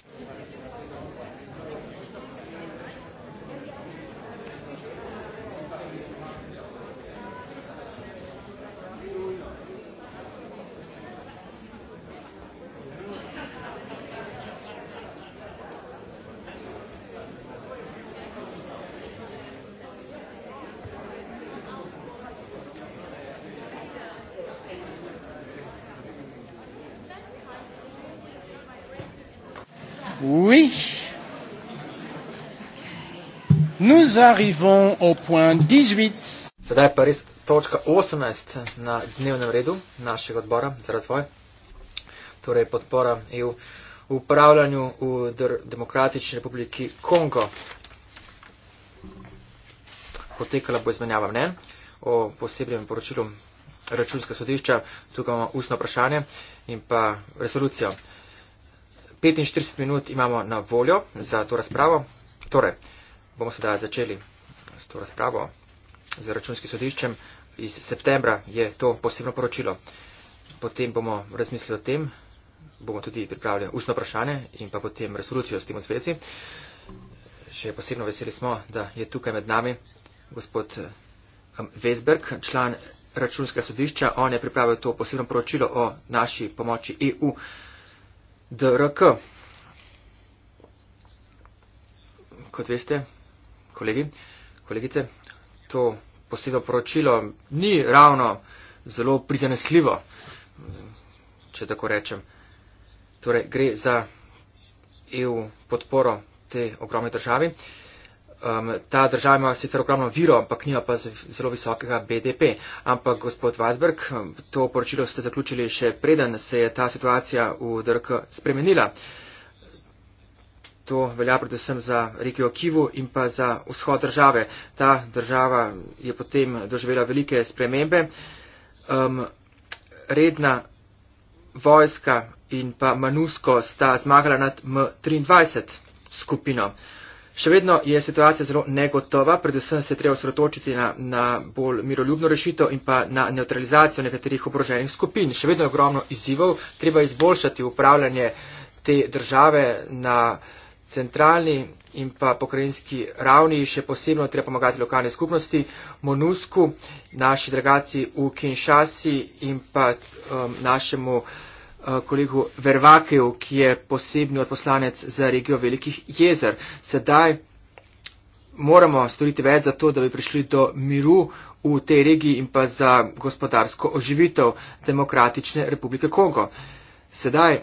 Nous arrivons au point 18. Sedaj pa res točka 18 na dnevnem redu našega odbora za razvoj. Torej podpora EU v upravljanju v Demokratični republiki Kongo. Potekala bo izmenjava mnen o posebnem poročilu računskega sodišča. Tukaj imamo ustno vprašanje in pa resolucijo. 45 minut imamo na voljo za to razpravo. Torej, bomo sedaj začeli s to razpravo z računskim sodiščem. Iz septembra je to posebno poročilo. Potem bomo razmislili o tem, bomo tudi pripravili ustno vprašanje in pa potem resolucijo s tem v zvezi. Še posebno veseli smo, da je tukaj med nami gospod Vesberg, član računskega sodišča. On je pripravil to posebno poročilo o naši pomoči EU DRK. Kot veste, kolegi, kolegice. To posebno poročilo ni ravno zelo prizanesljivo, če tako rečem. Torej, gre za EU podporo te ogromne državi. Um, ta država ima sicer ogromno viro, ampak nima pa zelo visokega BDP. Ampak, gospod Vazberg, um, to poročilo ste zaključili še preden se je ta situacija v DRK spremenila. Uh, To velja predvsem za regijo Kivu in pa za vzhod države. Ta država je potem doživela velike spremembe. Um, redna vojska in pa Manusko sta zmagala nad M23 skupino. Še vedno je situacija zelo negotova, predvsem se je treba osredotočiti na, na bolj miroljubno rešitev in pa na neutralizacijo nekaterih oboroženih skupin. Še vedno je ogromno izzivov, treba izboljšati upravljanje te države na centralni in pa pokrajinski ravni, še posebno treba pomagati lokalne skupnosti, Monusku, naši dragaci v Kinshasi in pa um, našemu uh, kolegu Vervakeju, ki je posebni odposlanec za regijo Velikih jezer. Sedaj moramo storiti več za to, da bi prišli do miru v tej regiji in pa za gospodarsko oživitev Demokratične republike Kongo. Sedaj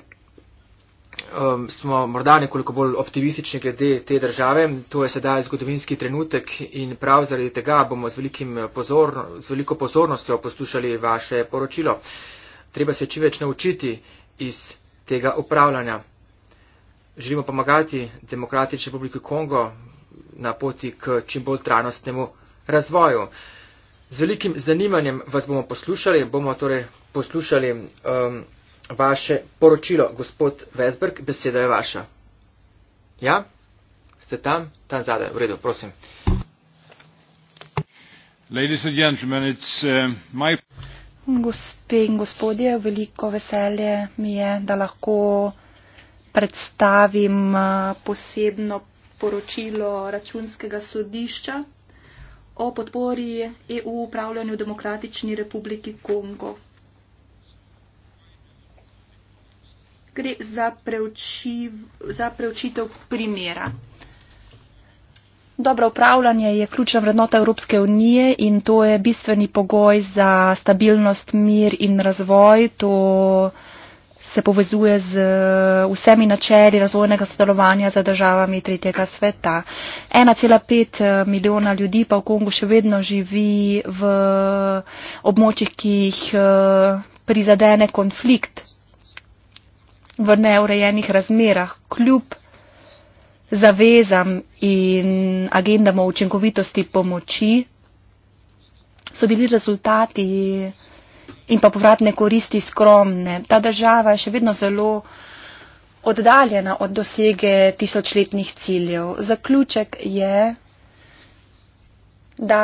um, smo morda nekoliko bolj optimistični glede te države. To je sedaj zgodovinski trenutek in prav zaradi tega bomo z, eh, pozor, z veliko pozornostjo poslušali vaše poročilo. Treba se čim več naučiti iz tega upravljanja. Želimo pomagati Demokratični republiki Kongo na poti k čim bolj trajnostnemu razvoju. Z velikim zanimanjem vas bomo poslušali, bomo torej poslušali um, vaše poročilo. Gospod Vesberg, beseda je vaša. Ja, ste tam, tam zadaj, v redu, prosim. Uh, Gospe in gospodje, veliko veselje mi je, da lahko predstavim uh, posebno poročilo računskega sodišča o podpori EU upravljanju v Demokratični republiki Kongo. gre za, preučiv, za preučitev primera. Dobro upravljanje je ključna vrednota Evropske unije in to je bistveni pogoj za stabilnost, mir in razvoj. To se povezuje z eh, vsemi načeli razvojnega sodelovanja za državami tretjega sveta. 1,5 eh, milijona ljudi pa v Kongu še vedno živi v območjih, ki jih eh, prizadene konflikt v neurejenih razmerah, kljub zavezam in agendam o učinkovitosti pomoči, so bili rezultati in pa povratne koristi skromne. Ta država je še vedno zelo oddaljena od dosege tisočletnih ciljev. Zaključek je, da,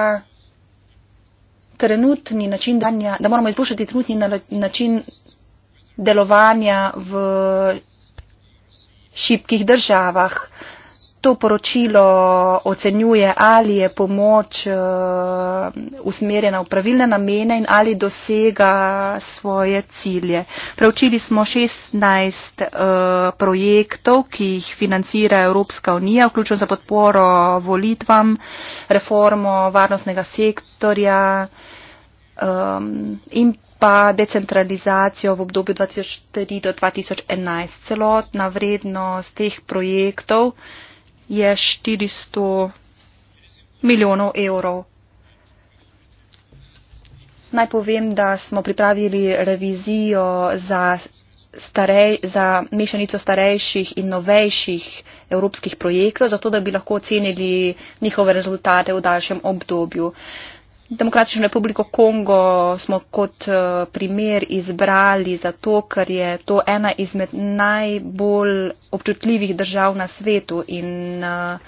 trenutni način danja, da moramo izboljšati trenutni način delovanja v šibkih državah. To poročilo ocenjuje, ali je pomoč eh, usmerjena v pravilne namene in ali dosega svoje cilje. Preučili smo 16 eh, projektov, ki jih financira Evropska unija, vključno za podporo volitvam, reformo varnostnega sektorja eh, in pa decentralizacijo v obdobju 2004 do 2011. Celotna vrednost teh projektov je 400 milijonov evrov. Naj povem, da smo pripravili revizijo za, starej, za mešanico starejših in novejših evropskih projektov, zato da bi lahko ocenili njihove rezultate v daljšem obdobju. Demokratično republiko Kongo smo kot eh, primer izbrali zato, ker je to ena izmed najbolj občutljivih držav na svetu in eh,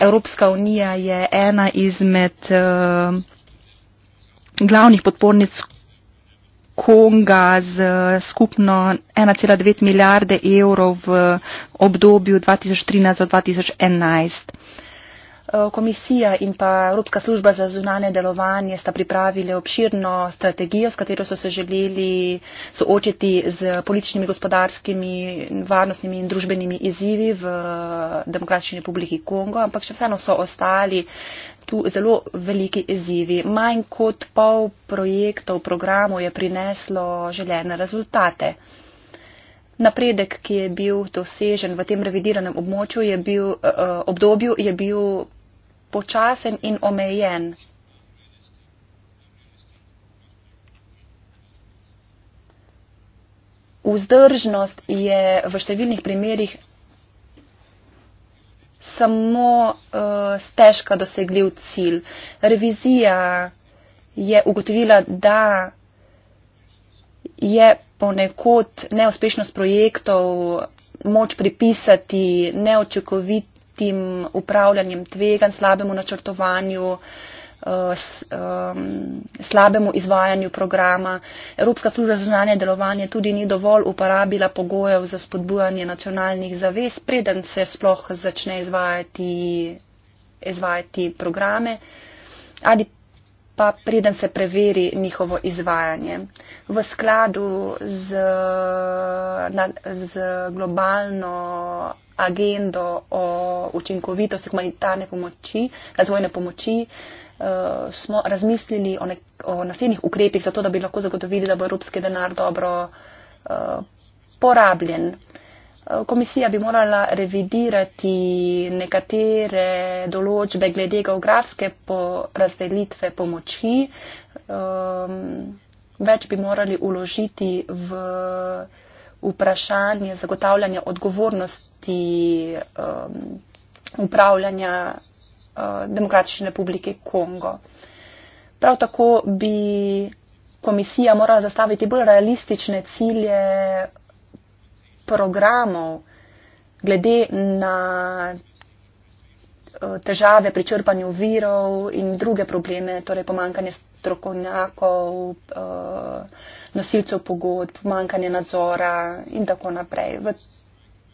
Evropska unija je ena izmed eh, glavnih podpornic Konga z skupno 1,9 milijarde evrov v obdobju 2013-2011. Eh, komisija in pa Evropska služba za zunanje delovanje sta pripravili obširno strategijo, s katero so se želeli soočiti z političnimi, gospodarskimi, varnostnimi in družbenimi izzivi v eh, Demokratični republiki Kongo, ampak še vseeno so ostali tu zelo veliki izzivi. Manj kot pol projektov, programov je prineslo željene rezultate. Napredek, ki je bil dosežen v tem revidiranem območju, je bil, eh, eh obdobju, je bil počasen in omejen. Vzdržnost je v številnih primerjih samo uh, stežka dosegljiv cilj. Revizija je ugotovila, da je ponekod neuspešnost projektov moč pripisati neočakovit slabim upravljanjem tvegan, slabemu načrtovanju, eh, slabemu izvajanju programa. Evropska služba za znanje delovanje tudi ni dovolj uporabila pogojev za spodbujanje nacionalnih zavez, preden se sploh začne izvajati, izvajati programe. Ali pa preden se preveri njihovo izvajanje. V skladu z, na, z globalno agendo o učinkovitosti humanitarne pomoči, razvojne pomoči, uh, smo razmislili o, nek, o naslednjih ukrepih, zato da bi lahko zagotovili, da bo evropski denar dobro uh, porabljen. Uh, Komisija bi morala revidirati nekatere določbe glede geografske razdelitve pomoči. Um, več bi morali uložiti v vprašanje zagotavljanja odgovornosti um, upravljanja uh, Demokratične republike Kongo. Prav tako bi komisija morala zastaviti bolj realistične cilje programov glede na eh, težave pri črpanju virov in druge probleme, torej pomankanje strokovnjakov, eh, nosilcev pogodb, pomankanje nadzora in tako naprej. V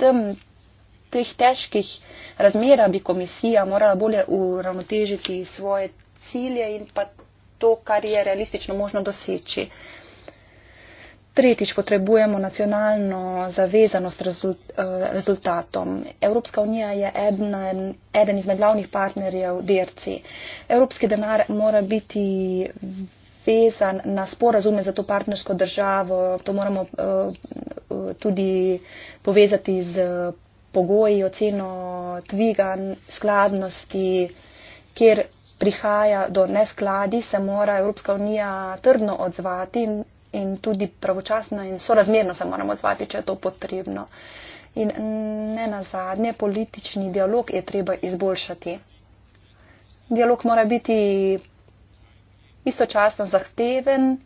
tem, teh težkih razmerah bi komisija morala bolje uravnotežiti svoje cilje in pa to, kar je realistično možno doseči. Uh, tretjič potrebujemo nacionalno zavezanost eh, rezultatom. Evropska unija je edna, eden izmed glavnih partnerjev DRC. Evropski denar mora biti vezan na sporazume za to partnersko državo. To moramo eh, tudi povezati z pogoji, oceno tvigan, skladnosti, kjer prihaja do neskladi, se mora Evropska unija trdno odzvati in in tudi pravočasno in sorazmerno se moramo odzvati, če je to potrebno. In ne na zadnje, politični dialog je treba izboljšati. Dialog mora biti istočasno zahteven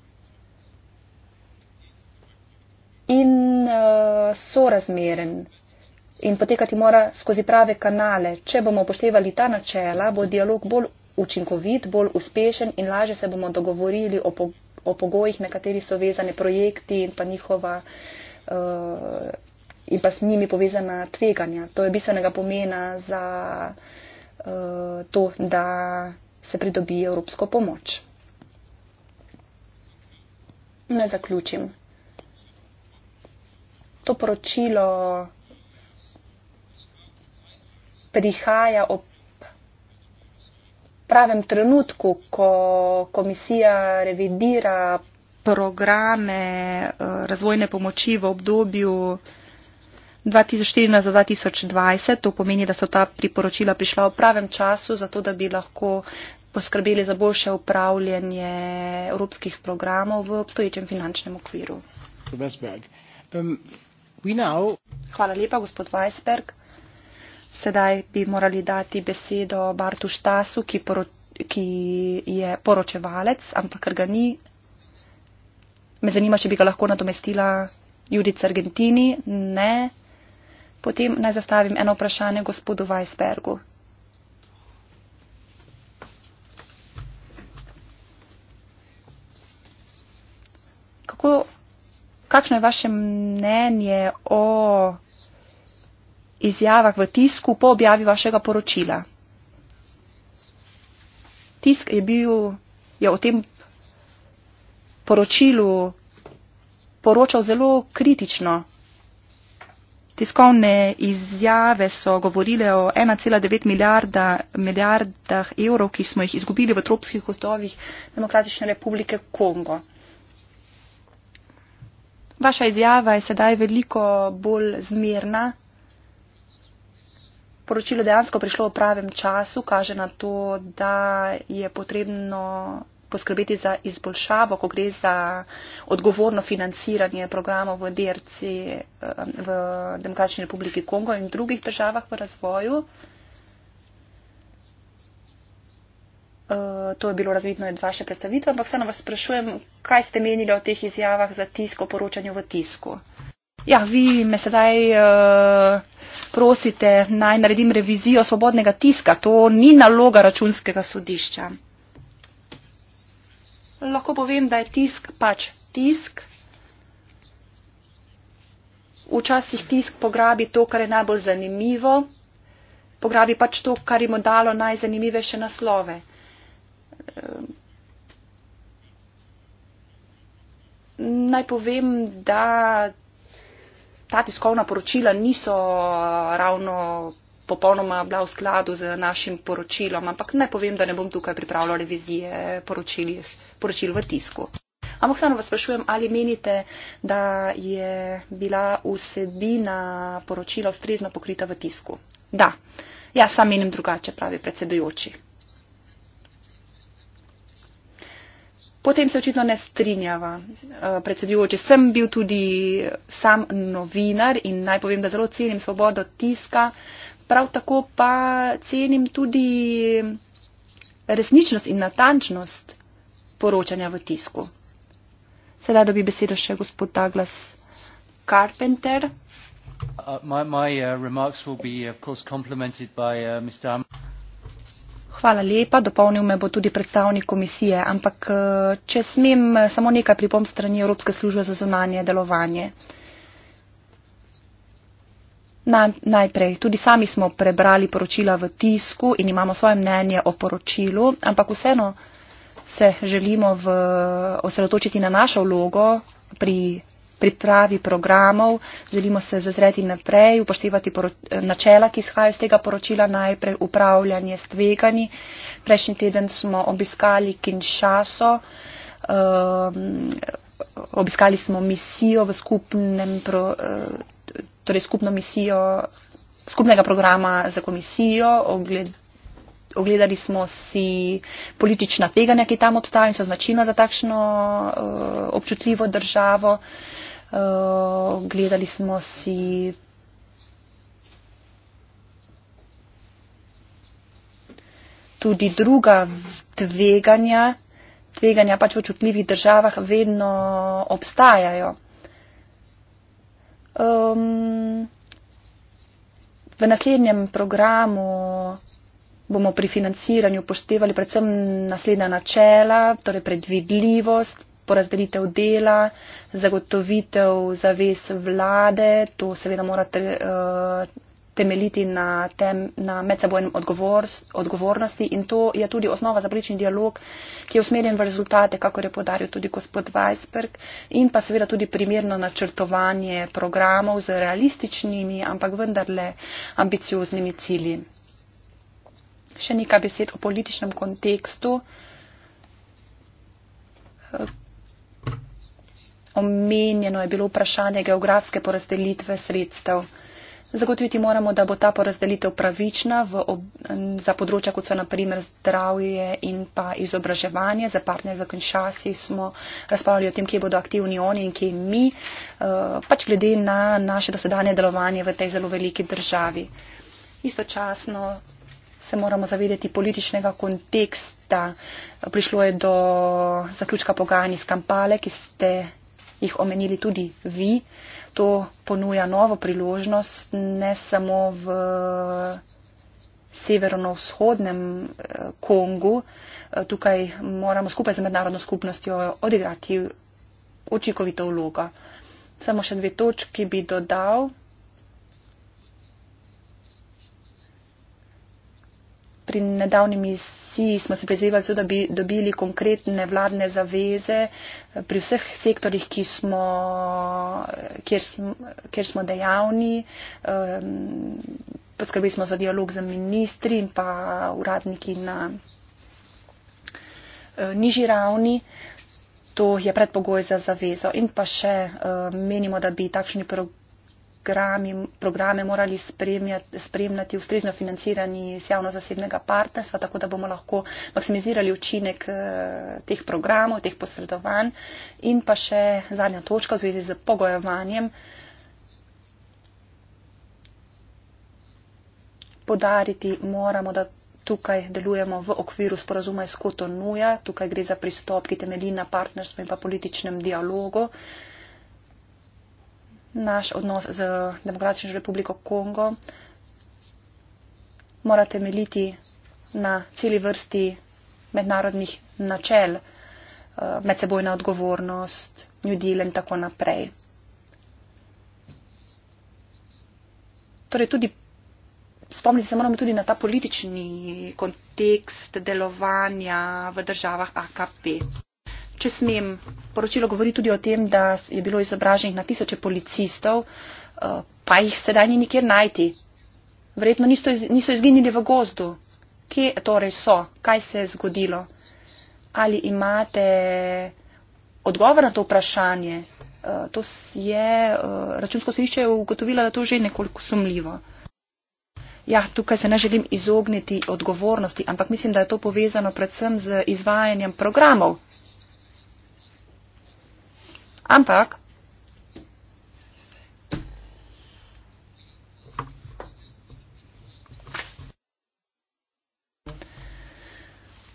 in uh, sorazmeren in potekati mora skozi prave kanale. Če bomo upoštevali ta načela, bo dialog bolj učinkovit, bolj uspešen in laže se bomo dogovorili o pogodbi o pogojih, na kateri so vezane projekti in pa njihova uh, in pa s njimi povezana tveganja. To je bistvenega pomena za uh, to, da se pridobi evropsko pomoč. Ne zaključim. To poročilo prihaja ob pravem trenutku, ko komisija revidira programe eh, razvojne pomoči v obdobju 2014-2020. To pomeni, da so ta priporočila prišla v pravem času, zato da bi lahko poskrbeli za boljše upravljanje evropskih programov v obstoječem finančnem okviru. Um, Hvala lepa, gospod Weisberg. Sedaj bi morali dati besedo Bartu Štasu, ki, poro, ki je poročevalec, ampak ker ga ni, me zanima, če bi ga lahko nadomestila Judica Argentini. Ne. Potem naj zastavim eno vprašanje gospodu Weisbergu. Kako, kakšno je vaše mnenje o izjavah v tisku po objavi vašega poročila. Tisk je bil, je o tem poročilu poročal zelo kritično. Tiskovne izjave so govorile o 1,9 milijarda, milijardah evrov, ki smo jih izgubili v tropskih gozdovih Demokratične republike Kongo. Vaša izjava je sedaj veliko bolj zmerna, poročilo dejansko prišlo v pravem času, kaže na to, da je potrebno poskrbeti za izboljšavo, ko gre za odgovorno financiranje programov v DRC, eh, v Demokratični republiki Kongo in drugih državah v razvoju. Eh, to je bilo razvidno od vaše predstavitve, ampak se na vas sprašujem, kaj ste menili o teh izjavah za tisko, poročanju v tisku. Ja, vi me sedaj uh, prosite, naj naredim revizijo svobodnega tiska. To ni naloga računskega sodišča. Lahko povem, da je tisk pač tisk. Včasih tisk pograbi to, kar je najbolj zanimivo, pograbi pač to, kar jim dalo najzanimivejše naslove. Naj povem, da ta tiskovna poročila niso eh, ravno popolnoma bila v skladu z našim poročilom, ampak ne povem, da ne bom tukaj pripravljala revizije poročil v tisku. Ampak samo vas sprašujem, ali menite, da je bila vsebina poročila ustrezno pokrita v tisku? Da. Ja, sam menim drugače, pravi predsedujoči. Potem se očitno ne strinjava. Eh, predsedujoči, sem bil tudi sam novinar in naj povem, da zelo cenim svobodo tiska, prav tako pa cenim tudi resničnost in natančnost poročanja v tisku. Sedaj dobi besedo še gospod Douglas Carpenter. Uh, my, my, uh, Hvala lepa. Dopolnil me bo tudi predstavnik komisije, ampak eh, če smem, eh, samo nekaj pripom strani Evropske službe za zunanje delovanje. Na, najprej, tudi sami smo prebrali poročila v tisku in imamo svoje mnenje o poročilu, ampak vseeno se želimo v, osredotočiti na našo vlogo pri pripravi programov, želimo se zazreti naprej, upoštevati načela, ki izhajajo iz tega poročila, najprej upravljanje s tvegani. Prejšnji teden smo obiskali Kinshaso, um, obiskali smo misijo v skupnem, pro, uh, torej skupno misijo, skupnega programa za komisijo, ogled, ogledali smo si politična tveganja, ki tam obstajajo in so značilna za takšno uh, občutljivo državo. Uh, gledali smo si tudi druga tveganja. Tveganja pač v čutljivih državah vedno obstajajo. Um, v naslednjem programu bomo pri financiranju poštevali predvsem naslednja načela, torej predvidljivost, porazdelitev dela, zagotovitev zaves vlade, to seveda mora te, eh, temeljiti na, tem, na medsebojnem odgovor, odgovornosti in to je tudi osnova za prični dialog, ki je usmerjen v rezultate, kako je podaril tudi gospod Weisberg in pa seveda tudi primerno načrtovanje programov z realističnimi, ampak vendarle ambicioznimi cilji. Še nekaj besed o političnem kontekstu. Omenjeno je bilo vprašanje geografske porazdelitve sredstev. Zagotoviti moramo, da bo ta porazdelitev pravična v, za področja, kot so naprimer zdravje in pa izobraževanje. Za partnerje v Kinshasi smo razpravljali o tem, kje bodo aktivni oni in kje mi, eh, pač glede na naše dosedanje delovanje v tej zelo veliki državi. Istočasno se moramo zavedeti političnega konteksta. Prišlo je do zaključka pogajanj iz Kampale, ki ste jih omenili tudi vi. To ponuja novo priložnost ne samo v severno-vzhodnem eh, Kongu. Eh, tukaj moramo skupaj z mednarodno skupnostjo odigrati očikovito vlogo. Samo še dve točki bi dodal. pri nedavni misiji smo se prizadevali, da bi dobili konkretne vladne zaveze eh, pri vseh sektorjih, smo, eh, kjer, smo, kjer smo dejavni. Ehm, poskrbeli smo za dialog z ministri in pa uradniki na eh, nižji ravni. To je predpogoj za zavezo. In pa še menimo, da bi takšni program programi, programe morali spremljati ustrezno financirani iz javno-zasebnega partnerstva, tako da bomo lahko maksimizirali učinek eh, teh programov, teh posredovanj. In pa še zadnja točka v zvezi z pogojevanjem. Podariti moramo, da tukaj delujemo v okviru sporazuma iz Kotonuja. Tukaj gre za pristop, ki temelji na partnerstvu in pa političnem dialogu naš odnos z Demokratično republiko Kongo mora temeljiti na celi vrsti mednarodnih načel, eh, medsebojna odgovornost, New Deal in tako naprej. Torej tudi, spomniti se moramo tudi na ta politični kontekst delovanja v državah AKP če smem, poročilo govori tudi o tem, da je bilo izobraženih na tisoče policistov, eh, pa jih sedaj ni nikjer najti. Verjetno niso, iz, niso izginili v gozdu. Kje torej so? Kaj se je zgodilo? Ali imate odgovor na to vprašanje? Eh, to je eh, računsko sodišče ugotovilo, da to že nekoliko sumljivo. Ja, tukaj se ne želim izogniti odgovornosti, ampak mislim, da je to povezano predvsem z izvajanjem programov, Ampak.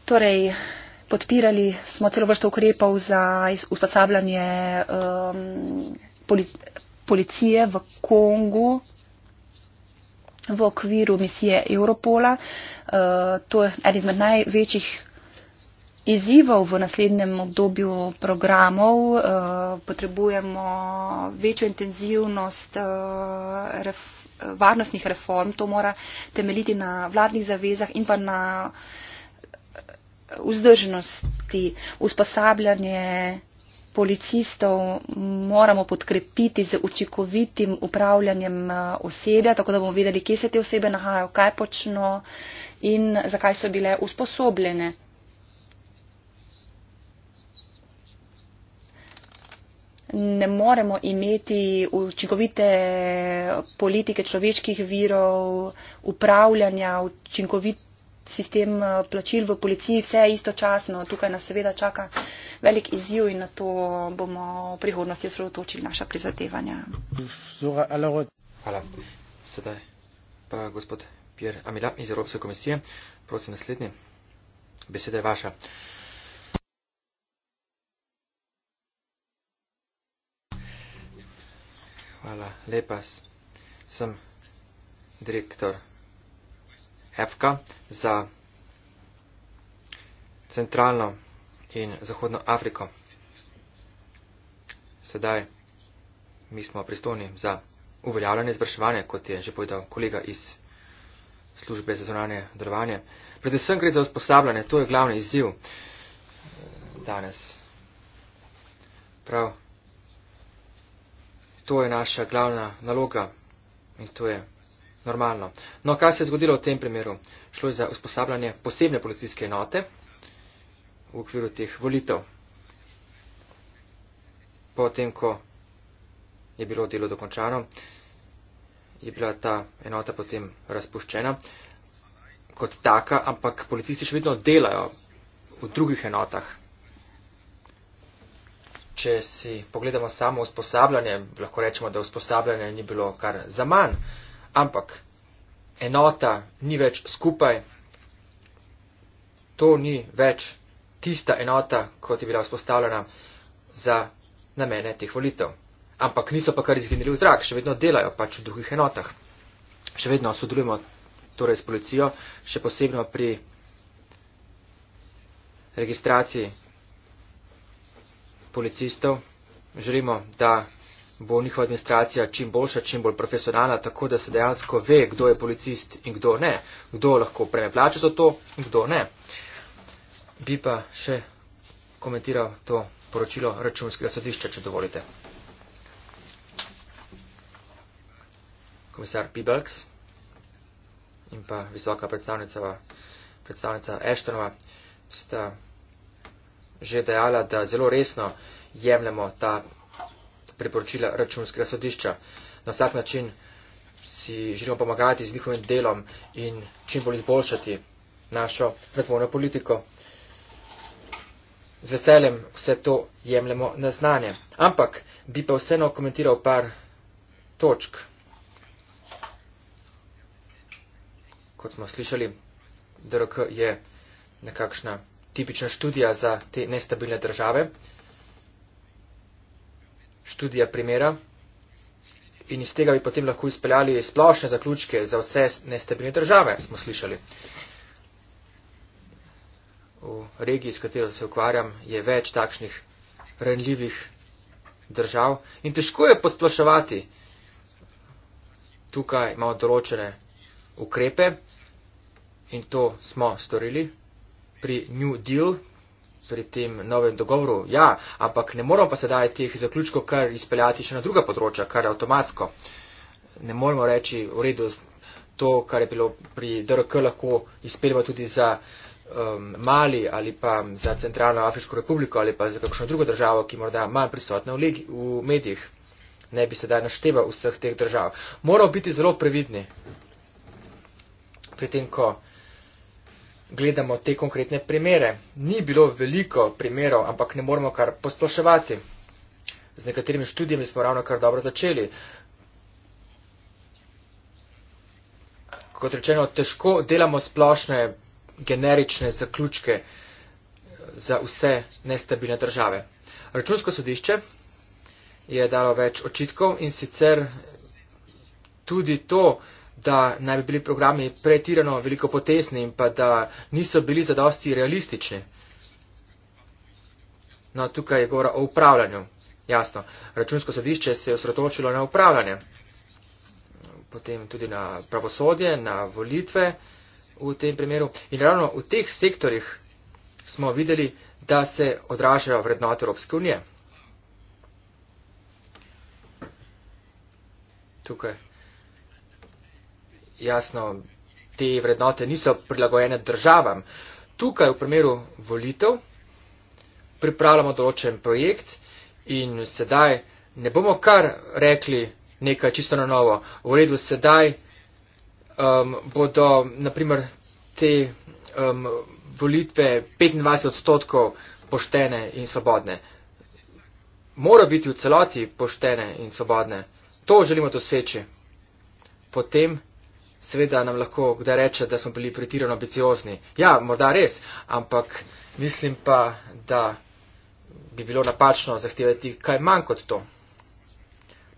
Torej, podpirali smo celo vrsto ukrepov za usposabljanje um, policije v Kongu v okviru misije Europola. Uh, to je eden izmed največjih izzivov v naslednjem obdobju programov, eh, potrebujemo večjo intenzivnost eh, ref, varnostnih reform, to mora temeljiti na vladnih zavezah in pa na eh, vzdržnosti, usposabljanje policistov moramo podkrepiti z učinkovitim upravljanjem osebja, tako da bomo vedeli, kje se te osebe nahajajo, kaj počno in zakaj so bile usposobljene. ne moremo imeti učinkovite politike človeških virov, upravljanja, učinkovit sistem eh, plačil v policiji, vse je istočasno. Tukaj nas seveda čaka velik izziv in na to bomo v prihodnosti osredotočili naša prizadevanja. Hvala. Sedaj pa gospod Pierre Amila iz Evropske komisije. Prosim, naslednji. Beseda je vaša. Hvala lepa. Sem direktor EFKA za centralno in zahodno Afriko. Sedaj mi smo pristojni za uveljavljanje izvrševanja, kot je že povedal kolega iz službe za zvonanje delovanje. Predvsem gre za usposabljanje, to je glavni izziv eh, danes. Prav to je naša glavna naloga in to je normalno. No, kaj se je zgodilo v tem primeru? Šlo je za usposabljanje posebne policijske enote v okviru teh volitev. Potem, ko je bilo delo dokončano, je bila ta enota potem razpuščena kot taka, ampak policisti še vedno delajo v drugih enotah če si pogledamo samo usposabljanje, lahko rečemo, da usposabljanje ni bilo kar za manj, ampak enota ni več skupaj, to ni več tista enota, kot je bila vzpostavljena za namene teh volitev. Ampak niso pa kar izginili v zrak, še vedno delajo pač v drugih enotah. Še vedno sodelujemo torej s policijo, še posebno pri registraciji policistov. Želimo, da bo njihova administracija čim boljša, čim bolj profesionalna, tako da se dejansko ve, kdo je policist in kdo ne, kdo lahko preme plače za to in kdo ne. Bi pa še komentiral to poročilo računskega sodišča, če dovolite. Komisar Pibelks in pa visoka predstavnica, predstavnica Eštonova sta že dejala, da zelo resno jemljemo ta priporočila računskega sodišča. Na vsak način si želimo pomagati z njihovim delom in čim bolj izboljšati našo razvojno politiko. Z veseljem vse to jemljemo na znanje. Ampak bi pa vseeno komentiral par točk. Kot smo slišali, DRK je nekakšna tipična študija za te nestabilne države. Študija primera. In iz tega bi potem lahko izpeljali splošne zaključke za vse nestabilne države, smo slišali. V regiji, s katero se ukvarjam, je več takšnih renljivih držav in težko je posplošavati. Tukaj imamo določene ukrepe in to smo storili pri New Deal, pri tem novem dogovoru. Ja, ampak ne moramo pa sedaj teh zaključkov kar izpeljati še na druga področja, kar je avtomatsko. Ne moramo reči, v redu, to, kar je bilo pri DRK, lahko izpeljamo tudi za um, Mali ali pa za Centralno Afriško republiko ali pa za kakšno drugo državo, ki morda manj prisotna v, legi, v medijih. Ne bi sedaj našteval vseh teh držav. Moramo biti zelo previdni pri tem, ko gledamo te konkretne primere. Ni bilo veliko primerov, ampak ne moramo kar posploševati. Z nekaterimi študijami smo ravno kar dobro začeli. Kot rečeno, težko delamo splošne generične zaključke eh, za vse nestabilne države. Računsko sodišče je dalo več očitkov in sicer tudi to, da naj bi bili programi pretirano velikopotesni in pa da niso bili zadosti realistični. No, tukaj je govora o upravljanju. Jasno, računsko sodišče se je osredotočilo na upravljanje, potem tudi na pravosodje, na volitve v tem primeru. In ravno v teh sektorjih smo videli, da se odražajo vrednote Evropske unije. Tukaj jasno, te vrednote niso prilagojene državam. Tukaj v primeru volitev pripravljamo določen projekt in sedaj ne bomo kar rekli nekaj čisto na novo. V redu sedaj um, bodo naprimer te um, volitve 25 odstotkov poštene in svobodne. Mora biti v celoti poštene in svobodne. To želimo doseči. Potem seveda nam lahko kdaj reče, da smo bili pretirano ambiciozni. Ja, morda res, ampak mislim pa, da bi bilo napačno zahtevati kaj manj kot to.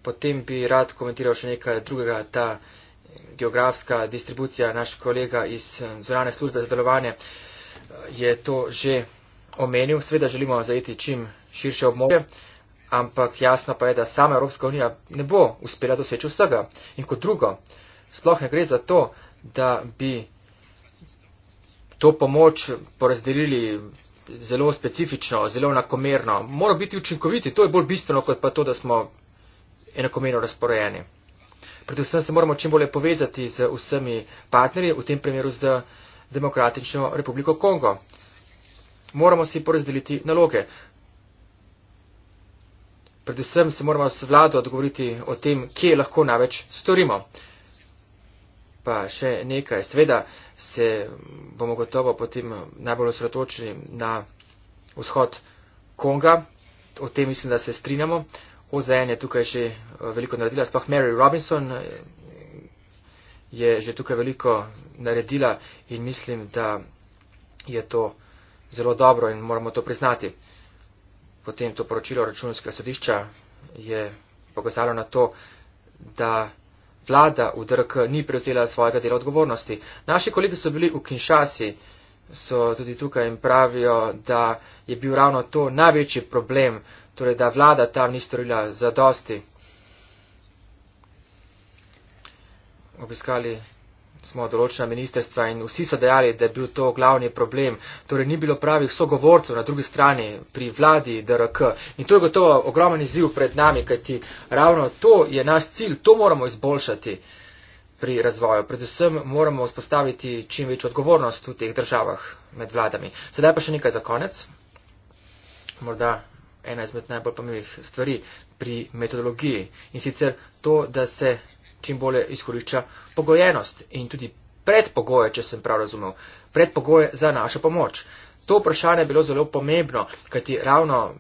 Potem bi rad komentiral še nekaj drugega, ta geografska distribucija, naš kolega iz eh, zunane službe za delovanje eh, je to že omenil. Sveda želimo zajeti čim širše območje, ampak jasno pa je, da sama Evropska unija ne bo uspela doseči vsega. In kot drugo, Sploh ne gre za to, da bi to pomoč porazdelili zelo specifično, zelo nakomerno. Mora biti učinkoviti, to je bolj bistveno, kot pa to, da smo enakomerno razporejeni. Predvsem se moramo čim bolje povezati z vsemi partnerji, v tem primeru z Demokratično republiko Kongo. Moramo si porazdeliti naloge. Predvsem se moramo s vlado odgovoriti o tem, kje lahko največ storimo pa še nekaj. Sveda se bomo gotovo potem najbolj osredotočili na vzhod Konga. O tem mislim, da se strinjamo. OZN je tukaj že eh, veliko naredila, sploh Mary Robinson eh, je že tukaj veliko naredila in mislim, da je to zelo dobro in moramo to priznati. Potem to poročilo računskega sodišča je pokazalo na to, da vlada v DRK ni prevzela svojega dela odgovornosti. Naši kolegi so bili v Kinšasi, so tudi tukaj in pravijo, da je bil ravno to največji problem, torej da vlada tam ni storila za dosti. Obiskali smo določena ministerstva in vsi so dejali, da je bil to glavni problem. Torej ni bilo pravih sogovorcev na drugi strani pri vladi DRK. In to je gotovo ogromen izziv pred nami, kajti ravno to je naš cilj, to moramo izboljšati pri razvoju. Predvsem moramo vzpostaviti čim več odgovornost v teh državah med vladami. Sedaj pa še nekaj za konec. Morda ena izmed najbolj pomembnih stvari pri metodologiji. In sicer to, da se čim bolje izkorišča pogojenost in tudi predpogoje, če sem prav razumel, predpogoje za našo pomoč. To vprašanje je bilo zelo pomembno, kajti ravno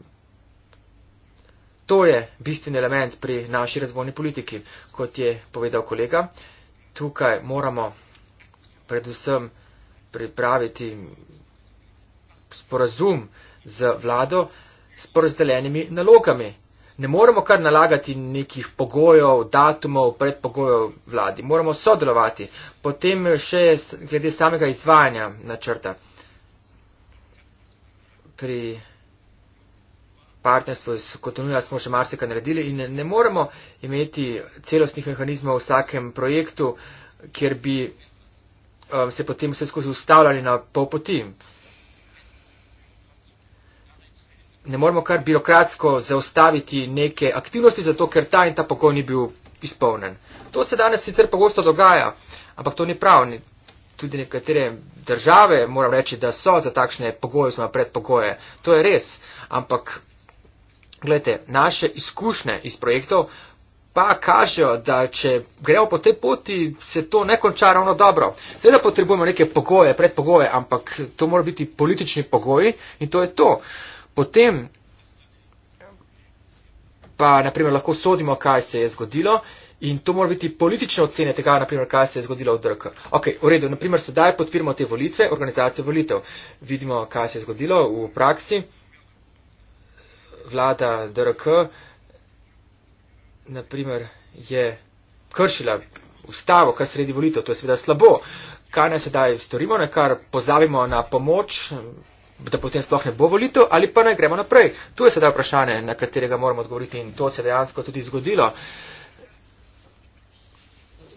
to je bistven element pri naši razvojni politiki. Kot je povedal kolega, tukaj moramo predvsem pripraviti sporazum z vlado s porazdeljenimi nalogami, ne moremo kar nalagati nekih pogojev, datumov, predpogojev vladi. Moramo sodelovati. Potem še glede samega izvajanja načrta pri partnerstvu s Kotonujem smo še marsikaj naredili in ne, ne moremo imeti celostnih mehanizmov v vsakem projektu, kjer bi um, se potem vse skozi ustavljali na pol poti. ne moremo kar birokratsko zaustaviti neke aktivnosti, zato ker ta in ta pokoj ni bil izpolnen. To se danes sicer pogosto dogaja, ampak to ni prav. Tudi nekatere države, moram reči, da so za takšne pogoje, oziroma predpogoje. To je res. Ampak, gledajte, naše izkušnje iz projektov pa kažejo, da če gremo po tej poti, se to ne konča ravno dobro. Seveda potrebujemo neke pogoje, predpogoje, ampak to mora biti politični pogoji in to je to. Uh, Potem pa naprimer lahko sodimo, kaj se je zgodilo in to mora biti politične ocene tega, naprimer, kaj se je zgodilo v DRK. Ok, v redu, naprimer, sedaj podpiramo te volitve, organizacijo volitev. Vidimo, kaj se je zgodilo v praksi. Vlada DRK, naprimer, je kršila ustavo, kar sredi volitev, to je seveda slabo. Kaj naj sedaj storimo, nekar pozabimo na pomoč da potem sploh ne bo volitev ali pa naj gremo naprej. To je sedaj vprašanje, na katerega moramo odgovoriti in to se dejansko tudi zgodilo.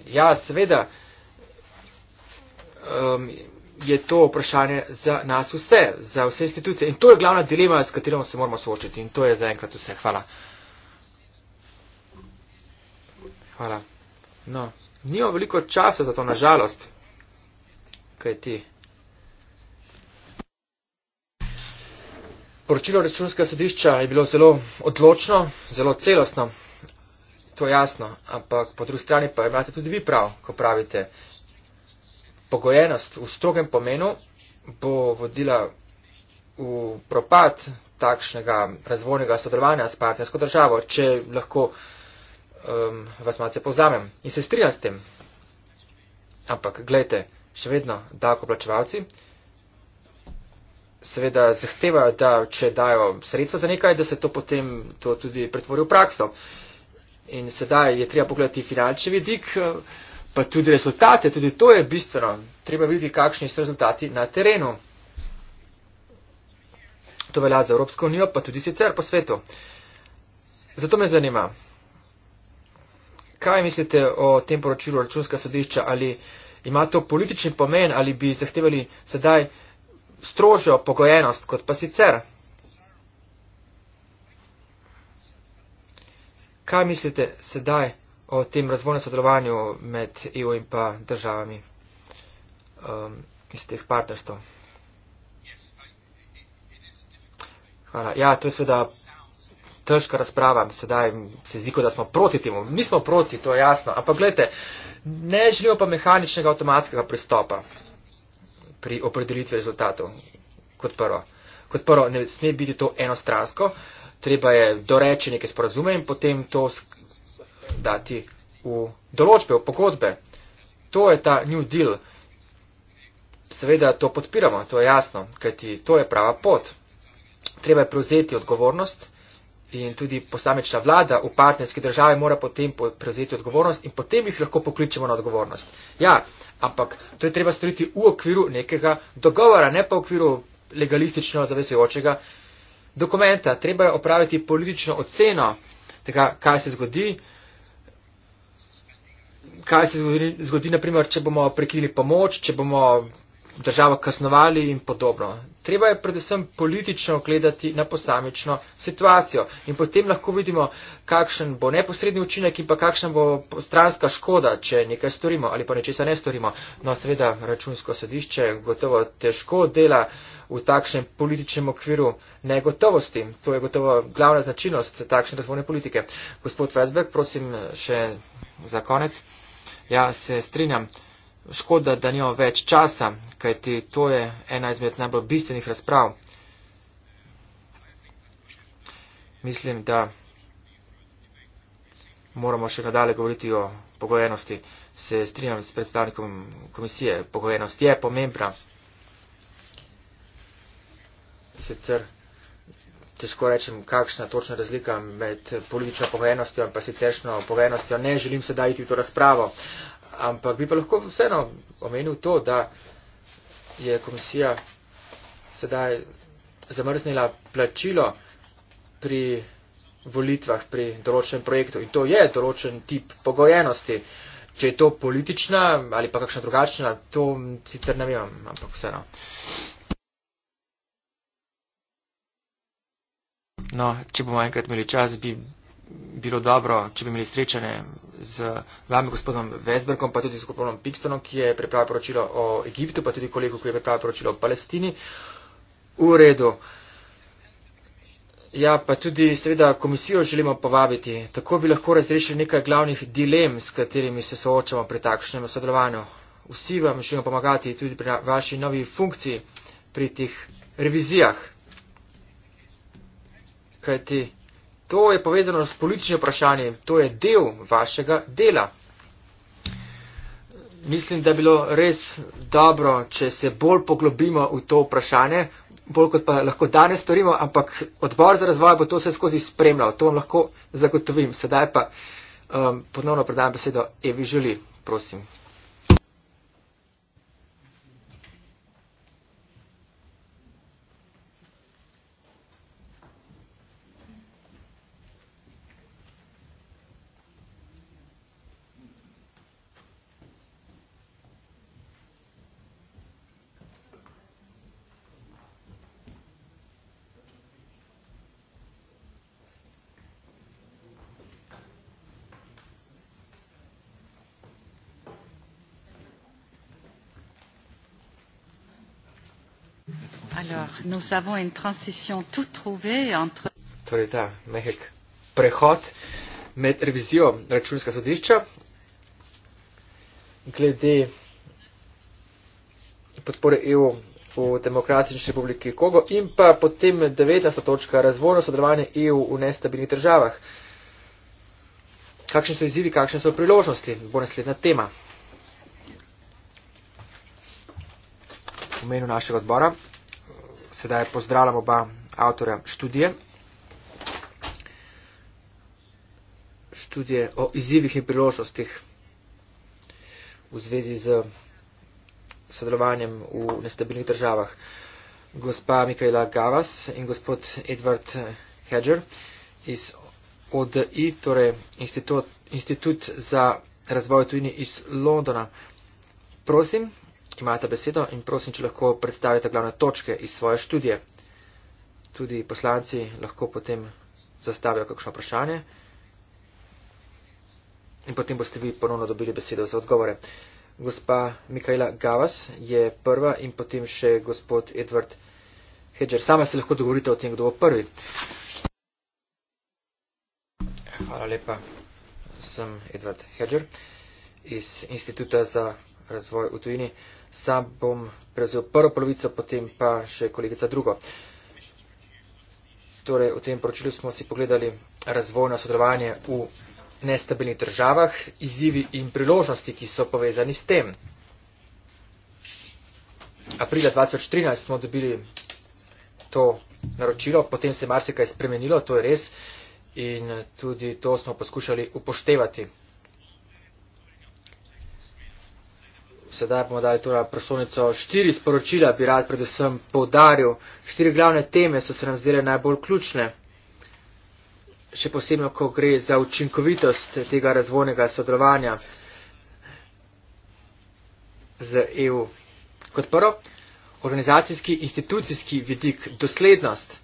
Ja, seveda um, je to vprašanje za nas vse, za vse institucije in to je glavna dilema, s katero se moramo soočiti in to je zaenkrat vse. Hvala. Hvala. No, nima veliko časa za to, nažalost. Kaj ti? Poročilo računskega sodišča je bilo zelo odločno, zelo celostno, to je jasno, ampak po drugi strani pa imate tudi vi prav, ko pravite, pogojenost v strogem pomenu bo vodila v propad takšnega razvojnega sodelovanja s partnersko državo, če lahko um, vas malce povzamem in se strinjam s tem. Ampak, gledajte, še vedno davkoplačevalci seveda zahtevajo, da če dajo sredstvo za nekaj, da se to potem to tudi pretvori v prakso. In sedaj je treba pogledati finančni vidik, eh, pa tudi rezultate, tudi to je bistveno. Treba videti, kakšni so rezultati na terenu. To velja za Evropsko unijo, pa tudi sicer po svetu. Zato me zanima, kaj mislite o tem poročilu računska sodišča, ali ima to politični pomen, ali bi zahtevali sedaj strožjo pogojenost kot pa sicer. Kaj mislite sedaj o tem razvojnem sodelovanju med EU in pa državami um, iz teh partnerstv? Hvala. Ja, to je seveda težka razprava. Sedaj se zdi, da smo proti temu. Nismo proti, to je jasno. Ampak gledajte, ne želimo pa mehaničnega avtomatskega pristopa pri opredelitvi rezultatov. Kot prvo. kot prvo, ne sme biti to enostransko, treba je doreči neke sporazume in potem to dati v določbe, v pogodbe. To je ta New Deal. Seveda to podpiramo, to je jasno, kajti to je prava pot. Treba je prevzeti odgovornost in tudi posamečna vlada v partnerski državi mora potem prevzeti odgovornost in potem jih lahko pokličemo na odgovornost. Ja, ampak to je treba storiti v okviru nekega dogovora, ne pa v okviru legalistično zavesojočega dokumenta. Treba je opraviti politično oceno tega, kaj se zgodi. Kaj se zgodi, zgodi naprimer, če bomo prekinili pomoč, če bomo državo kasnovali in podobno. Treba je predvsem politično gledati na posamično situacijo in potem lahko vidimo, kakšen bo neposredni učinek in pa kakšna bo stranska škoda, če nekaj storimo ali pa nečesa ne storimo. No, seveda, računsko sodišče gotovo težko dela v takšnem političnem okviru negotovosti. To je gotovo glavna značilnost takšne razvojne politike. Gospod Vesberg, prosim še za konec. Ja, se strinjam škoda, da nimamo več časa, kajti to je ena izmed najbolj bistvenih razprav. Mislim, da moramo še nadalje govoriti o pogojenosti. Se strinjam s predstavnikom komisije. Pogojenost je pomembna. Sicer težko rečem, kakšna točna razlika med politično pogojenostjo in pa siceršno pogojenostjo. Ne želim se dajiti v to razpravo. Ampak bi pa lahko vseeno omenil to, da je komisija sedaj zamrznila plačilo pri volitvah, pri določenem projektu. In to je določen tip pogojenosti. Če je to politična ali pa kakšna drugačna, to sicer ne vem, ampak vseeno. No, če bomo enkrat imeli čas, bi bilo dobro, če bi imeli srečanje z vami, gospodom Vesbergom, pa tudi z gospodom Pikstonom, ki je pripravil poročilo o Egiptu, pa tudi kolegu, ki je pripravil poročilo o Palestini. V redu. Ja, pa tudi seveda komisijo želimo povabiti. Tako bi lahko razrešili nekaj glavnih dilem, s katerimi se soočamo pri takšnem sodelovanju. Vsi vam želimo pomagati tudi pri vaši novi funkciji pri tih revizijah. Kaj ti? To je povezano s političnim vprašanjem, to je del vašega dela. Mislim, da je bilo res dobro, če se bolj poglobimo v to vprašanje, bolj kot pa lahko danes storimo, ampak odbor za razvoj bo to vse skozi spremljal, to vam lahko zagotovim. Sedaj pa um, ponovno predajam besedo Evi Žuli, prosim. nous avons une transition tout trouvée entre. Torej, ta mehek prehod med revizijo računska sodišča glede podpore EU v Demokratični republiki Kogo in pa potem 19. točka razvojno sodelovanje EU v nestabilnih državah. Kakšni so izzivi, kakšne so priložnosti, bo naslednja tema. V menu našega odbora sedaj pozdravljam oba avtorja študije. Študije o izzivih in priložnostih v zvezi z sodelovanjem v nestabilnih državah. Gospa Mikaela Gavas in gospod Edward Hedger iz ODI, torej Institut, Institut za razvoj tujini iz Londona. Prosim imate besedo in prosim, če lahko predstavite glavne točke iz svoje študije. Tudi poslanci lahko potem zastavijo kakšno vprašanje in potem boste vi ponovno dobili besedo za odgovore. Gospa Mikaela Gavas je prva in potem še gospod Edward Hedger. Sama se lahko dogovorite o tem, kdo bo prvi. Hvala lepa. Sem Edward Hedger iz Instituta za razvoj v tujini. Sam bom prevzel prvo polovico, potem pa še kolegica drugo. Torej, v tem poročilu smo si pogledali razvojno sodelovanje v nestabilnih državah, izzivi in priložnosti, ki so povezani s tem. Aprila 2013 smo dobili to naročilo, potem se je marsikaj spremenilo, to je res, in tudi to smo poskušali upoštevati. sedaj bomo dali tole prosonico. Štiri sporočila bi rad predvsem povdaril. Štiri glavne teme so se nam zdele najbolj ključne. Še posebej, ko gre za učinkovitost tega razvojnega sodelovanja z EU. Kot prvo, organizacijski institucijski vidik, doslednost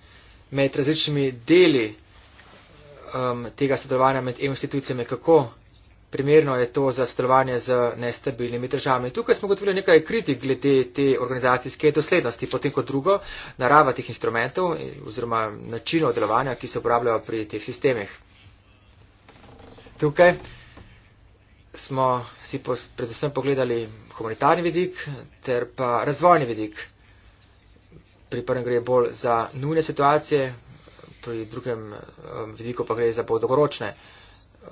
med različnimi deli um, tega sodelovanja med EU institucijami, kako primerno je to za sodelovanje z nestabilnimi državami. Tukaj smo gotovili nekaj kritik glede te organizacijske doslednosti. Potem kot drugo, narava teh instrumentov oziroma načinov delovanja, ki se uporabljajo pri teh sistemih. Tukaj smo si po, predvsem pogledali humanitarni vidik ter pa razvojni vidik. Pri prvem gre bolj za nujne situacije, pri drugem eh, vidiku pa gre za bolj dolgoročne.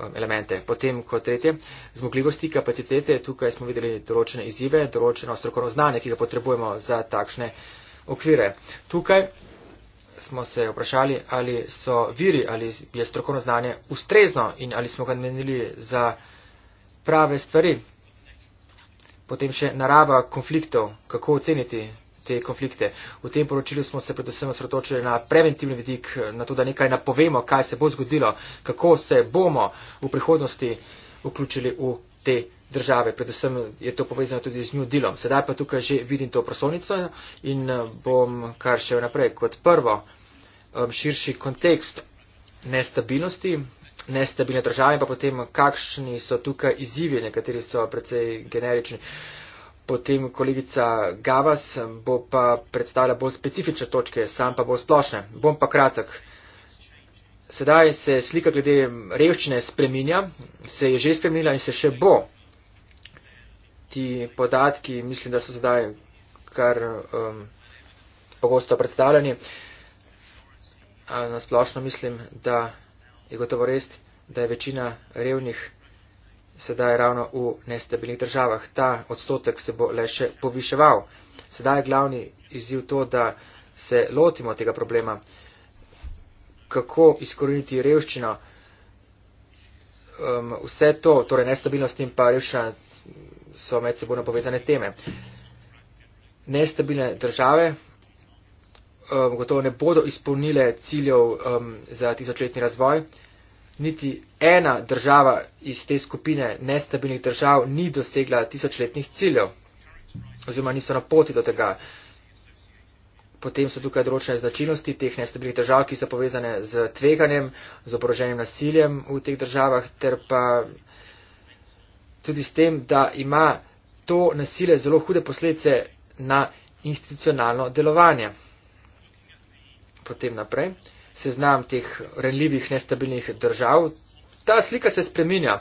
Um, elemente. Potem kot tretje, zmogljivosti, kapacitete, tukaj smo videli določene izzive, določeno strokovno znanje, ki ga potrebujemo za takšne okvire. Tukaj smo se vprašali, ali so viri, ali je strokovno znanje ustrezno in ali smo ga namenili za prave stvari. Potem še narava konfliktov, kako oceniti te konflikte. V tem poročilu smo se predvsem osredotočili na preventivni vidik, na to, da nekaj napovemo, kaj se bo zgodilo, kako se bomo v prihodnosti vključili v te države. Predvsem je to povezano tudi z New Dealom. Sedaj pa tukaj že vidim to prosovnico in eh, bom kar še naprej. Kot prvo, eh, širši kontekst nestabilnosti, nestabilne države, pa potem kakšni so tukaj izzivi, nekateri so precej generični potem kolegica Gavas bo pa predstavila bolj specifične točke, sam pa bolj splošne. Bom pa kratek. Sedaj se slika glede revščine spreminja, se je že spremenila in se še bo. Ti podatki mislim, da so sedaj kar um, pogosto predstavljeni. Na splošno mislim, da je gotovo res, da je večina revnih sedaj ravno v nestabilnih državah. Ta odstotek se bo le še poviševal. Sedaj je glavni izziv to, da se lotimo tega problema, kako izkoriniti revščino. Um, vse to, torej nestabilnost in pa revščina, so med sebojno povezane teme. Nestabilne države um, gotovo ne bodo izpolnile ciljev um, za tisočletni razvoj niti ena država iz te skupine nestabilnih držav ni dosegla tisočletnih ciljev oziroma niso na poti do tega. Potem so tukaj določene značilnosti teh nestabilnih držav, ki so povezane z tveganjem, z oboroženim nasiljem v teh državah ter pa tudi s tem, da ima to nasilje zelo hude posledice na institucionalno delovanje. Potem naprej seznam teh renljivih, nestabilnih držav. Ta slika se spreminja.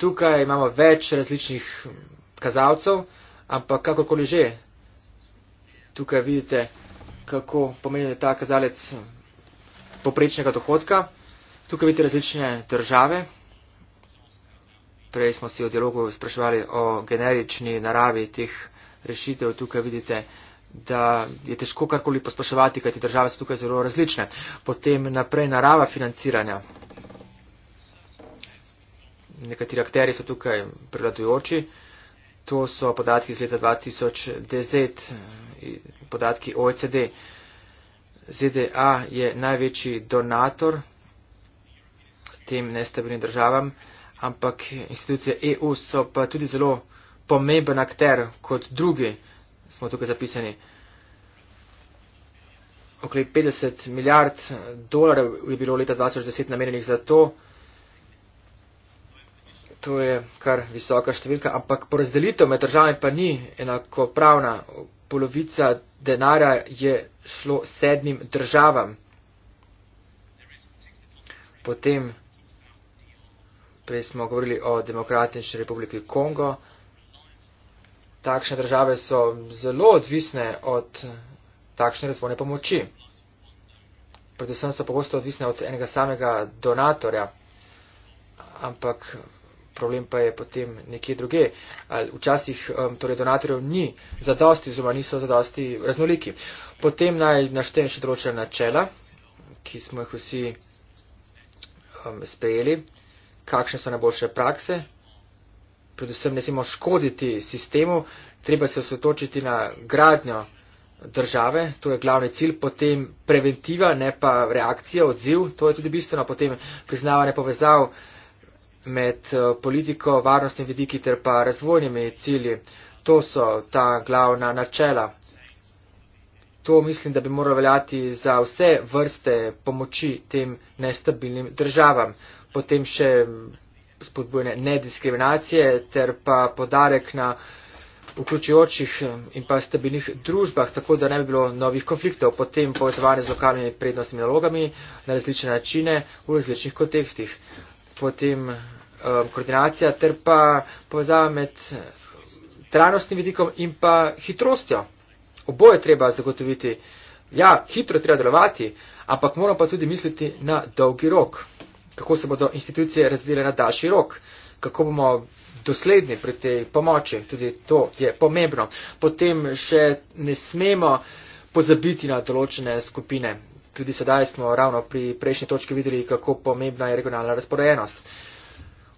Tukaj imamo več različnih kazalcev, ampak kakorkoli že, tukaj vidite, kako pomeni ta kazalec poprečnega dohodka. Tukaj vidite različne države. Prej smo si v dialogu spraševali o generični naravi teh rešitev. Tukaj vidite da je težko karkoli posploševati, kajti države so tukaj zelo različne. Potem naprej narava financiranja. Nekateri akteri so tukaj prevladujoči. To so podatki iz leta 2010, eh, podatki OECD. ZDA je največji donator tem nestabilnim državam, ampak institucije EU so pa tudi zelo pomemben akter kot drugi smo tukaj zapisani. Okoli 50 milijard dolarjev je bilo leta 2010 namenjenih za to. To je kar visoka številka, ampak porazdelitev med državami pa ni enakopravna. Polovica denarja je šlo sedmim državam. Potem, prej smo govorili o demokratični republiki Kongo, takšne države so zelo odvisne od takšne razvojne pomoči. Predvsem so pogosto odvisne od enega samega donatorja, ampak problem pa je potem nekje druge. Včasih um, torej donatorjev ni zadosti, oziroma niso zadosti raznoliki. Potem naj naštejem še določena načela, ki smo jih vsi um, sprejeli, kakšne so najboljše prakse, predvsem ne smemo škoditi sistemu, treba se osotočiti na gradnjo države, to je glavni cilj, potem preventiva, ne pa reakcija, odziv, to je tudi bistveno, potem priznavanje povezav med eh, politiko, varnostnimi vidiki ter pa razvojnimi cilji. To so ta glavna načela. To mislim, da bi moralo veljati za vse vrste pomoči tem nestabilnim državam. Potem še spodbujanje nediskriminacije ter pa podarek na vključujočih eh, in pa stabilnih družbah, tako da ne bi bilo novih konfliktov, potem povezovanje z lokalnimi prednostnimi nalogami na različne načine v različnih kontekstih, potem um, koordinacija ter pa povezava med eh, trajnostnim vidikom in pa hitrostjo. Oboje treba zagotoviti. Ja, hitro treba delovati, ampak moramo pa tudi misliti na dolgi rok kako se bodo institucije razvile na daljši rok, kako bomo dosledni pri tej pomoči, tudi to je pomembno. Potem še ne smemo pozabiti na določene skupine. Tudi sedaj smo ravno pri prejšnji točki videli, kako pomembna je regionalna razporejenost.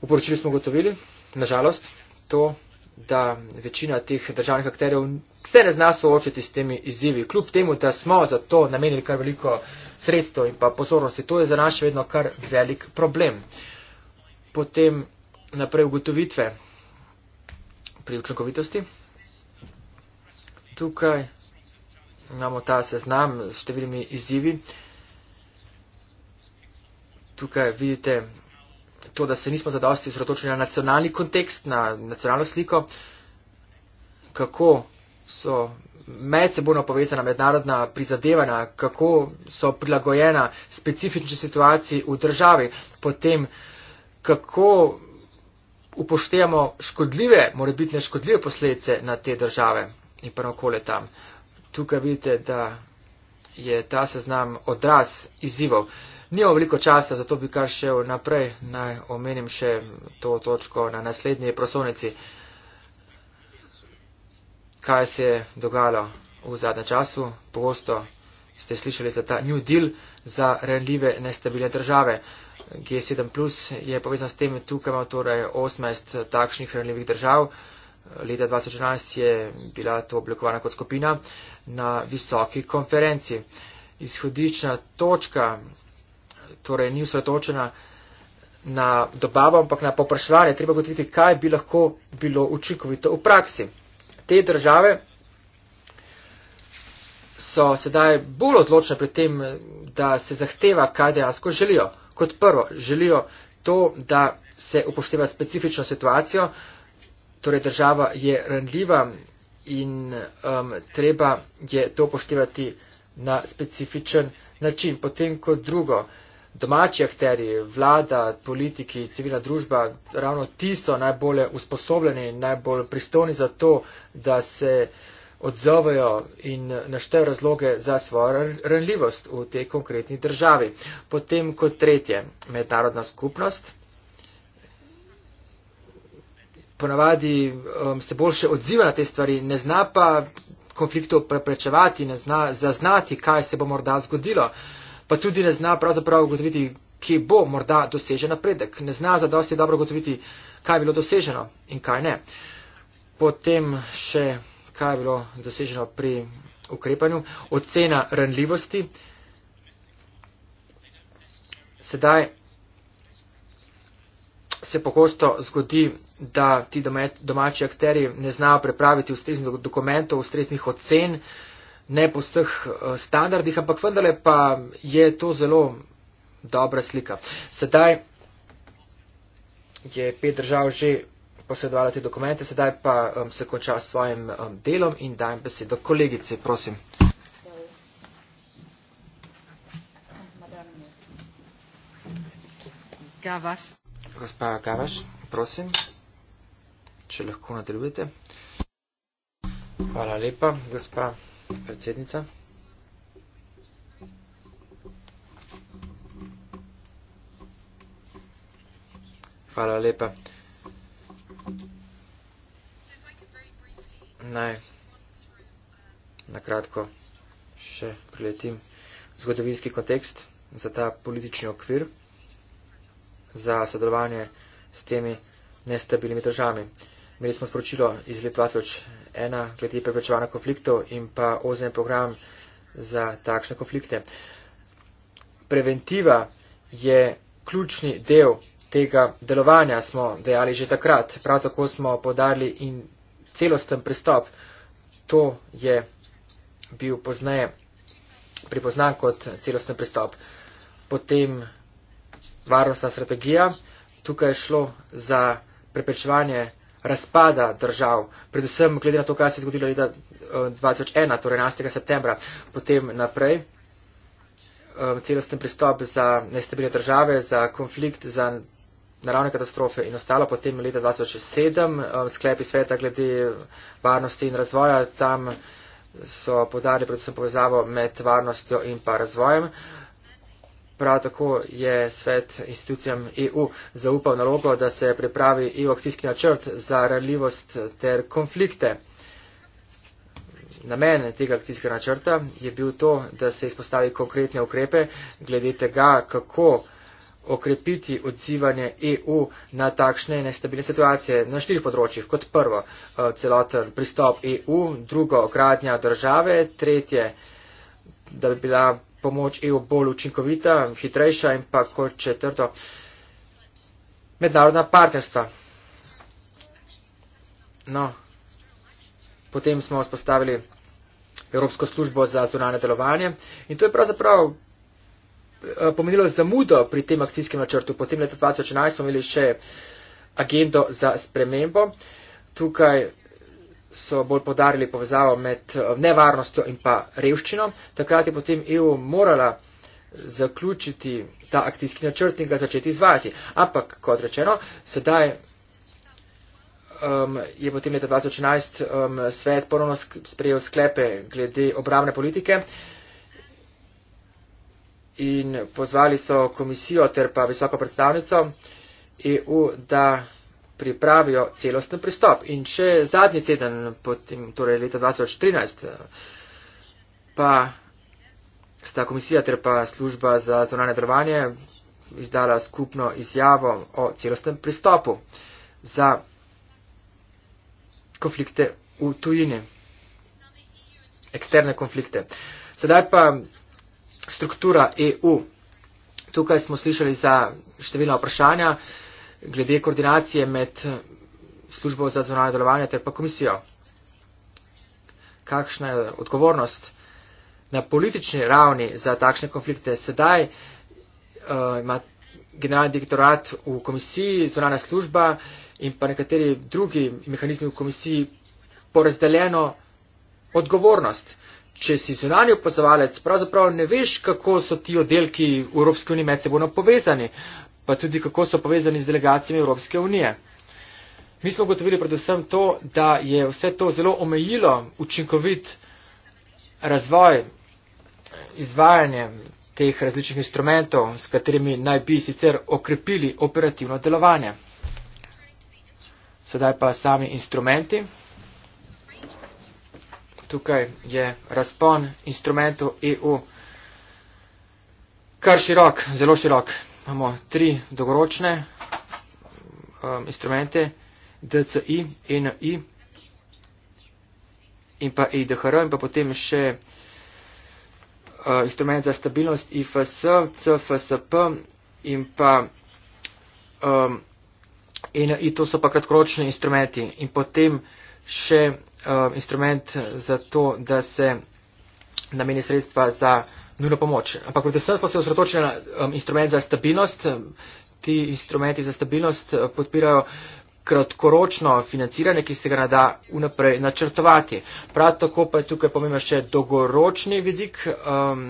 V poročilu smo gotovili, nažalost, to da večina teh državnih akterjev se ne zna soočiti s temi izzivi. Kljub temu, da smo za to namenili kar veliko sredstev in pa pozornosti, to je za nas še vedno kar velik problem. Potem naprej ugotovitve pri učinkovitosti. Tukaj imamo ta seznam s številimi izzivi. Tukaj vidite to, da se nismo zadosti osredotočili na nacionalni kontekst, na nacionalno sliko, kako so medsebojno povezana mednarodna prizadevanja, kako so prilagojena specifični situaciji v državi, potem kako upoštevamo škodljive, morebitne škodljive posledice na te države in pa okolje tam. Tukaj vidite, da je ta seznam odraz izzivov. Nimamo veliko časa, zato bi kar šel naprej. Naj omenim še to točko na naslednji prosovnici, kaj se je dogajalo v zadnjem času. Pogosto ste slišali za ta New Deal za renljive, nestabilne države. G7 plus je povezan s tem, tukaj imamo torej 18 takšnih renljivih držav. Leta 2011 je bila to oblikovana kot skupina na visoki konferenci. Izhodična točka torej ni usredotočena na dobavo, ampak na poprašljanje. Treba gotoviti, kaj bi lahko bilo učinkovito v praksi. Te države so sedaj bolj odločne pri tem, da se zahteva, kaj dejansko želijo. Kot prvo, želijo to, da se upošteva specifično situacijo, torej država je randljiva in um, treba je to upoštevati na specifičen način. Potem kot drugo, domači akteri, vlada, politiki, civilna družba, ravno ti so najbolj usposobljeni, najbolj pristovni za to, da se odzovejo in naštejo razloge za svojo renljivost v tej konkretni državi. Potem kot tretje, mednarodna skupnost. Ponavadi um, se boljše odziva na te stvari, ne zna pa konfliktov preprečevati, ne zna zaznati, kaj se bo morda zgodilo. Uh, pa tudi ne zna pravzaprav ugotoviti, kje bo morda dosežen napredek. Ne zna za dosti dobro ugotoviti, kaj je bilo doseženo in kaj ne. Potem še, kaj je bilo doseženo pri ukrepanju. Ocena ranljivosti. Sedaj se pogosto zgodi, da ti domači akteri ne znajo prepraviti ustreznih dokumentov, ustreznih ocen. Uh, ne po vseh eh, standardih, ampak vendarle pa je to zelo dobra slika. Sedaj je pet držav že posredovala te dokumente, sedaj pa um, se konča s svojim um, delom in dajem besedo kolegici, prosim. Gavaš. Gospa Gavaš, prosim, če lahko nadaljujete. Hvala lepa, gospa predsednica. Hvala lepa. Naj na kratko še priletim zgodovinski kontekst za ta politični okvir za sodelovanje s temi nestabilnimi državami. Imeli smo sporočilo iz leta 2001 glede preprečevanja konfliktov in pa ozen program za takšne konflikte. Preventiva je ključni del tega delovanja, smo dejali že takrat. Prav tako smo podarili in celosten pristop. To je bil pozneje pripoznan kot celosten pristop. Potem varnostna strategija. Tukaj je šlo za preprečevanje razpada držav, predvsem glede na to, kaj se je zgodilo leta 2001, eh, torej 11. septembra, potem naprej eh, celosten pristop za nestabilne države, za konflikt, za naravne katastrofe in ostalo. Potem leta 2007 eh, sklepi sveta glede varnosti in razvoja, tam so podali predvsem povezavo med varnostjo in pa razvojem. Prav tako je svet institucijam EU zaupal nalogo, da se pripravi EU akcijski načrt za ranljivost ter konflikte. Namen tega akcijskega načrta je bil to, da se izpostavi konkretne ukrepe glede tega, kako okrepiti odzivanje EU na takšne nestabilne situacije na štirih področjih. Kot prvo, eh, celoten pristop EU, drugo, gradnja države, tretje, da bi bila pomoč EU bolj učinkovita, hitrejša in pa kot četrto mednarodna partnerstva. No, potem smo vzpostavili Evropsko službo za zunanje delovanje in to je pravzaprav eh, pomenilo zamudo pri tem akcijskem načrtu. Potem leta 2011 smo imeli še agendo za spremembo. Tukaj so bolj podarili povezavo med eh, nevarnostjo in pa revščino. Takrat je potem EU morala zaključiti ta akcijski načrt in ga začeti izvajati. Ampak, kot rečeno, sedaj um, je potem leta 2011 um, svet ponovno sprejel sklepe glede obramne politike in pozvali so komisijo ter pa visoko predstavnico EU, da pripravijo celosten pristop. In če zadnji teden, potem, torej leta 2013, pa sta komisija ter pa služba za zonanje drvanje izdala skupno izjavo o celostnem pristopu za konflikte v tujini, eksterne konflikte. Sedaj pa struktura EU. Tukaj smo slišali za številna vprašanja. Uh, glede koordinacije med službo za zvonanje delovanje ter pa komisijo. Kakšna je odgovornost na politični ravni za takšne konflikte? Sedaj uh, ima generalni direktorat v komisiji, zvonana služba in pa nekateri drugi mehanizmi v komisiji porazdeljeno odgovornost. Če si zunani opozovalec, pravzaprav ne veš, kako so ti oddelki v Evropski uniji med sebojno povezani pa tudi kako so povezani z delegacijami Evropske unije. Mi smo gotovili predvsem to, da je vse to zelo omejilo učinkovit razvoj, izvajanje teh različnih instrumentov, s katerimi naj bi sicer okrepili operativno delovanje. Sedaj pa sami instrumenti. Tukaj je razpon instrumentov EU. Kar širok, zelo širok imamo tri dolgoročne um, instrumente, DCI, e, NI in pa IDHR e, in pa potem še uh, instrument za stabilnost IFS, CFSP in pa um, e, NI, to so pa kratkoročni instrumenti in potem še uh, instrument za to, da se nameni sredstva za nujno pomoč. Ampak predvsem smo se osredotočili na um, instrument za stabilnost. Um, ti instrumenti za stabilnost uh, podpirajo kratkoročno financiranje, ki se ga nada vnaprej načrtovati. Prav tako pa je tukaj pomemben še dolgoročni vidik. Um,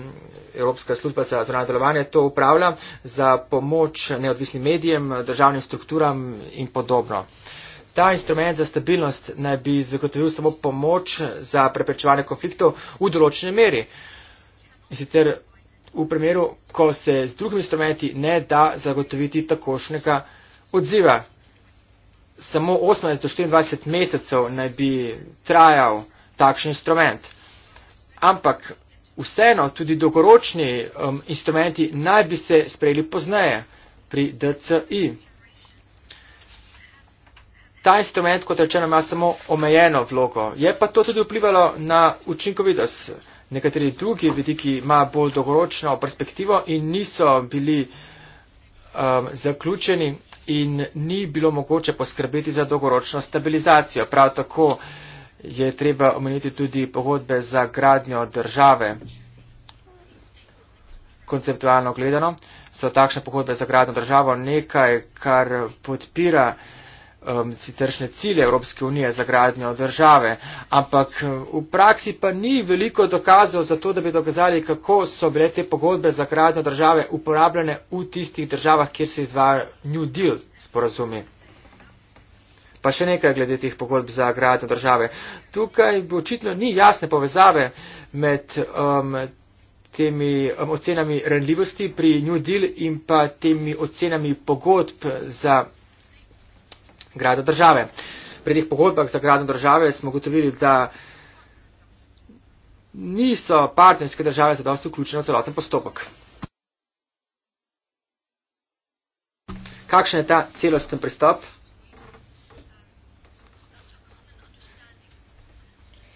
Evropska služba za zvonanje delovanje to upravlja za pomoč neodvisnim medijem, državnim strukturam in podobno. Ta instrument za stabilnost naj bi zagotovil samo pomoč za preprečevanje konfliktov v določeni meri. Uh, In sicer v primeru, ko se z drugimi instrumenti ne da zagotoviti takošnega odziva. Samo 18 do 24 mesecev naj bi trajal takšen instrument. Ampak vseeno tudi dolgoročni um, instrumenti naj bi se sprejeli pozneje pri DCI. Ta instrument, kot rečeno, ima samo omejeno vlogo. Je pa to tudi vplivalo na učinkovitost nekateri drugi vidiki imajo bolj dolgoročno perspektivo in niso bili um, zaključeni in ni bilo mogoče poskrbeti za dolgoročno stabilizacijo. Prav tako je treba omeniti tudi pogodbe za gradnjo države. Konceptualno gledano so takšne pogodbe za gradno državo nekaj, kar podpira um, siceršne cilje Evropske unije za gradnjo države, ampak uh, v praksi pa ni veliko dokazov za to, da bi dokazali, kako so bile te pogodbe za gradnjo države uporabljene v tistih državah, kjer se izvaja New Deal sporazumi. Pa še nekaj glede teh pogodb za gradnjo države. Tukaj očitno ni jasne povezave med um, temi um, ocenami renljivosti pri New Deal in pa temi ocenami pogodb za gradno države. Pri teh pogodbah za gradno države smo gotovili, da niso partnerske države za dosti vključene v celoten postopek. Kakšen je ta celosten pristop?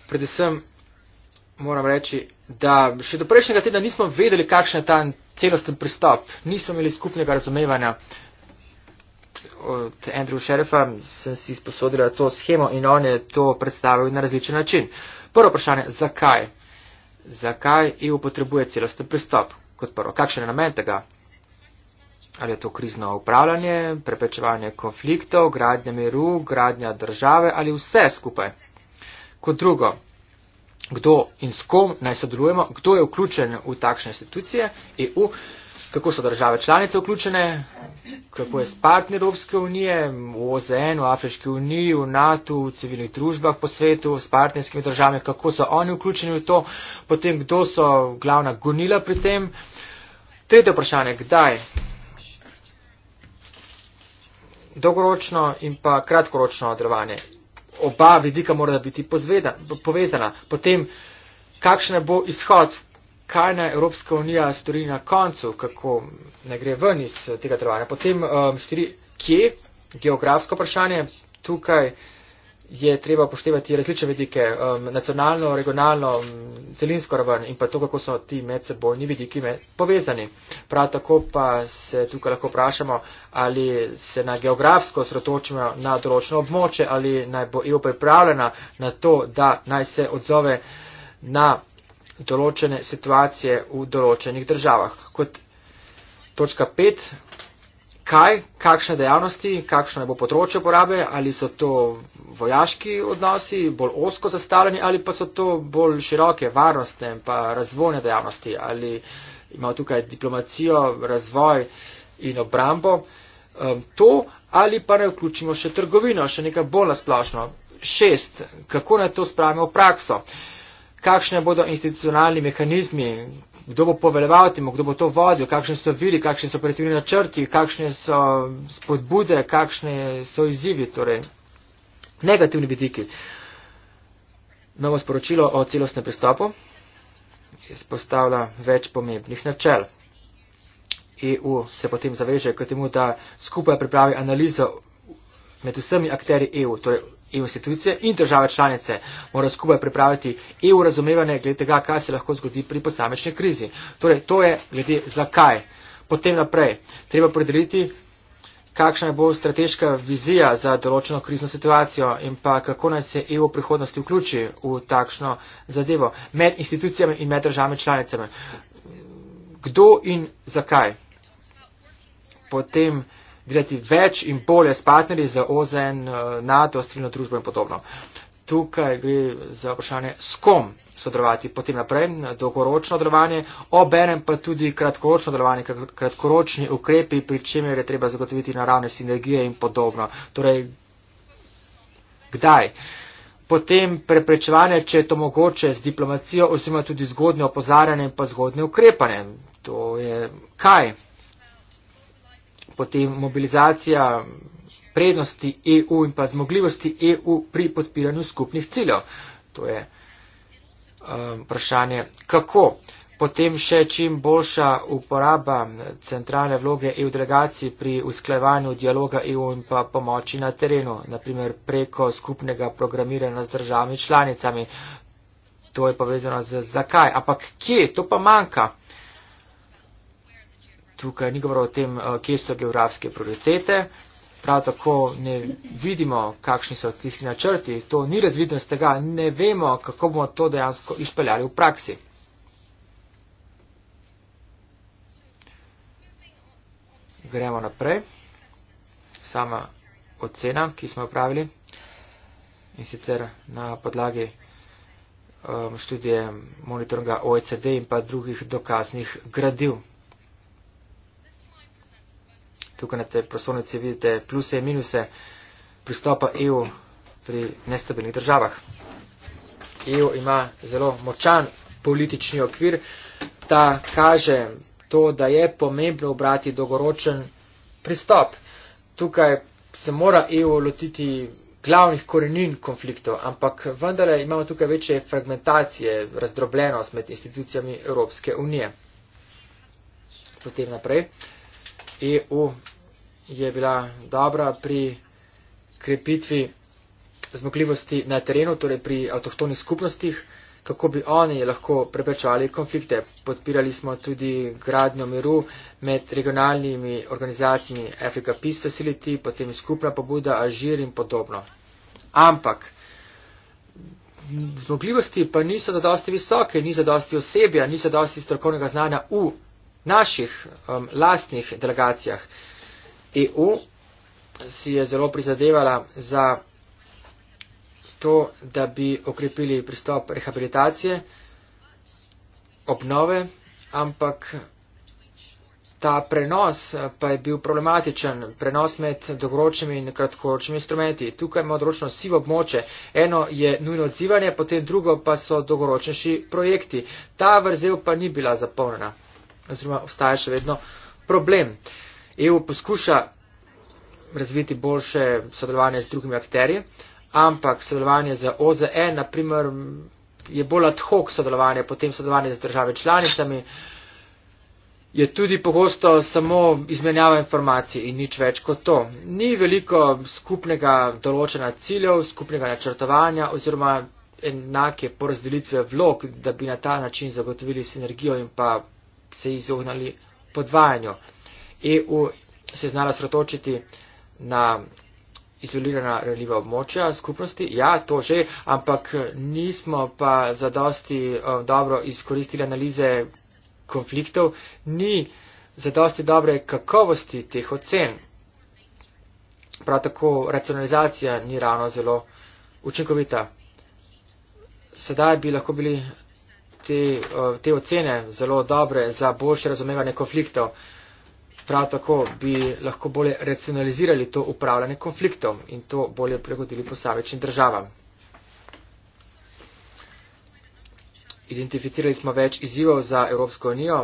Predvsem moram reči, da še do prejšnjega tedna nismo vedeli, kakšen je ta celosten pristop. Nismo imeli skupnega razumevanja. Uh, od Andrew Sheriffa sem si sposodila to schemo in on je to predstavil na različen način. Prvo vprašanje, zakaj? Zakaj EU potrebuje celosten pristop? Kot prvo, kakšen je namen tega? Ali je to krizno upravljanje, preprečevanje konfliktov, gradnja miru, gradnja države ali vse skupaj? Kot drugo, kdo in s kom naj sodelujemo, kdo je vključen v takšne institucije EU? In kako so države članice vključene, kako je s partner Evropske unije, v OZN, v Afriški uniji, v NATO, v civilnih družbah po svetu, s partnerskimi državami, kako so oni vključeni v to, potem kdo so glavna gonila pri tem. Tretje vprašanje, kdaj? Dolgoročno in pa kratkoročno odrevanje. Oba vidika mora biti pozveda, povezana. Potem, kakšen bo izhod kaj naj Evropska unija stori na koncu, kako ne gre ven iz eh, tega trvanja. Potem um, štiri, kje, geografsko vprašanje, tukaj je treba poštevati različne vidike, um, nacionalno, regionalno, celinsko raven in pa to, kako so ti medsebojni vidiki med povezani. Prav tako pa se tukaj lahko vprašamo, ali se na geografsko sredotočimo na določeno območje, ali naj bo EU pripravljena na to, da naj se odzove na določene situacije v določenih državah. Kot točka pet, kaj, kakšne dejavnosti, kakšno bo področje uporabe, ali so to vojaški odnosi, bolj osko zastavljeni, ali pa so to bolj široke varnostne in razvojne dejavnosti, ali imamo tukaj diplomacijo, razvoj in obrambo. Um, to ali pa ne vključimo še trgovino, še nekaj bolj nasplošno. Šest, kako naj to spravimo v prakso? kakšne bodo institucionalni mehanizmi, kdo bo poveljeval temu, kdo bo to vodil, kakšni so viri, kakšni so operativni načrti, kakšne so spodbude, kakšne so izzivi, torej negativni vidiki. Novo sporočilo o celostnem pristopu izpostavlja več pomembnih načel. EU se potem zaveže k temu, da skupaj pripravi analizo med vsemi akteri EU, torej EU institucije in države članice morajo skupaj pripraviti EU razumevanje glede tega, kaj se lahko zgodi pri posamečni krizi. Torej, to je glede zakaj. Potem naprej, treba predeliti, kakšna bo strateška vizija za določeno krizno situacijo in pa kako naj se EU v prihodnosti vključi v takšno zadevo med institucijami in med državami članicami. Kdo in zakaj? Potem delati več in bolje s partnerji za OZN, eh, NATO, strilno družbo in podobno. Tukaj gre za vprašanje, s kom sodelovati potem naprej, dolgoročno delovanje, oberem pa tudi kratkoročno delovanje, kratkoročni ukrepi, pri čemer je treba zagotoviti naravne sinergije in podobno. Torej, kdaj? Potem preprečevanje, če je to mogoče, z diplomacijo, oziroma tudi zgodnje opozarjanje in pa zgodnje ukrepanje. To je kaj? potem mobilizacija prednosti EU in pa zmogljivosti EU pri podpiranju skupnih ciljev. To je um, vprašanje, kako. Potem še čim boljša uporaba centralne vloge EU delegacij pri usklajevanju dialoga EU in pa pomoči na terenu, naprimer preko skupnega programiranja z državami članicami. To je povezano z zakaj. Ampak kje? To pa manjka tukaj ni govoril o tem, eh, kje so geografske prioritete. Prav tako ne vidimo, kakšni so akcijski načrti. To ni razvidno z tega. Ne vemo, kako bomo to dejansko izpeljali v praksi. Gremo naprej. Sama ocena, ki smo jo pravili. In sicer na podlagi um, študije monitoringa OECD in pa drugih dokaznih gradiv tukaj na tej prosovnici vidite pluse in minuse pristopa EU pri nestabilnih državah. EU ima zelo močan politični okvir, ta kaže to, da je pomembno obrati dolgoročen pristop. Tukaj se mora EU lotiti glavnih korenin konfliktov, ampak vendarle imamo tukaj večje fragmentacije, razdrobljenost med institucijami Evropske unije. Potem naprej. Uh, EU je bila dobra pri krepitvi zmogljivosti na terenu, torej pri avtohtonih skupnostih, kako bi oni lahko preprečali konflikte. Podpirali smo tudi gradnjo miru med regionalnimi organizacijami Africa Peace Facility, potem skupna pobuda Alžir in podobno. Ampak zmogljivosti pa niso zadosti visoke, ni zadosti osebja, ni zadosti strokovnega znanja v naših um, lastnih delegacijah. EU si je zelo prizadevala za to, da bi okrepili pristop rehabilitacije, obnove, ampak ta prenos uh, pa je bil problematičen, prenos med dolgoročnimi in kratkoročnimi instrumenti. Tukaj imamo odročno sivo območje. Eno je nujno odzivanje, potem drugo pa so dolgoročnejši projekti. Ta vrzel pa ni bila zapolnjena oziroma ostaja še vedno problem. EU poskuša razviti boljše sodelovanje z drugimi akterji, ampak sodelovanje z OZE, naprimer, je bolj ad hoc sodelovanje, potem sodelovanje z države članicami, je tudi pogosto samo izmenjava informacij in nič več kot to. Ni veliko skupnega določena ciljev, skupnega načrtovanja oziroma enake porazdelitve vlog, da bi na ta način zagotovili sinergijo in pa se izognali podvajanju. EU se znala srotočiti na izolirana reljiva območja skupnosti, ja, to že, ampak nismo pa za dosti eh, dobro izkoristili analize konfliktov, ni za dosti dobre kakovosti teh ocen. Prav tako racionalizacija ni ravno zelo učinkovita. Sedaj bi lahko bili te, te ocene zelo dobre za boljše razumevanje konfliktov. Prav tako bi lahko bolje racionalizirali to upravljanje konfliktov in to bolje pregodili posavečnim državam. Identificirali smo več izzivov za Evropsko unijo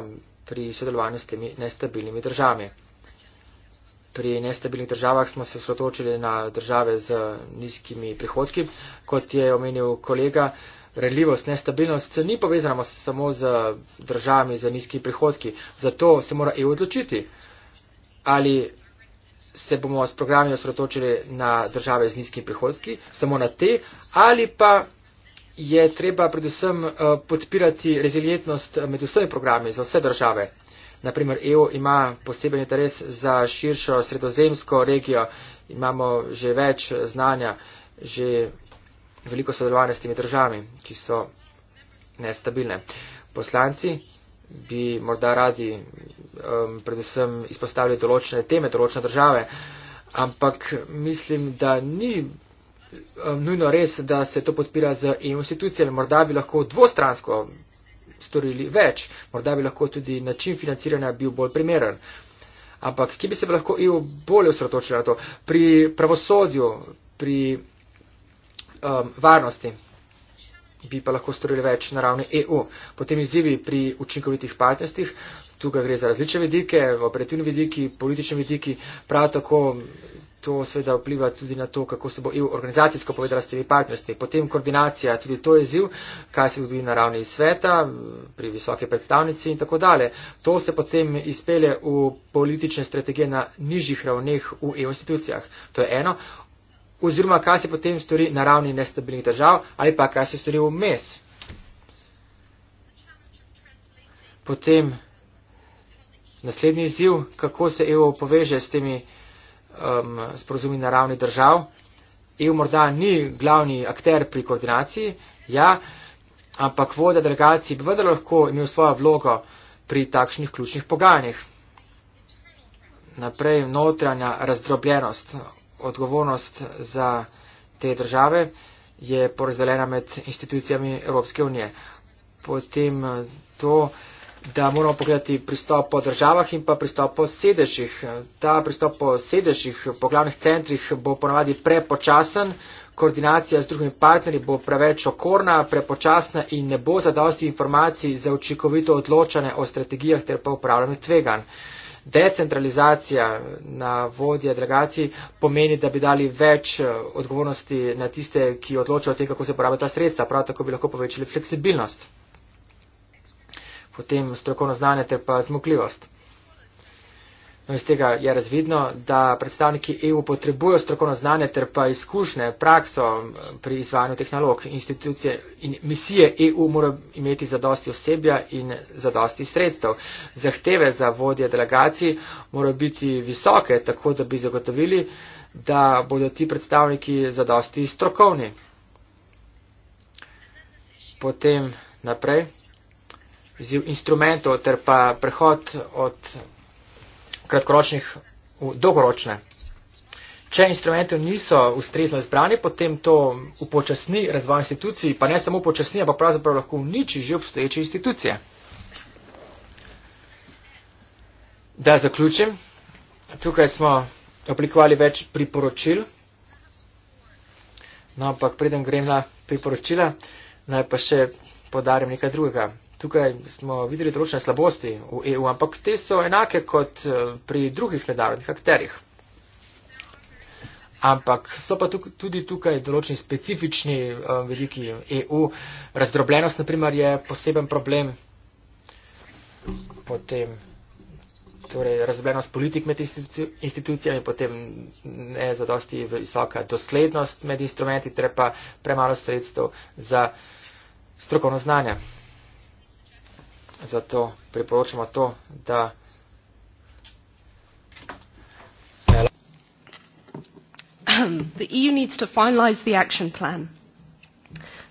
pri sodelovanju s temi nestabilnimi državami. Pri nestabilnih državah smo se osredotočili na države z nizkimi prihodki, kot je omenil kolega. Uh, Renljivost, nestabilnost se ni povezana samo z državami za nizki prihodki. Zato se mora EU odločiti, ali se bomo s programi osredotočili na države z nizki prihodki, samo na te, ali pa je treba predvsem eh, podpirati rezilientnost med vsemi programi za vse države. Naprimer, EU ima poseben interes za širšo sredozemsko regijo. Imamo že več znanja, že veliko sodelovanja s temi državami, ki so nestabilne. Poslanci bi morda radi um, predvsem izpostavili določene teme, določene države, ampak mislim, da ni um, nujno res, da se to podpira z EU institucijami. Morda bi lahko dvostransko storili več, morda bi lahko tudi način financiranja bil bolj primeren. Ampak ki bi se lahko EU bolje osredotočila na to? Pri pravosodju, pri um, varnosti. Bi pa lahko storili več na ravni EU. Potem izzivi pri učinkovitih partnerstvih. Tukaj gre za različne vidike, operativni vidiki, politični vidiki. Prav tako to sveda vpliva tudi na to, kako se bo EU organizacijsko povedala s temi partnerstvi. Potem koordinacija, tudi to je ziv, kaj se zgodi na ravni sveta, pri visoke predstavnici in tako dalje. To se potem izpele v politične strategije na nižjih ravneh v EU institucijah. To je eno oziroma kaj se potem stori na ravni nestabilnih držav ali pa kaj se stori vmes. Potem naslednji izziv, kako se EU poveže s temi um, sporozumi na ravni držav. EU morda ni glavni akter pri koordinaciji, ja, ampak voda delegacij bi vendar lahko imel svojo vlogo pri takšnih ključnih pogajanjih. Naprej notranja razdrobljenost odgovornost za te države je porazdeljena med institucijami Evropske unije. Potem eh, to, da moramo pogledati pristop po državah in pa pristop po sedežih. Ta pristop po sedežih, po glavnih centrih bo ponavadi prepočasen, koordinacija z drugimi partnerji bo preveč okorna, prepočasna in ne bo zadosti informacij za učinkovito odločanje o strategijah ter pa upravljanje tveganj decentralizacija na vodje delegacij pomeni, da bi dali več eh, odgovornosti na tiste, ki odločajo o tem, kako se porabijo ta sredstva. Prav tako bi lahko povečali fleksibilnost, potem strokovno znanje ter pa zmogljivost. No, iz tega je razvidno, da predstavniki EU potrebujo strokovno znanje ter pa izkušnje, prakso pri izvajanju tehnolog. Institucije in misije EU morajo imeti zadosti osebja in zadosti sredstev. Zahteve za vodje delegacij morajo biti visoke, tako da bi zagotovili, da bodo ti predstavniki zadosti strokovni. Potem naprej. Ziv instrumentov ter pa prehod od kratkoročnih v dolgoročne. Če instrumenti niso ustrezno izbrani, potem to upočasni razvoj institucij, pa ne samo upočasni, ampak pravzaprav lahko uniči že obstoječe institucije. Da zaključim, tukaj smo oblikovali več priporočil, no ampak preden grem na priporočila, naj pa še podarim nekaj drugega tukaj smo videli določene slabosti v EU, ampak te so enake kot eh, pri drugih mednarodnih akterjih. Ampak so pa tuk, tudi tukaj določeni specifični uh, eh, veliki EU. Razdrobljenost, naprimer, je poseben problem. Potem, torej, razdrobljenost politik med institucij, institucijami, potem ne za dosti visoka doslednost med instrumenti, torej pa premalo sredstev za strokovno znanje zato priporočamo to, da. The EU needs to finalize the action plan.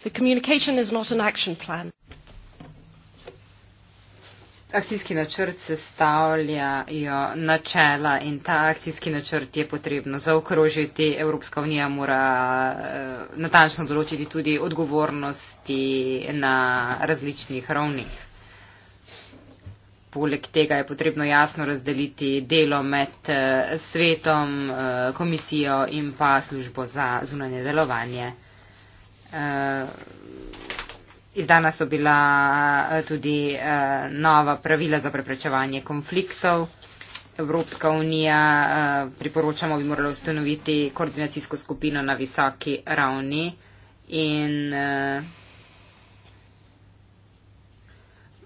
The communication is not an action plan. Akcijski načrt sestavljajo načela in ta akcijski načrt je potrebno zaokrožiti. Evropska unija mora eh, natančno določiti tudi odgovornosti na različnih ravnih. Poleg tega je potrebno jasno razdeliti delo med eh, svetom, eh, komisijo in pa službo za zunanje delovanje. Eh, izdana so bila tudi nova pravila za preprečevanje konfliktov. Evropska unija priporočamo, bi morala ustanoviti koordinacijsko skupino na visoki ravni in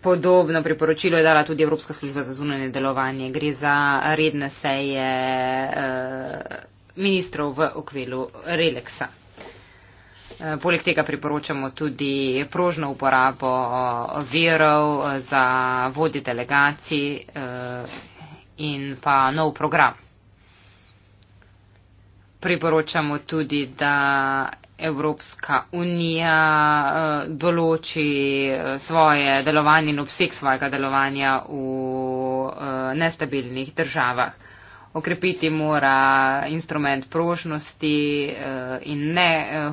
podobno priporočilo je dala tudi Evropska služba za zunanje delovanje. Gre za redne seje eh, ministrov v okviru Relexa. Eh, poleg tega priporočamo tudi prožno uporabo eh, verov za vodje delegacij in pa nov program. Priporočamo tudi, da Evropska unija eh, določi eh, svoje delovanje in obseg svojega delovanja v eh, nestabilnih državah. Okrepiti mora instrument prožnosti in ne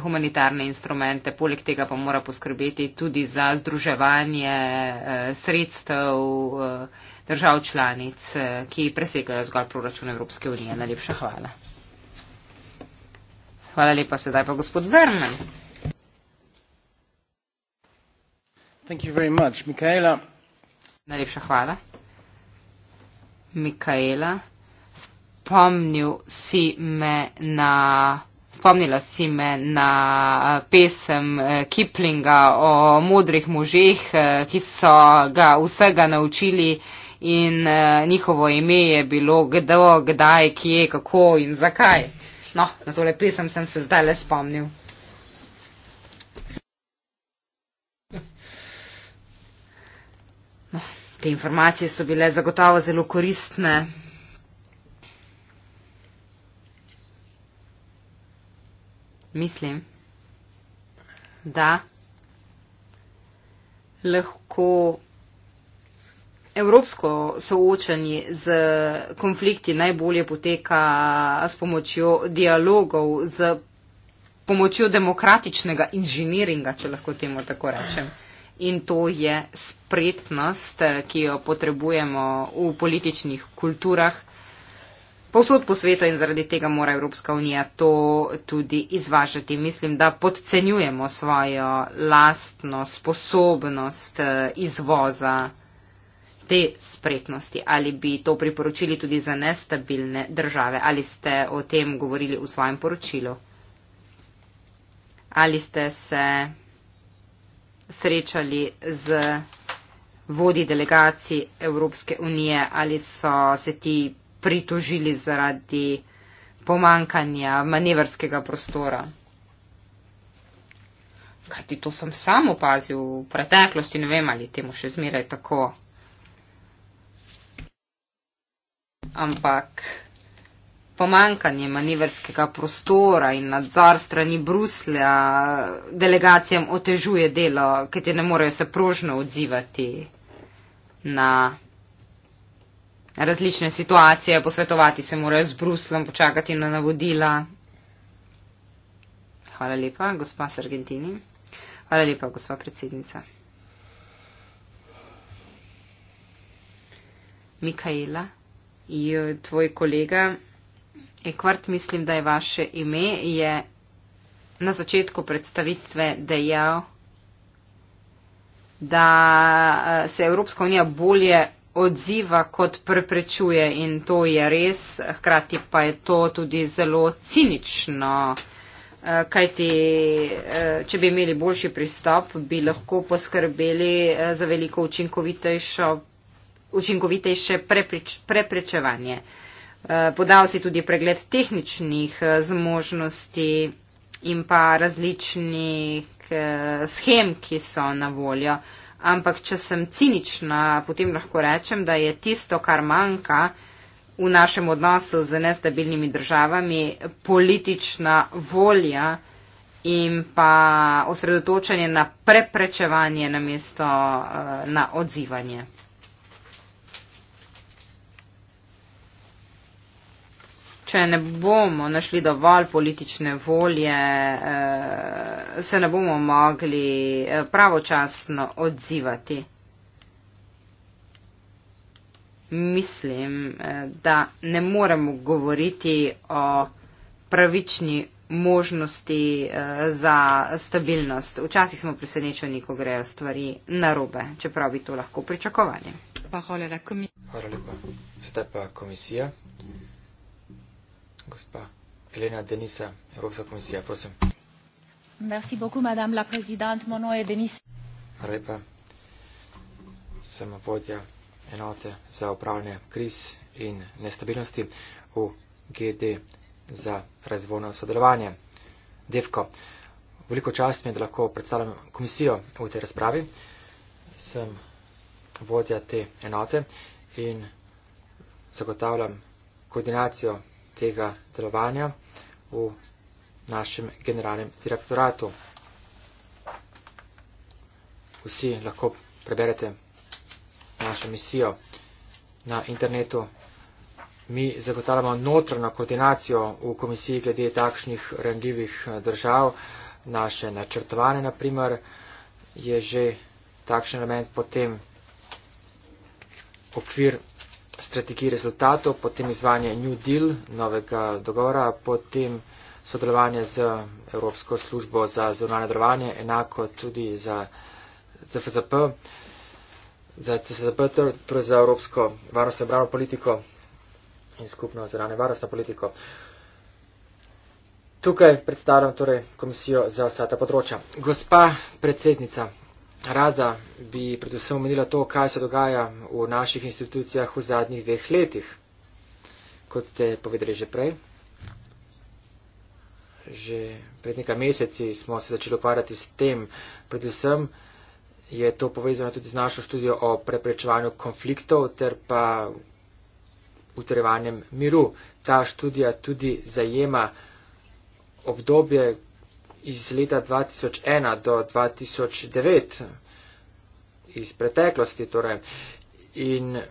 humanitarne instrumente, poleg tega pa mora poskrbeti tudi za združevanje sredstev držav članic, ki presegajo zgolj proračun Evropske unije. Najlepša hvala. Hvala lepa, sedaj pa gospod Vermen. Najlepša hvala. Mikaela, spomnil si me na. Spomnila si me na eh, pesem eh, Kiplinga o modrih možih, eh, ki so ga vsega naučili in njihovo ime je bilo kdo, kdaj, kje, kako in zakaj. No, na tole pisem sem se zdaj le spomnil. No, te informacije so bile zagotovo zelo koristne. Mislim, da lahko Evropsko soočanje z konflikti najbolje poteka s pomočjo dialogov, z pomočjo demokratičnega inženiringa, če lahko temu tako rečem. In to je spretnost, ki jo potrebujemo v političnih kulturah povsod po svetu in zaradi tega mora Evropska unija to tudi izvažati. Mislim, da podcenjujemo svojo lastno sposobnost eh, izvoza te spretnosti, ali bi to priporočili tudi za nestabilne države, ali ste o tem govorili v svojem poročilu, ali ste se srečali z vodi delegacij Evropske unije, ali so se ti pritožili zaradi pomankanja manevrskega prostora. Kaj ti to sem sam opazil v preteklosti, ne vem, ali temu še zmeraj tako. ampak pomankanje manevrskega prostora in nadzor strani Bruslja delegacijam otežuje delo, ker te ne morejo se prožno odzivati na različne situacije, posvetovati se morajo z Bruslom, počakati na navodila. Hvala lepa, gospa s Argentini. Hvala lepa, gospa predsednica. Mikaela jo, tvoj kolega Ekvart, mislim, da je vaše ime, je na začetku predstavitve dejal, da eh, se Evropska unija bolje odziva kot preprečuje in to je res, hkrati pa je to tudi zelo cinično, eh, kajti eh, če bi imeli boljši pristop, bi lahko poskrbeli za veliko učinkovitejšo učinkovitejše preprič, preprečevanje. Eh, podal si tudi pregled tehničnih eh, zmožnosti in pa različnih eh, schem, ki so na voljo. Ampak, če sem cinična, potem lahko rečem, da je tisto, kar manjka v našem odnosu z nestabilnimi državami, politična volja in pa osredotočanje na preprečevanje namesto na odzivanje. če ne bomo našli dovolj politične volje, eh, se ne bomo mogli eh, pravočasno odzivati. Mislim, eh, da ne moremo govoriti o pravični možnosti za stabilnost. Včasih smo presenečeni, ko grejo stvari narobe, čeprav bi to lahko pričakovali. Hvala lepa. Zdaj pa komisija. Gospa Elena Denisa, Evropska komisija, prosim. Merci beaucoup, madame la présidente. Mon nom est Denis. Repa, sem vodja enote za upravljanje kriz in nestabilnosti v GD za razvojno sodelovanje. Devko, veliko čast mi je, da lahko predstavljam komisijo v tej razpravi. Sem vodja te enote in zagotavljam koordinacijo tega delovanja v našem generalnem direktoratu. Vsi lahko preberete našo misijo na internetu. Mi zagotavljamo notrano koordinacijo v komisiji glede takšnih randljivih eh, držav. Naše načrtovanje, na primer, je že takšen element potem okvir strategiji rezultatov, potem izvanje New Deal, novega dogovora, potem sodelovanje z Evropsko službo za zunanje drvanje, enako tudi za CFZP, za CSDP, torej za Evropsko varnostno obrano politiko in skupno za rane varnostno politiko. Tukaj predstavljam torej komisijo za vsa ta področja. Gospa predsednica, rada bi predvsem omenila to, kaj se dogaja v naših institucijah v zadnjih dveh letih. Kot ste povedali že prej, že pred nekaj meseci smo se začeli ukvarjati s tem. Predvsem je to povezano tudi z našo študijo o preprečevanju konfliktov ter pa utrevanjem miru. Ta študija tudi zajema obdobje, iz leta 2001 do 2009, iz preteklosti torej. In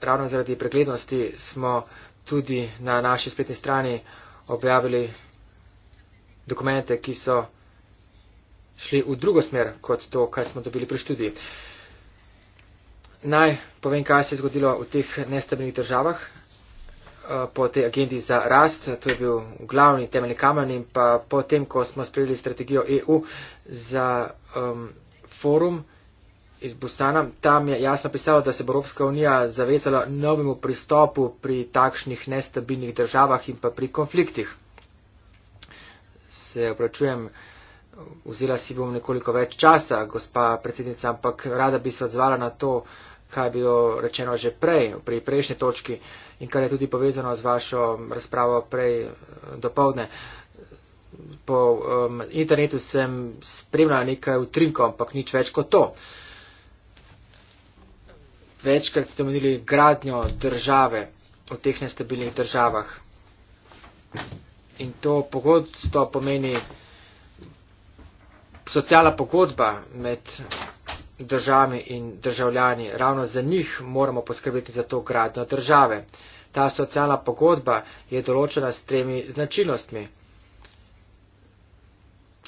ravno zaradi preglednosti smo tudi na naši spletni strani objavili dokumente, ki so šli v drugo smer kot to, kar smo dobili pri študiji. Naj povem, kaj se je zgodilo v teh nestabilnih državah. Eh, po tej agendi za rast, to je bil glavni temeljni kamen in pa potem, ko smo sprejeli strategijo EU za um, forum iz Busana, tam je jasno pisalo, da se bo Evropska unija zavezala novemu pristopu pri takšnih nestabilnih državah in pa pri konfliktih. Se obračujem, vzela si bom nekoliko več časa, gospa predsednica, ampak rada bi se odzvala na to, uh, kaj je bilo rečeno že prej, pri prejšnji točki in kar je tudi povezano z vašo razpravo prej eh, do povdne. Po um, internetu sem spremljala nekaj utrinkov, ampak nič več kot to. Večkrat ste omenili gradnjo države v teh nestabilnih državah. In to pogodstvo pomeni socialna pogodba med državi in državljani. Ravno za njih moramo poskrbeti za to gradno države. Ta socialna pogodba je določena s tremi značilnostmi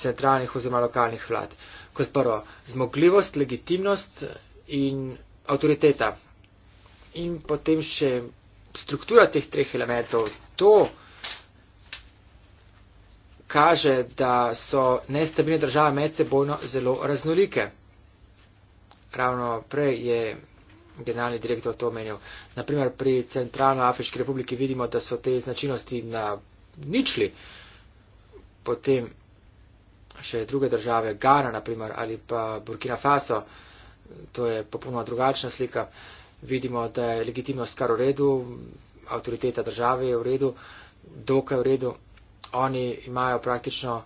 centralnih oziroma lokalnih vlad. Kot prvo, zmogljivost, legitimnost in avtoriteta. In potem še struktura teh treh elementov. To kaže, da so nestabilne države medsebojno zelo raznolike ravno prej je generalni direktor to omenil. Naprimer, pri Centralno Afriški republiki vidimo, da so te značilnosti na ničli. Potem še druge države, Gana naprimer ali pa Burkina Faso, to je popolnoma drugačna slika. Vidimo, da je legitimnost kar v redu, avtoriteta države je v redu, dokaj v redu. Oni imajo praktično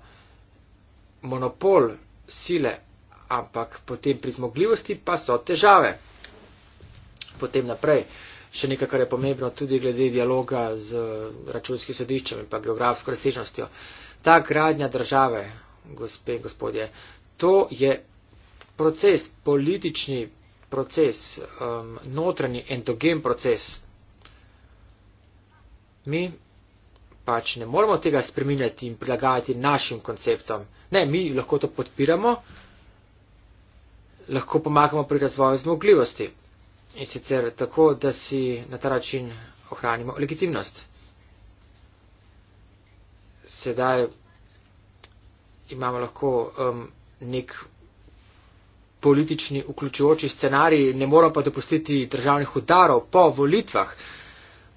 monopol sile ampak potem pri zmogljivosti pa so težave. Potem naprej. Še nekaj, kar je pomembno tudi glede dialoga z računskim sodiščem in pa geografsko razsežnostjo. Ta gradnja države, gospe in gospodje, to je proces, politični proces, um, notranji endogen proces. Mi pač ne moremo tega spreminjati in prilagajati našim konceptom. Ne, mi lahko to podpiramo, lahko pomagamo pri razvoju zmogljivosti. In sicer tako, da si na ta način ohranimo legitimnost. Sedaj imamo lahko um, nek politični vključujoči scenarij, ne moramo pa dopustiti državnih udarov po volitvah.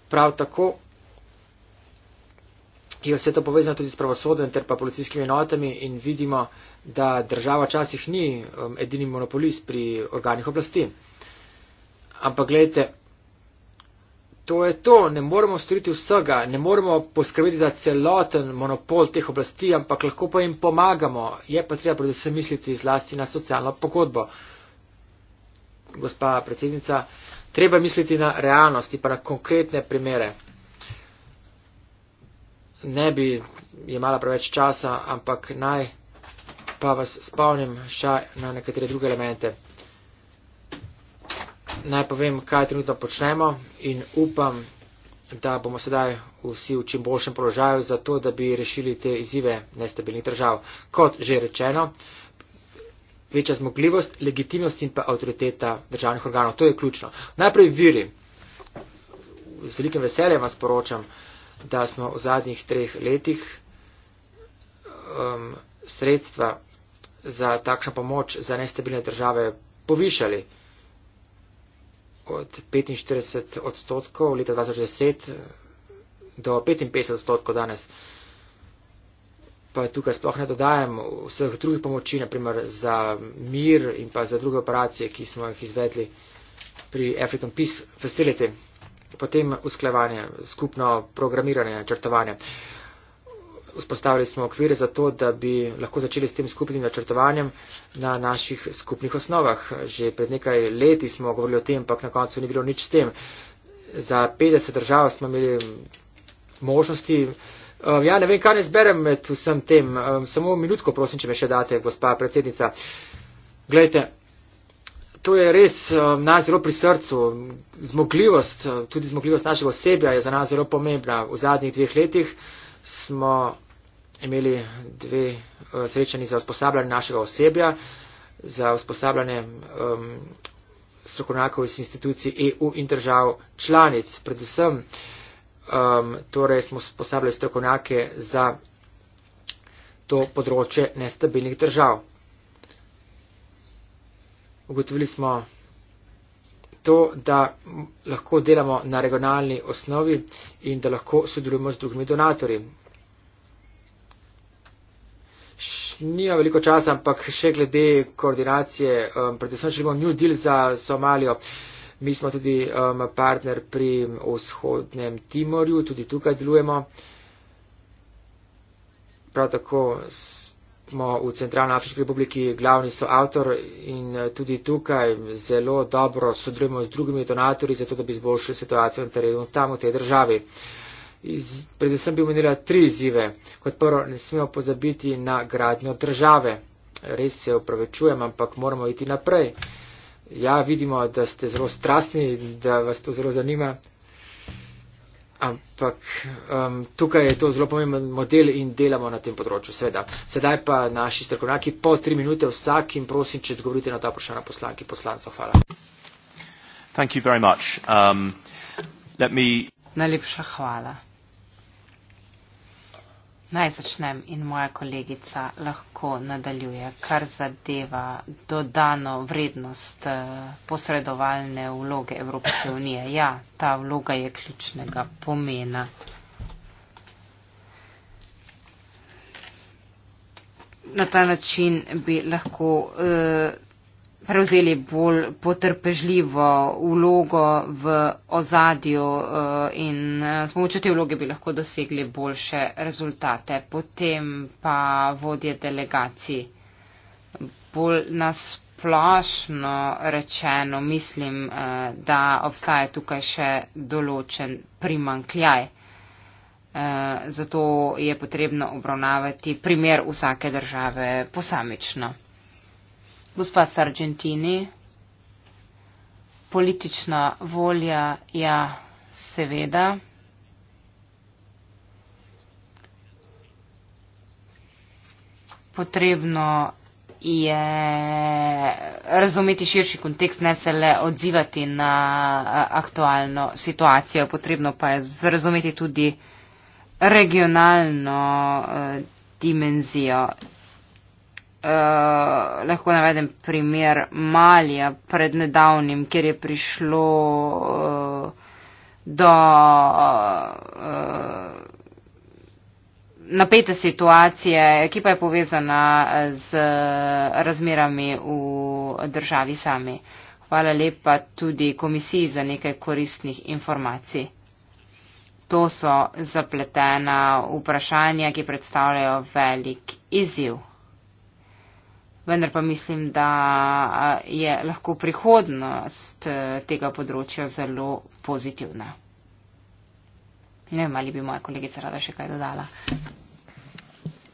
Prav tako je vse to povezano tudi s pravosodjem ter pa policijskimi enotami in vidimo, da država včasih ni um, edini monopolist pri organih oblasti. Ampak gledajte, to je to, ne moremo storiti vsega, ne moremo poskrbeti za celoten monopol teh oblasti, ampak lahko pa jim pomagamo. Je pa treba predvsem misliti zlasti na socialno pogodbo. Gospa predsednica, treba misliti na realnosti, pa na konkretne primere ne bi imala preveč časa, ampak naj pa vas spomnim še na nekatere druge elemente. Naj povem, kaj trenutno počnemo in upam, da bomo sedaj vsi v čim boljšem položaju za to, da bi rešili te izzive nestabilnih držav. Kot že rečeno, večja zmogljivost, legitimnost in pa avtoriteta državnih organov. To je ključno. Najprej viri. Z velikim veseljem vas poročam, uh, da smo v zadnjih treh letih um, sredstva za takšno pomoč za nestabilne države povišali od 45 odstotkov leta 2010 do 55 odstotkov danes. Pa tukaj sploh ne dodajem vseh drugih pomoči, naprimer za mir in pa za druge operacije, ki smo jih izvedli pri African Peace Facility potem usklevanje, skupno programiranje, načrtovanje. Vzpostavili smo okvire za to, da bi lahko začeli s tem skupnim načrtovanjem na naših skupnih osnovah. Že pred nekaj leti smo govorili o tem, ampak na koncu ni bilo nič s tem. Za 50 držav smo imeli možnosti. Ehm, ja, ne vem, kaj ne zberem med vsem tem. Ehm, samo minutko, prosim, če me še date, gospa predsednica. Glejte, to je res um, nas zelo pri srcu. Zmogljivost, eh, tudi zmogljivost našega osebja je za nas zelo pomembna. V zadnjih dveh letih smo imeli dve uh, srečanji za usposabljanje našega osebja, za usposabljanje um, strokovnjakov iz institucij EU in držav članic. Predvsem um, torej smo usposabljali strokovnjake za to področje nestabilnih držav ugotovili smo to, da lahko delamo na regionalni osnovi in da lahko sodelujemo z drugimi donatorji. Nima veliko časa, ampak še glede koordinacije, um, predvsem, če imamo New Deal za Somalijo, mi smo tudi um, partner pri vzhodnem Timorju, tudi tukaj delujemo. Prav tako s, smo v Centralno Afriški republiki glavni soavtor in eh, tudi tukaj zelo dobro sodelujemo z drugimi donatorji, zato da bi izboljšali situacijo na terenu tam v tej državi. Iz, predvsem bi omenila tri izzive. Kot prvo, ne smemo pozabiti na gradnjo države. Res se upravičujem, ampak moramo iti naprej. Ja, vidimo, da ste zelo strastni, da vas to zelo zanima, Ampak um, tukaj je to zelo pomemben model in delamo na tem področju, seveda. Sedaj pa naši strokovnjaki po tri minute vsak in prosim, če odgovorite na ta vprašanja poslanki poslancov. Hvala. Um, me... Najlepša hvala. Naj začnem in moja kolegica lahko nadaljuje, kar zadeva dodano vrednost eh, posredovalne vloge Evropske unije. Ja, ta vloga je ključnega pomena. Na ta način bi lahko. Uh, prevzeli bolj potrpežljivo vlogo v ozadju eh, in eh, s pomočjo te vloge bi lahko dosegli boljše rezultate. Potem pa vodje delegacij bolj nasplošno rečeno mislim, eh, da obstaja tukaj še določen primankljaj. Zato je potrebno obravnavati primer vsake države posamično. Gospa Sargentini, politična volja, ja, seveda. Potrebno je razumeti širši kontekst, ne se le odzivati na aktualno situacijo, potrebno pa je razumeti tudi regionalno eh, dimenzijo Eh, lahko navedem primer Malija pred nedavnim, kjer je prišlo uh, do uh, napete situacije, ki pa je povezana z razmerami v državi sami. Hvala lepa tudi komisiji za nekaj koristnih informacij. To so zapletena vprašanja, ki predstavljajo velik izziv vendar pa mislim, da je lahko prihodnost e, tega področja zelo pozitivna. Ne vem, ali bi moja kolegica rada še kaj dodala.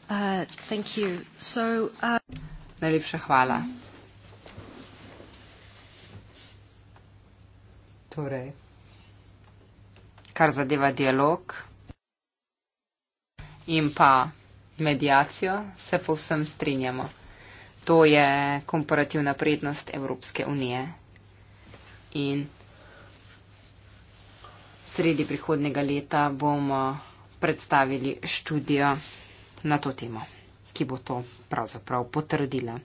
Uh, so, uh... Najlepša hvala. Torej, kar zadeva dialog in pa medijacijo, se povsem strinjamo. To je komparativna prednost Evropske unije. In sredi prihodnega leta bomo predstavili študijo na to temo, ki bo to pravzaprav potrdila.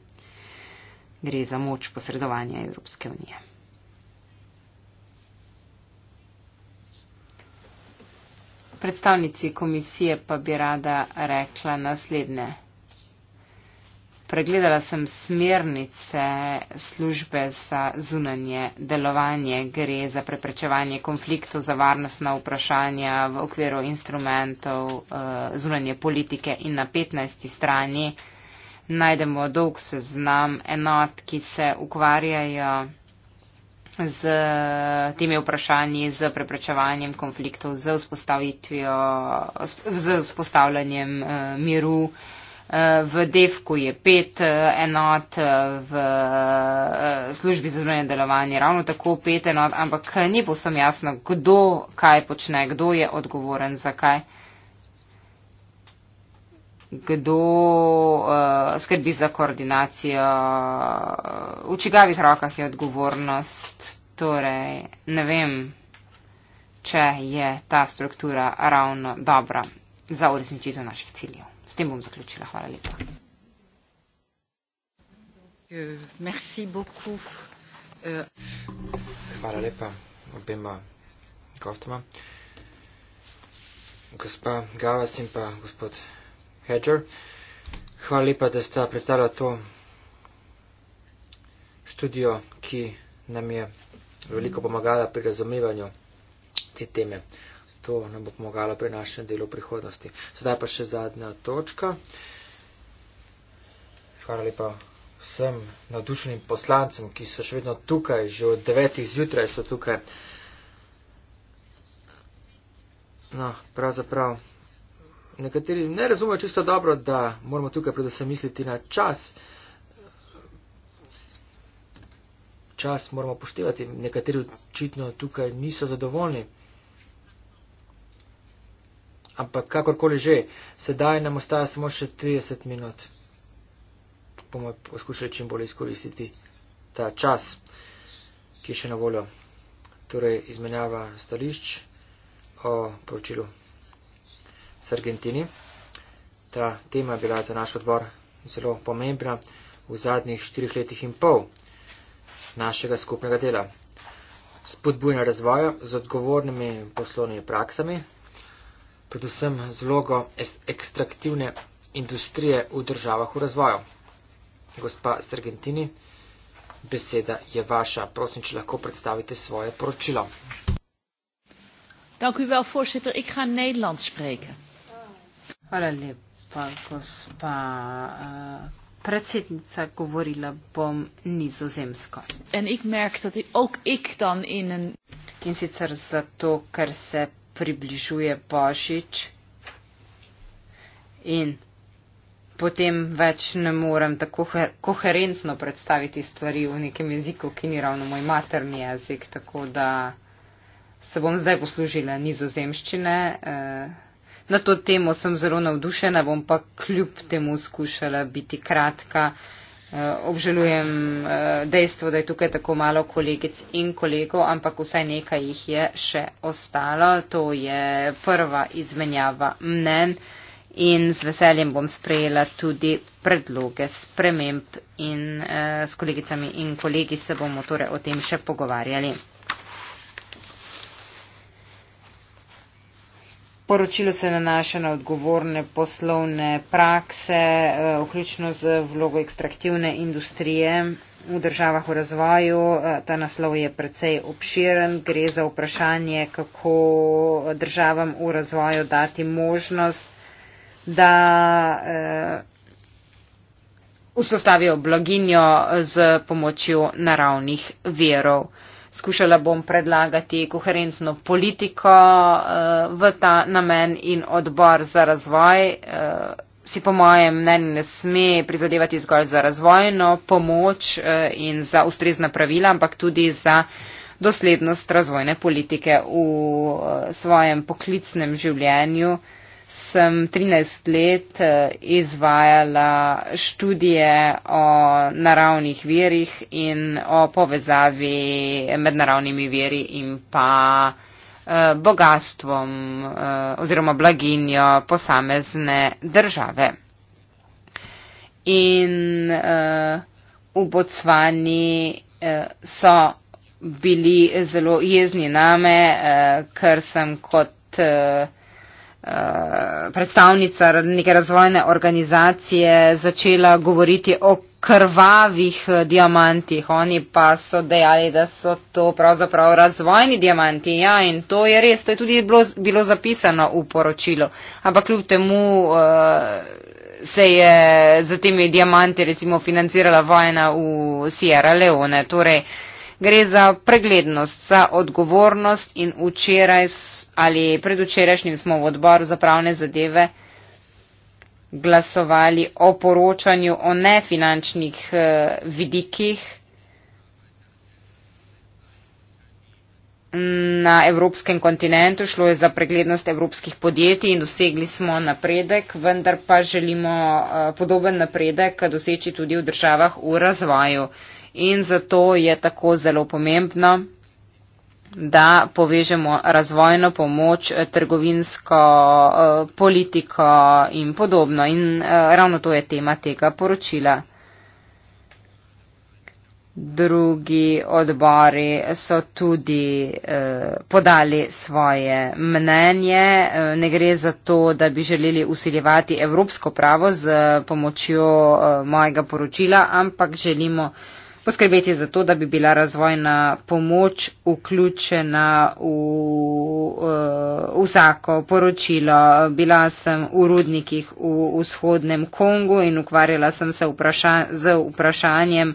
Gre za moč posredovanja Evropske unije. Predstavnici komisije pa bi rada rekla naslednje pregledala sem smernice službe za zunanje delovanje, gre za preprečevanje konfliktov, za varnostna vprašanja v okviru instrumentov eh, zunanje politike in na 15. strani najdemo dolg seznam enot, ki se ukvarjajo z eh, temi vprašanji, z preprečevanjem konfliktov, z, z vzpostavljanjem eh, miru v Defku je pet eh, enot, eh, v eh, službi za zunanje delovanje ravno tako pet enot, ampak ni povsem jasno, kdo kaj počne, kdo je odgovoren za kaj. Kdo uh, skrbi za koordinacijo, v čigavih rokah je odgovornost, torej ne vem, če je ta struktura ravno dobra za uresničitev naših ciljev. S tem bom zaključila. Hvala lepa. Euh, merci beaucoup. Euh. Hvala lepa obema gostoma. Gospa Gavas in pa gospod Hedger, hvala lepa, da sta predstavila to študijo, ki nam je veliko pomagala pri razumevanju te teme to nam bo pomagalo pri našem delu prihodnosti. Sedaj pa še zadnja točka. Hvala lepa vsem nadušenim poslancem, ki so še vedno tukaj, že od devetih zjutraj so tukaj. No, pravzaprav. Nekateri ne razumejo čisto dobro, da moramo tukaj predvsem misliti na čas. Čas moramo poštevati. Nekateri očitno tukaj niso zadovoljni. Ampak kakorkoli že, sedaj nam ostaja samo še 30 minut. Bomo poskušali čim bolj izkoristiti ta čas, ki je še na voljo. Torej, izmenjava stališč o poročilu s Argentini. Ta tema je bila za naš odbor zelo pomembna v zadnjih štirih letih in pol našega skupnega dela. Spodbujanje razvoja z odgovornimi poslovnimi praksami, predvsem z vlogo ekstraktivne industrije v državah v razvoju. Gospa Sargentini, beseda je vaša. Prosim, če lahko predstavite svoje poročilo. Hvala lepa, gospa uh, predsednica. Govorila bom nizozemsko. In sicer zato, ker se približuje Božič in potem več ne morem tako koherentno predstaviti stvari v nekem jeziku, ki ni ravno moj materni jezik, tako da se bom zdaj poslužila nizozemščine. Eh, na to temo sem zelo navdušena, bom pa kljub temu skušala biti kratka. Eh, obžalujem eh, dejstvo, da je tukaj tako malo kolegic in kolegov, ampak vsaj nekaj jih je še ostalo. To je prva izmenjava mnen in z veseljem bom sprejela tudi predloge sprememb in eh, s kolegicami in kolegi se bomo torej o tem še pogovarjali. Poročilo se nanaša na odgovorne poslovne prakse, eh, vključno z vlogo ekstraktivne industrije v državah v razvoju. Eh, ta naslov je precej obširen. Gre za vprašanje, kako državam v razvoju dati možnost, da eh, vzpostavijo bloginjo z pomočjo naravnih verov skušala bom predlagati koherentno politiko eh, v ta namen in odbor za razvoj eh, si po mojem mnenju ne sme prizadevati zgolj za razvojno pomoč eh, in za ustrezna pravila, ampak tudi za doslednost razvojne politike v svojem poklicnem življenju sem 13 let eh, izvajala študije o naravnih verjih in o povezavi med naravnimi veri in pa eh, bogatstvom eh, oziroma blaginjo posamezne države. In v Bocvani so bili zelo jezni name, ker sem kot Eh, predstavnica neke razvojne organizacije začela govoriti o krvavih eh, diamantih. Oni pa so dejali, da so to pravzaprav razvojni diamanti. Ja, in to je res, to je tudi bilo, bilo zapisano v poročilu. Ampak kljub temu uh, se je za temi diamanti recimo financirala vojna v Sierra Leone. Torej, uh, Gre za preglednost, za odgovornost in včeraj ali predvčerajšnjim smo v odboru za pravne zadeve glasovali o poročanju o nefinančnih eh, vidikih na evropskem kontinentu. Šlo je za preglednost evropskih podjetij in dosegli smo napredek, vendar pa želimo eh, podoben napredek doseči tudi v državah v razvoju in zato je tako zelo pomembno, da povežemo razvojno pomoč, eh, trgovinsko eh, politiko in podobno. In eh, ravno to je tema tega poročila. Drugi odbori so tudi eh, podali svoje mnenje. Ne gre za to, da bi želeli usiljevati evropsko pravo z pomočjo eh, mojega poročila, ampak želimo eh, poskrbeti za to, da bi bila razvojna pomoč vključena v, v eh, vsako poročilo. Bila sem v rudnikih v vzhodnem Kongu in ukvarjala sem se vpraša, z vprašanjem,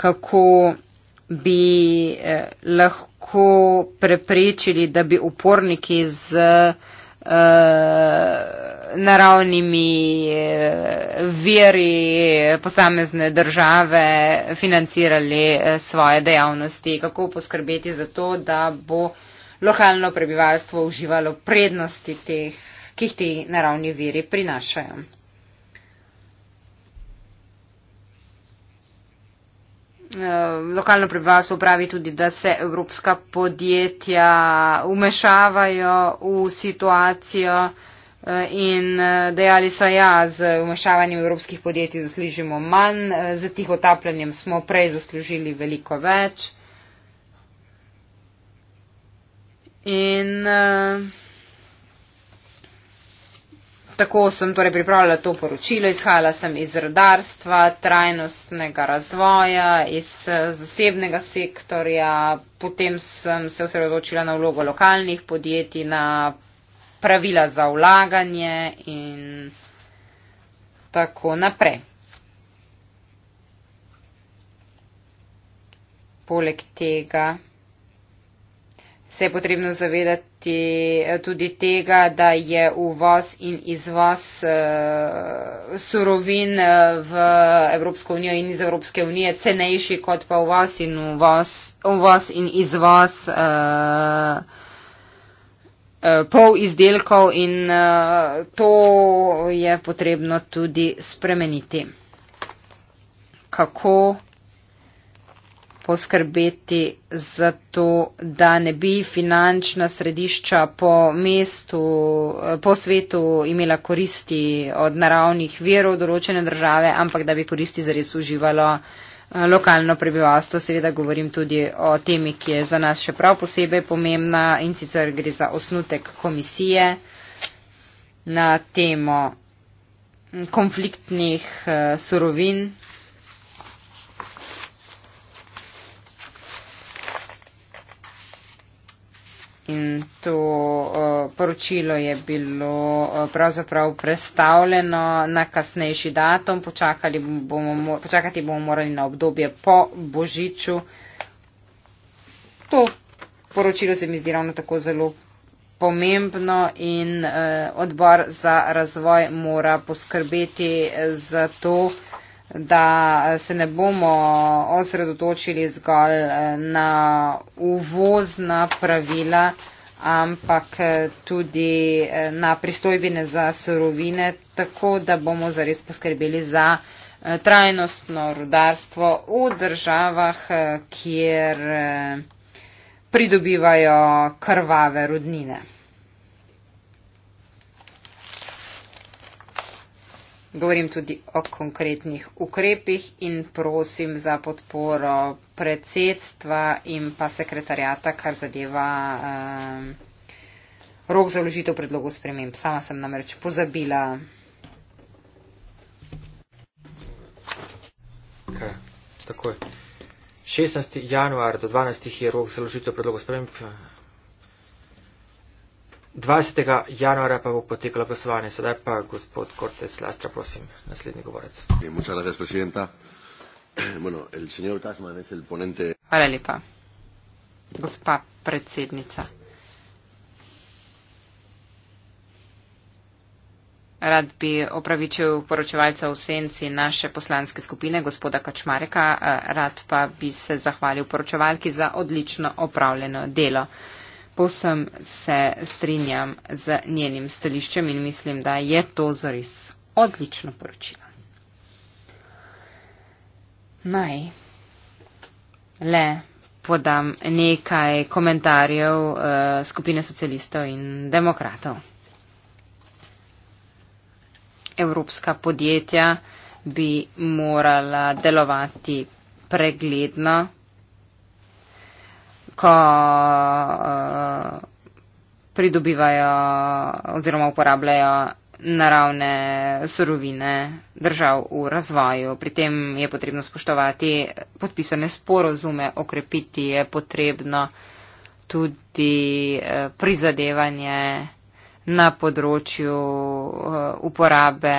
kako bi eh, lahko preprečili, da bi uporniki z uh, naravnimi eh, veri posamezne države financirali eh, svoje dejavnosti, kako poskrbeti za to, da bo lokalno prebivalstvo uživalo prednosti, teh, ki jih ti naravni veri prinašajo. Eh, lokalno prebivalstvo pravi tudi, da se evropska podjetja umešavajo v situacijo, Eh, in eh, dejali so ja, z vmešavanjem evropskih podjetij zaslužimo manj, eh, z tiho tapljanjem smo prej zaslužili veliko več. In tako sem torej pripravljala to poročilo, izhajala sem iz radarstva, trajnostnega razvoja, iz zasebnega sektorja, potem sem se osredotočila na vlogo lokalnih podjetij, na pravila za vlaganje in tako naprej. Poleg tega se je potrebno zavedati eh, tudi tega, da je uvoz in izvoz uh, surovin eh, v Evropsko unijo in iz Evropske unije cenejši kot pa uvoz in, uvoz, uvoz in izvoz. Uh, Eh, pol izdelkov in eh, to je potrebno tudi spremeniti. Kako poskrbeti za to, da ne bi finančna središča po, mestu, eh, po svetu imela koristi od naravnih verov določene države, ampak da bi koristi zares uživalo. Eh, lokalno prebivalstvo. Seveda govorim tudi o temi, ki je za nas še prav posebej pomembna in sicer gre za osnutek komisije na temo konfliktnih eh, surovin In to uh, poročilo je bilo uh, pravzaprav predstavljeno na kasnejši datum. Bomo, počakati bomo morali na obdobje po Božiču. To poročilo se mi zdi ravno tako zelo pomembno in uh, odbor za razvoj mora poskrbeti za to, da se ne bomo osredotočili zgolj eh, na uvozna pravila, ampak eh, tudi eh, na pristojbine za sorovine, tako da bomo zares poskrbeli za trajnostno rudarstvo v državah, kjer pridobivajo krvave rudnine. Govorim tudi o konkretnih ukrepih in prosim za podporo predsedstva in pa sekretarjata, kar zadeva eh, rok za vložitev predlogov sprememb. Sama sem namreč pozabila. Kaj, takoj. 16. januar do 12. je rok za vložitev predlogov sprememb. 20. januarja pa bo potekalo glasovanje. Sedaj pa gospod Cortez Lastra, prosim, naslednji govorec. Hvala lepa, gospa predsednica. Rad bi opravičil poročevalca v senci naše poslanske skupine, gospoda Kačmareka, eh, rad pa bi se zahvalil poročevalki za odlično opravljeno delo posem se strinjam z njenim stališčem in mislim, da je to zares odlično poročilo. Naj le podam nekaj komentarjev uh, skupine socialistov in demokratov. Evropska podjetja bi morala delovati pregledno, ko uh, pridobivajo oziroma uporabljajo naravne sorovine držav v razvoju. Pri tem je potrebno spoštovati podpisane sporozume, okrepiti je potrebno tudi eh, prizadevanje na področju eh, uporabe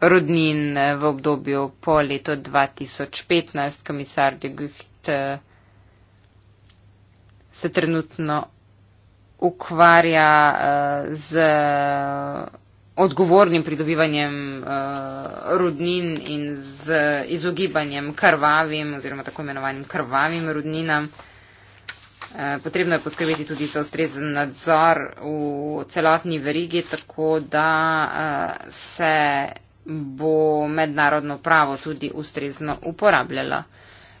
rodnin v obdobju po letu 2015. Komisar Degucht se trenutno ukvarja eh, z eh, odgovornim pridobivanjem eh, rudnin in z izogibanjem krvavim oziroma tako imenovanim krvavim rudninam. Potrebno je poskrbeti tudi za ustrezen nadzor v celotni verigi, tako da se bo mednarodno pravo tudi ustrezno uporabljalo.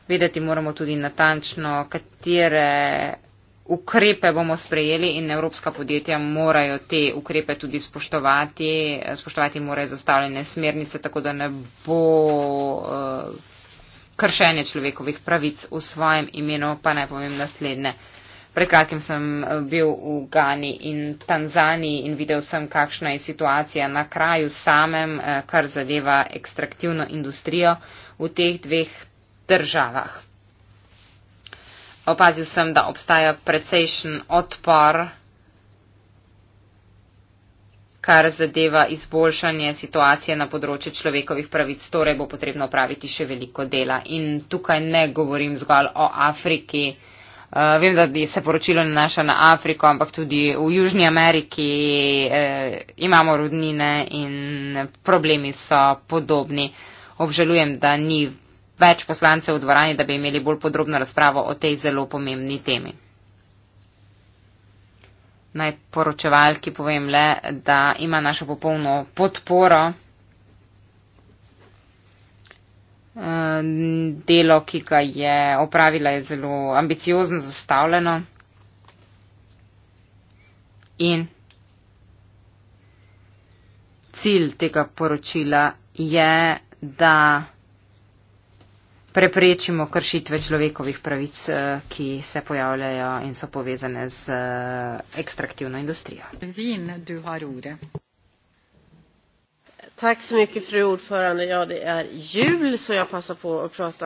Vedeti moramo tudi natančno, katere ukrepe bomo sprejeli in evropska podjetja morajo te ukrepe tudi spoštovati, spoštovati morajo zastavljene smernice, tako da ne bo uh, kršenje človekovih pravic v svojem imenu, pa naj povem naslednje. Pred kratkim sem eh, bil v Gani in Tanzaniji in videl sem, kakšna je situacija na kraju samem, eh, kar zadeva ekstraktivno industrijo v teh dveh državah opazil sem, da obstaja precejšen odpor, kar zadeva izboljšanje situacije na področju človekovih pravic, torej bo potrebno opraviti še veliko dela. In tukaj ne govorim zgolj o Afriki. Uh, vem, da se poročilo nanaša na Afriko, ampak tudi v Južni Ameriki eh, imamo rudnine in problemi so podobni. Obžalujem, da ni več poslancev v dvorani, da bi imeli bolj podrobno razpravo o tej zelo pomembni temi. Naj poročevalki povem le, da ima našo popolno podporo eh, delo, ki ga je opravila, je zelo ambiciozno zastavljeno in cilj tega poročila je, da preprečimo kršitve človekovih pravic, eh, ki se pojavljajo in so povezane z eh, ekstraktivno industrijo. Vin, du har ure. Tak, smeke, fru, ja, jul, so ja pasa po oprata.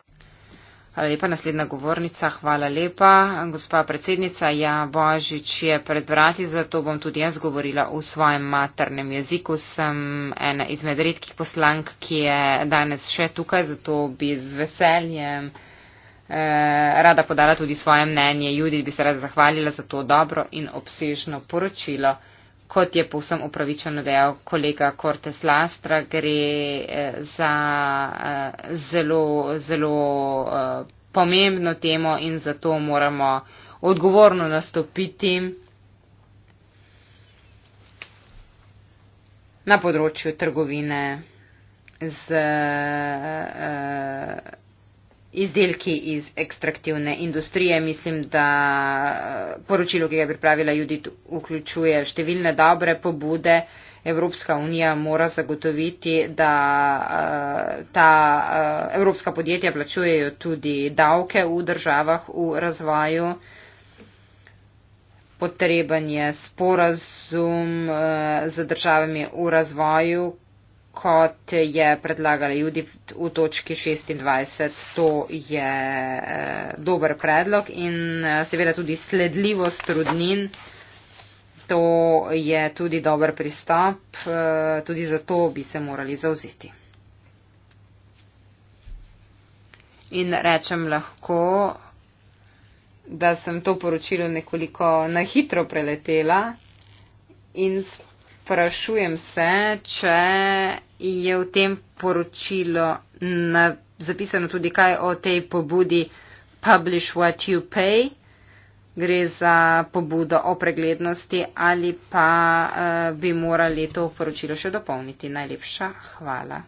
Hvala lepa, naslednja govornica. Hvala lepa, gospa predsednica. Ja, Božič je pred vrati, zato bom tudi jaz govorila v svojem maternem jeziku. Sem ena izmed redkih poslank, ki je danes še tukaj, zato bi z veseljem eh, rada podala tudi svoje mnenje. Judit bi se rada zahvalila za to dobro in obsežno poročilo kot je povsem upravičeno dejal kolega Cortes Lastra, gre eh, za eh, zelo, zelo eh, pomembno temo in zato moramo odgovorno nastopiti na področju trgovine z. Uh, izdelki iz ekstraktivne industrije. Mislim, da eh, poročilo, ki ga je pripravila Judith, vključuje številne dobre pobude. Evropska unija mora zagotoviti, da eh, ta eh, evropska podjetja plačujejo tudi davke v državah v razvoju. Potreben je sporazum z državami v razvoju, kot je predlagala Judy v točki 26. To je eh, dober predlog in eh, seveda tudi sledljivost trudnin. To je tudi dober pristop, eh, tudi zato bi se morali zauzeti. In rečem lahko, da sem to poročilo nekoliko nahitro preletela in sprašujem se, če je v tem poročilo na, zapisano tudi kaj o tej pobudi Publish What You Pay. Gre za pobudo o preglednosti ali pa uh, bi morali to poročilo še dopolniti. Najlepša hvala.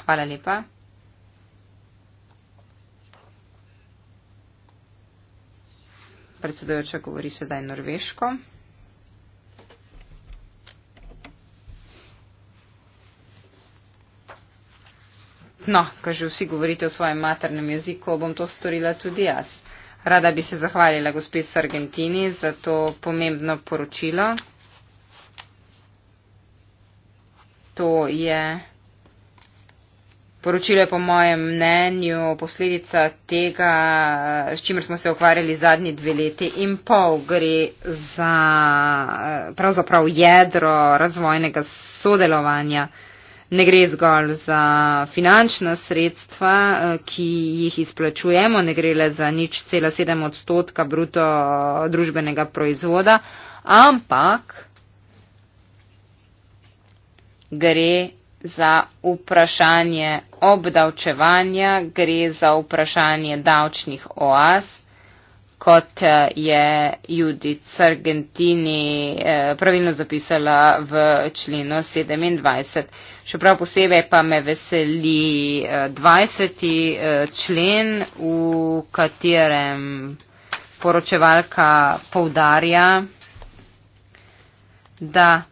Hvala lepa. Predsedujoča govori sedaj norveško. No, ko že vsi govorite o svojem maternem jeziku, bom to storila tudi jaz. Rada bi se zahvalila gospod Sargentini za to pomembno poročilo. To je. Poročilo je po mojem mnenju posledica tega, s čimer smo se ukvarjali zadnji dve leti in pol. Gre za pravzaprav jedro razvojnega sodelovanja uh, ne gre zgolj za finančna sredstva, eh, ki jih izplačujemo, ne gre le za nič cela sedem odstotka bruto družbenega proizvoda, ampak gre za vprašanje obdavčevanja, gre za vprašanje davčnih oaz, kot eh, je Judith Sargentini eh, pravilno zapisala v členu 27 še prav posebej pa me veseli 20. Eh, eh, člen, v katerem poročevalka povdarja, da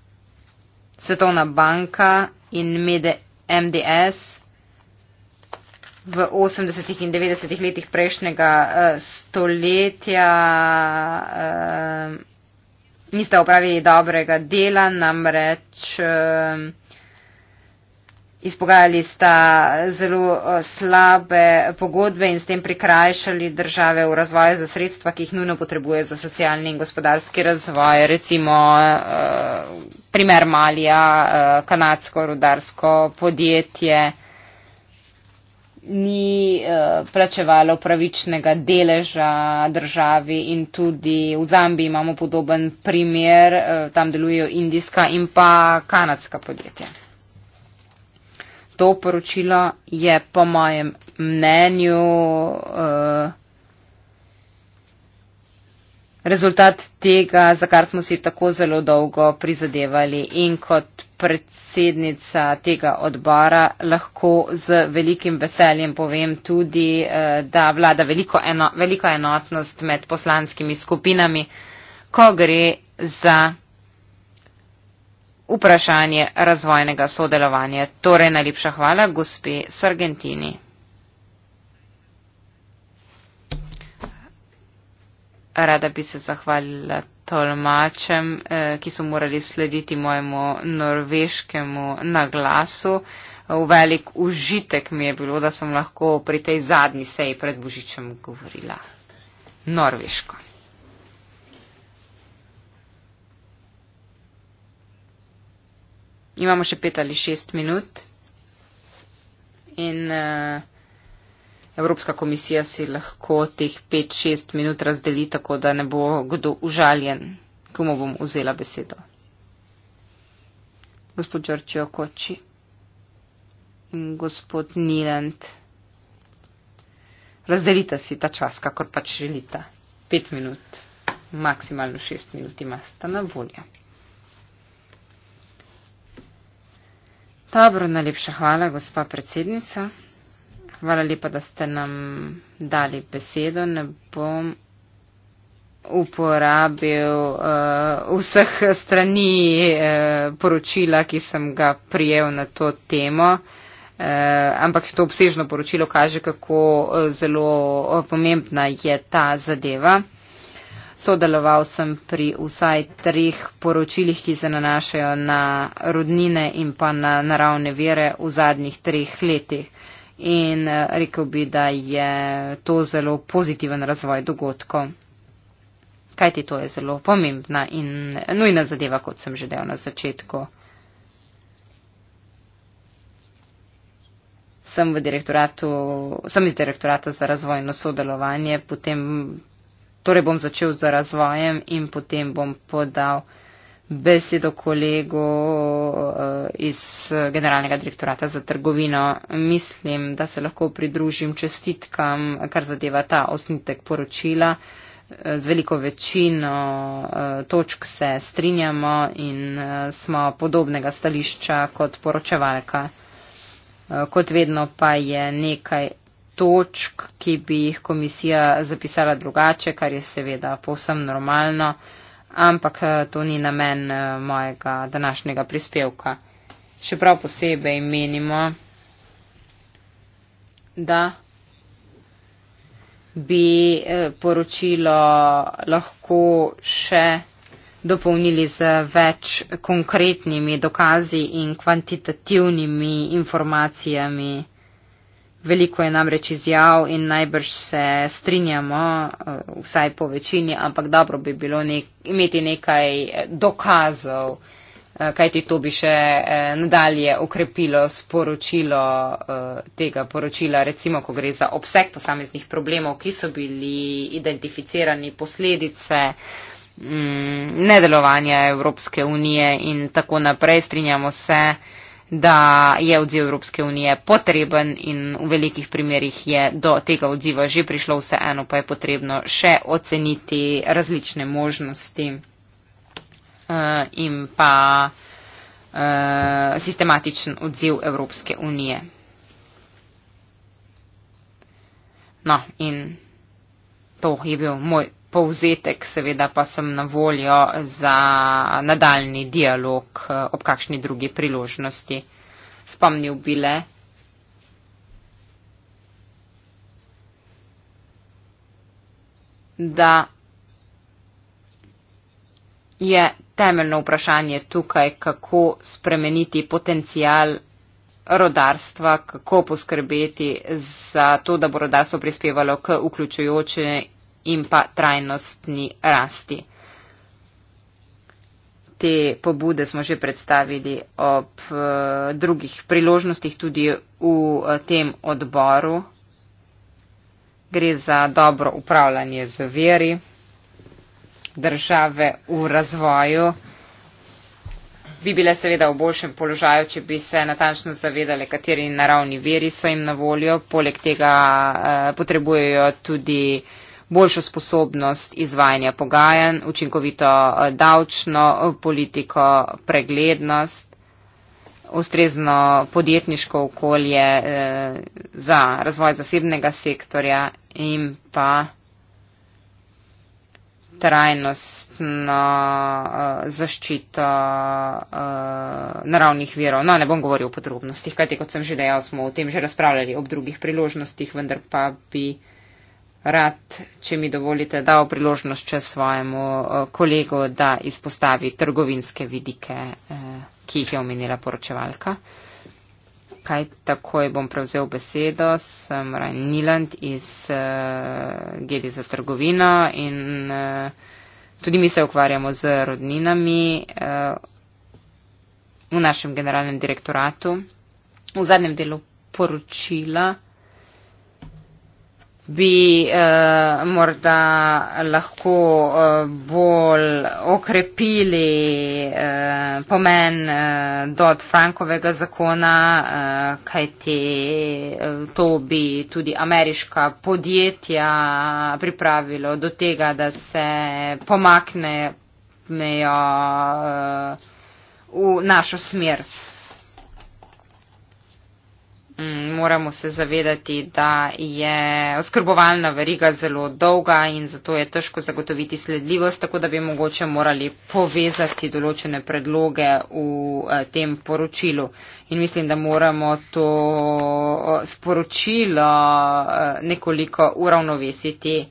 Svetovna banka in MDS v 80. in 90. letih prejšnjega eh, stoletja nista opravili dobrega dela, namreč izpogajali sta zelo eh, slabe pogodbe in s tem prikrajšali države v razvoju za sredstva, ki jih nujno potrebuje za socialni in gospodarski razvoj, recimo eh, primer Malija, eh, kanadsko rudarsko podjetje ni plačevalo pravičnega deleža državi in tudi v Zambiji imamo podoben primer, tam delujejo indijska in pa kanadska podjetja to poročilo je po mojem mnenju eh, rezultat tega, za kar smo si tako zelo dolgo prizadevali in kot predsednica tega odbora lahko z velikim veseljem povem tudi, eh, da vlada veliko, eno, veliko enotnost med poslanskimi skupinami, ko gre za vprašanje razvojnega sodelovanja. Torej, najlepša hvala, gospe Sargentini. Rada bi se zahvalila tolmačem, eh, ki so morali slediti mojemu norveškemu naglasu. V eh, velik užitek mi je bilo, da sem lahko pri tej zadnji seji pred Božičem govorila norveško. imamo še pet ali šest minut in uh, Evropska komisija si lahko teh pet, šest minut razdeli tako, da ne bo kdo užaljen, komu bom vzela besedo. Gospod Đorčijo Koči in gospod Niland, razdelite si ta čas, kakor pač želite. Pet minut, maksimalno šest minut imate na voljo. Dobro, najlepša hvala, gospa predsednica. Hvala lepa, da ste nam dali besedo. Ne bom uporabil uh, vseh strani uh, poročila, ki sem ga prijel na to temo, uh, ampak to obsežno poročilo kaže, kako zelo pomembna je ta zadeva sodeloval sem pri vsaj treh poročilih, ki se nanašajo na rodnine in pa na naravne vere v zadnjih treh letih. In eh, rekel bi, da je to zelo pozitiven razvoj dogodkov. Kaj ti to je zelo pomembna in nujna zadeva, kot sem že del na začetku. Sem, sem iz direktorata za razvojno sodelovanje, potem Torej bom začel z razvajem in potem bom podal besedo kolegu eh, iz Generalnega direktorata za trgovino. Mislim, da se lahko pridružim čestitkam, kar zadeva ta osnitek poročila. Eh, z veliko večino eh, točk se strinjamo in smo podobnega stališča kot poročevalka. Kot vedno pa je nekaj točk, ki bi jih komisija zapisala drugače, kar je seveda povsem normalno, ampak eh, to ni namen eh, mojega današnjega prispevka. Še prav posebej menimo, da bi eh, poročilo lahko še dopolnili z več konkretnimi dokazi in kvantitativnimi informacijami. Veliko je namreč izjav in najbrž se strinjamo, eh, vsaj po večini, ampak dobro bi bilo nek, imeti nekaj eh, dokazov, eh, kajti to bi še nadalje okrepilo sporočilo tega poročila, recimo, ko gre za obseg posameznih problemov, ki so bili identificirani posledice mm, nedelovanja Evropske unije in tako naprej. Strinjamo se, da je odziv Evropske unije potreben in v velikih primerjih je do tega odziva že prišlo vseeno, pa je potrebno še oceniti različne možnosti uh, in pa uh, sistematičen odziv Evropske unije. No, in to je bil moj povzetek, seveda pa sem na voljo za nadaljni dialog eh, ob kakšni drugi priložnosti. Spomnil bi le. da je temeljno vprašanje tukaj, kako spremeniti potencial rodarstva, kako poskrbeti za to, da bo rodarstvo prispevalo k vključujoče in pa trajnostni rasti. Te pobude smo že predstavili ob uh, drugih priložnostih tudi v uh, tem odboru. Gre za dobro upravljanje z veri države v razvoju. Bi bile seveda v boljšem položaju, če bi se natančno zavedale, kateri naravni veri so jim na voljo. Poleg tega eh, potrebujejo tudi eh, boljšo sposobnost izvajanja pogajanj, učinkovito eh, davčno eh, politiko, preglednost, ustrezno podjetniško okolje eh, za razvoj zasebnega sektorja in pa trajnostno uh, zaščito uh, naravnih virov. No, ne bom govoril o podrobnostih, kajti kot sem že dejal, smo o tem že razpravljali ob drugih priložnostih, vendar pa bi uh, rad, če mi dovolite, dal priložnost še svojemu eh, kolegu, da izpostavi trgovinske vidike, eh, ki jih je omenila poročevalka. Kaj takoj bom prevzel besedo, sem Rajn Niland iz uh, eh, Gedi za trgovino in uh, tudi mi se ukvarjamo z rodninami uh, v našem generalnem direktoratu. V zadnjem delu poročila uh, bi eh, morda lahko eh, bolj okrepili eh, pomen eh, dot Frankovega zakona, eh, kajti eh, to bi tudi ameriška podjetja pripravilo do tega, da se pomaknejo eh, v našo smer. Eh, Mm, moramo se zavedati, da je oskrbovalna veriga zelo dolga in zato je težko zagotoviti sledljivost, tako da bi mogoče morali povezati določene predloge v eh, tem poročilu. In mislim, da moramo to eh, sporočilo eh, nekoliko uravnovesiti.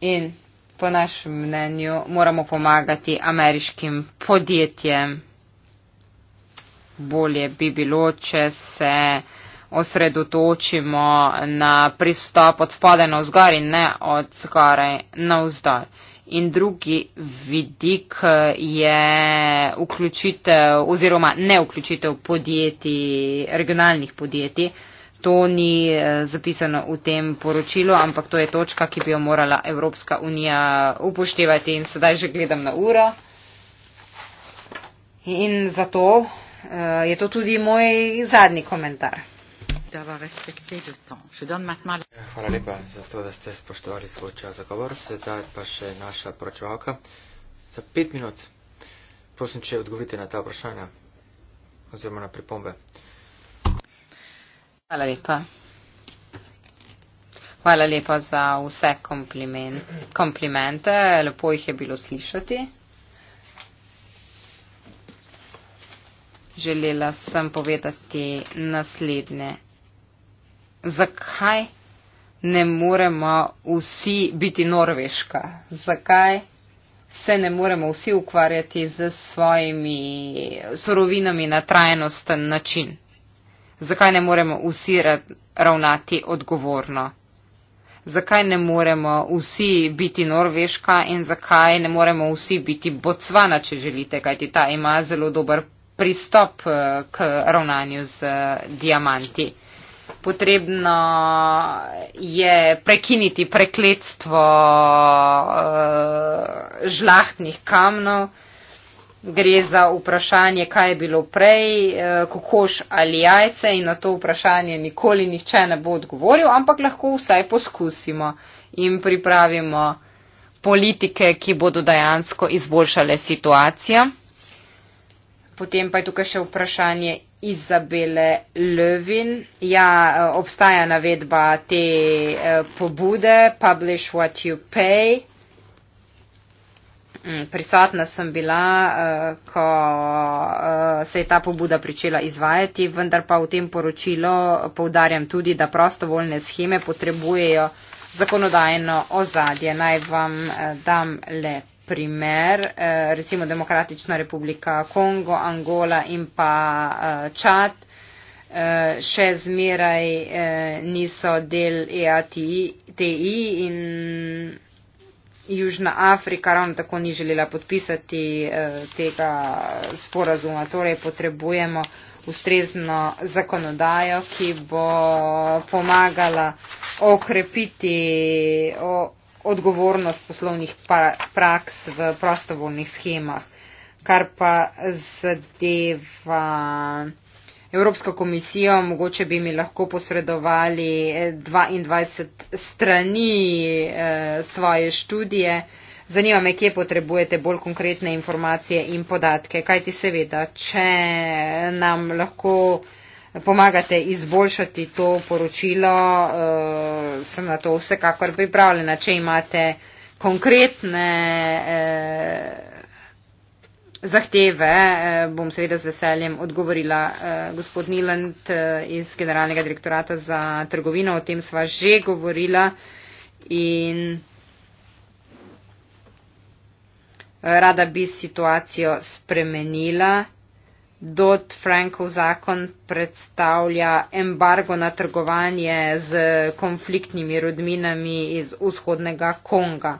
In po našem mnenju moramo pomagati ameriškim podjetjem. Bolje bi bilo, če se osredotočimo na pristop od spodaj na vzgor in ne od zgoraj na vzdor. In drugi vidik je vključitev oziroma ne vključitev podjetij, regionalnih podjetij, To ni eh, zapisano v tem poročilu, ampak to je točka, ki bi jo morala Evropska unija upoštevati in sedaj že gledam na uro. In zato uh, je to tudi moj zadnji komentar. Ja, hvala lepa za to, da ste spoštovali svoj čas za govor. Sedaj pa še naša poročevalka. Za pet minut prosim, če odgovorite na ta vprašanja oziroma na pripombe. Hvala lepa. Hvala lepa za vse komplimente. komplimente. Lepo jih je bilo slišati. Želela sem povedati naslednje. Zakaj ne moremo vsi biti norveška? Zakaj se ne moremo vsi ukvarjati z svojimi sorovinami na trajnosten način? zakaj ne moremo vsi ravnati odgovorno. Zakaj ne moremo vsi biti Norveška in zakaj ne moremo vsi biti Bocvana, če želite, kajti ta ima zelo dober pristop eh, k ravnanju z eh, diamanti. Potrebno eh, je prekiniti prekletstvo uh, žlahtnih kamnov gre za vprašanje, kaj je bilo prej, eh, kokoš ali jajce in na to vprašanje nikoli nihče ne bo odgovoril, ampak lahko vsaj poskusimo in pripravimo politike, ki bodo dejansko izboljšale situacijo. Potem pa je tukaj še vprašanje Izabele Lövin. Ja, eh, obstaja navedba te eh, pobude, publish what you pay. Mm, prisotna sem bila, eh, ko eh, se je ta pobuda pričela izvajati, vendar pa v tem poročilu povdarjam tudi, da prostovoljne scheme potrebujejo zakonodajno ozadje. Naj vam eh, dam le primer, recimo Demokratična republika Kongo, Angola in pa Čad. Še zmeraj niso del EATI in. Južna Afrika ravno tako ni želela podpisati eh, tega sporazuma. Torej potrebujemo ustrezno zakonodajo, ki bo pomagala okrepiti odgovornost poslovnih pra praks v prostovoljnih schemah, kar pa zadeva. Evropsko komisijo, mogoče bi mi lahko posredovali 22 eh, strani eh, svoje študije. Zanima me, kje potrebujete bolj konkretne informacije in podatke. Kaj ti seveda, če nam lahko pomagate izboljšati to poročilo, eh, sem na to vsekakor pripravljena. Če imate konkretne zahteve eh, bom seveda z veseljem odgovorila. Eh, gospod Niland eh, iz Generalnega direktorata za trgovino, o tem sva že govorila in rada bi situacijo spremenila. Dot Frankov zakon predstavlja embargo na trgovanje z konfliktnimi rodminami iz vzhodnega Konga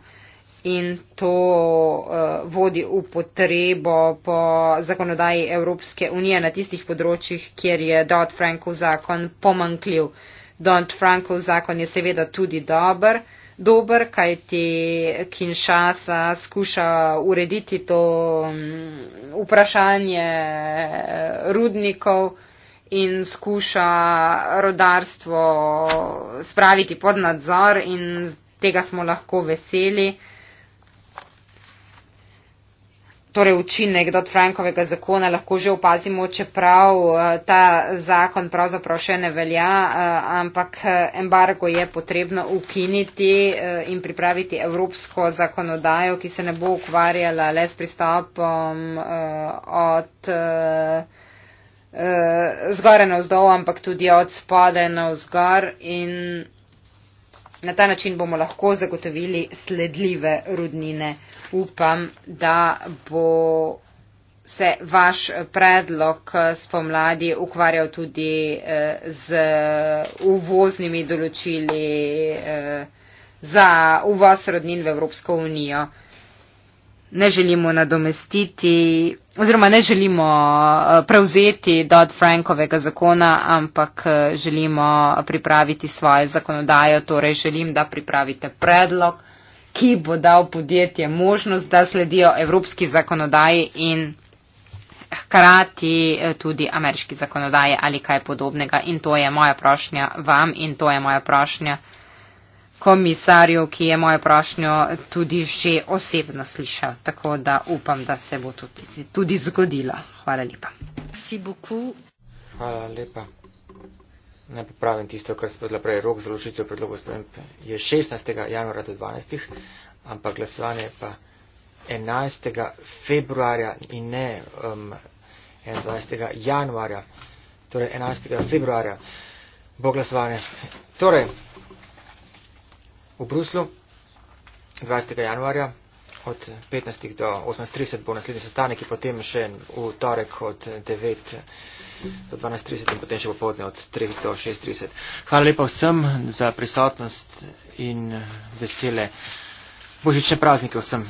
in to uh, vodi v potrebo po zakonodaji Evropske unije na tistih področjih, kjer je Dodd-Frankov zakon pomankljiv. Dodd-Frankov zakon je seveda tudi dober, dober kaj ti Kinshasa skuša urediti to um, vprašanje eh, rudnikov in skuša rodarstvo spraviti pod nadzor in tega smo lahko veseli torej učinek od Frankovega zakona lahko že opazimo, čeprav eh, ta zakon pravzaprav še ne velja, eh, ampak eh, embargo je potrebno ukiniti in pripraviti evropsko zakonodajo, ki se ne bo ukvarjala le s pristopom od zgore na vzdol, ampak tudi od spode na vzgor in na ta način bomo lahko zagotovili sledljive rudnine upam, da bo se vaš predlog spomladi ukvarjal tudi eh, z uvoznimi določili eh, za uvoz rodnin v Evropsko unijo. Ne želimo nadomestiti oziroma ne želimo eh, prevzeti Dodd-Frankovega zakona, ampak želimo pripraviti svojo zakonodajo, torej želim, da pripravite predlog ki bo dal podjetje možnost, da sledijo evropski zakonodaji in hkrati eh, tudi ameriški zakonodaji ali kaj podobnega. In to je moja prošnja vam in to je moja prošnja komisarju, ki je moje prošnjo tudi že osebno slišal. Tako da upam, da se bo tudi, tudi zgodilo. Hvala lepa. Hvala lepa. Naj popravim tisto, kar sem podla prej. Rok za ločitev predlogov sprememb je 16. januara do 12. ampak glasovanje je pa 11. februarja in ne um, 21. januarja. Torej 11. februarja bo glasovanje. Torej, v Bruslu 20. januarja od 15. do 18.30 bo naslednji sestanek in potem še v torek od 9. do 12.30 in potem še popovdne od 3. do 6.30. Hvala lepa vsem za prisotnost in vesele božične praznike vsem.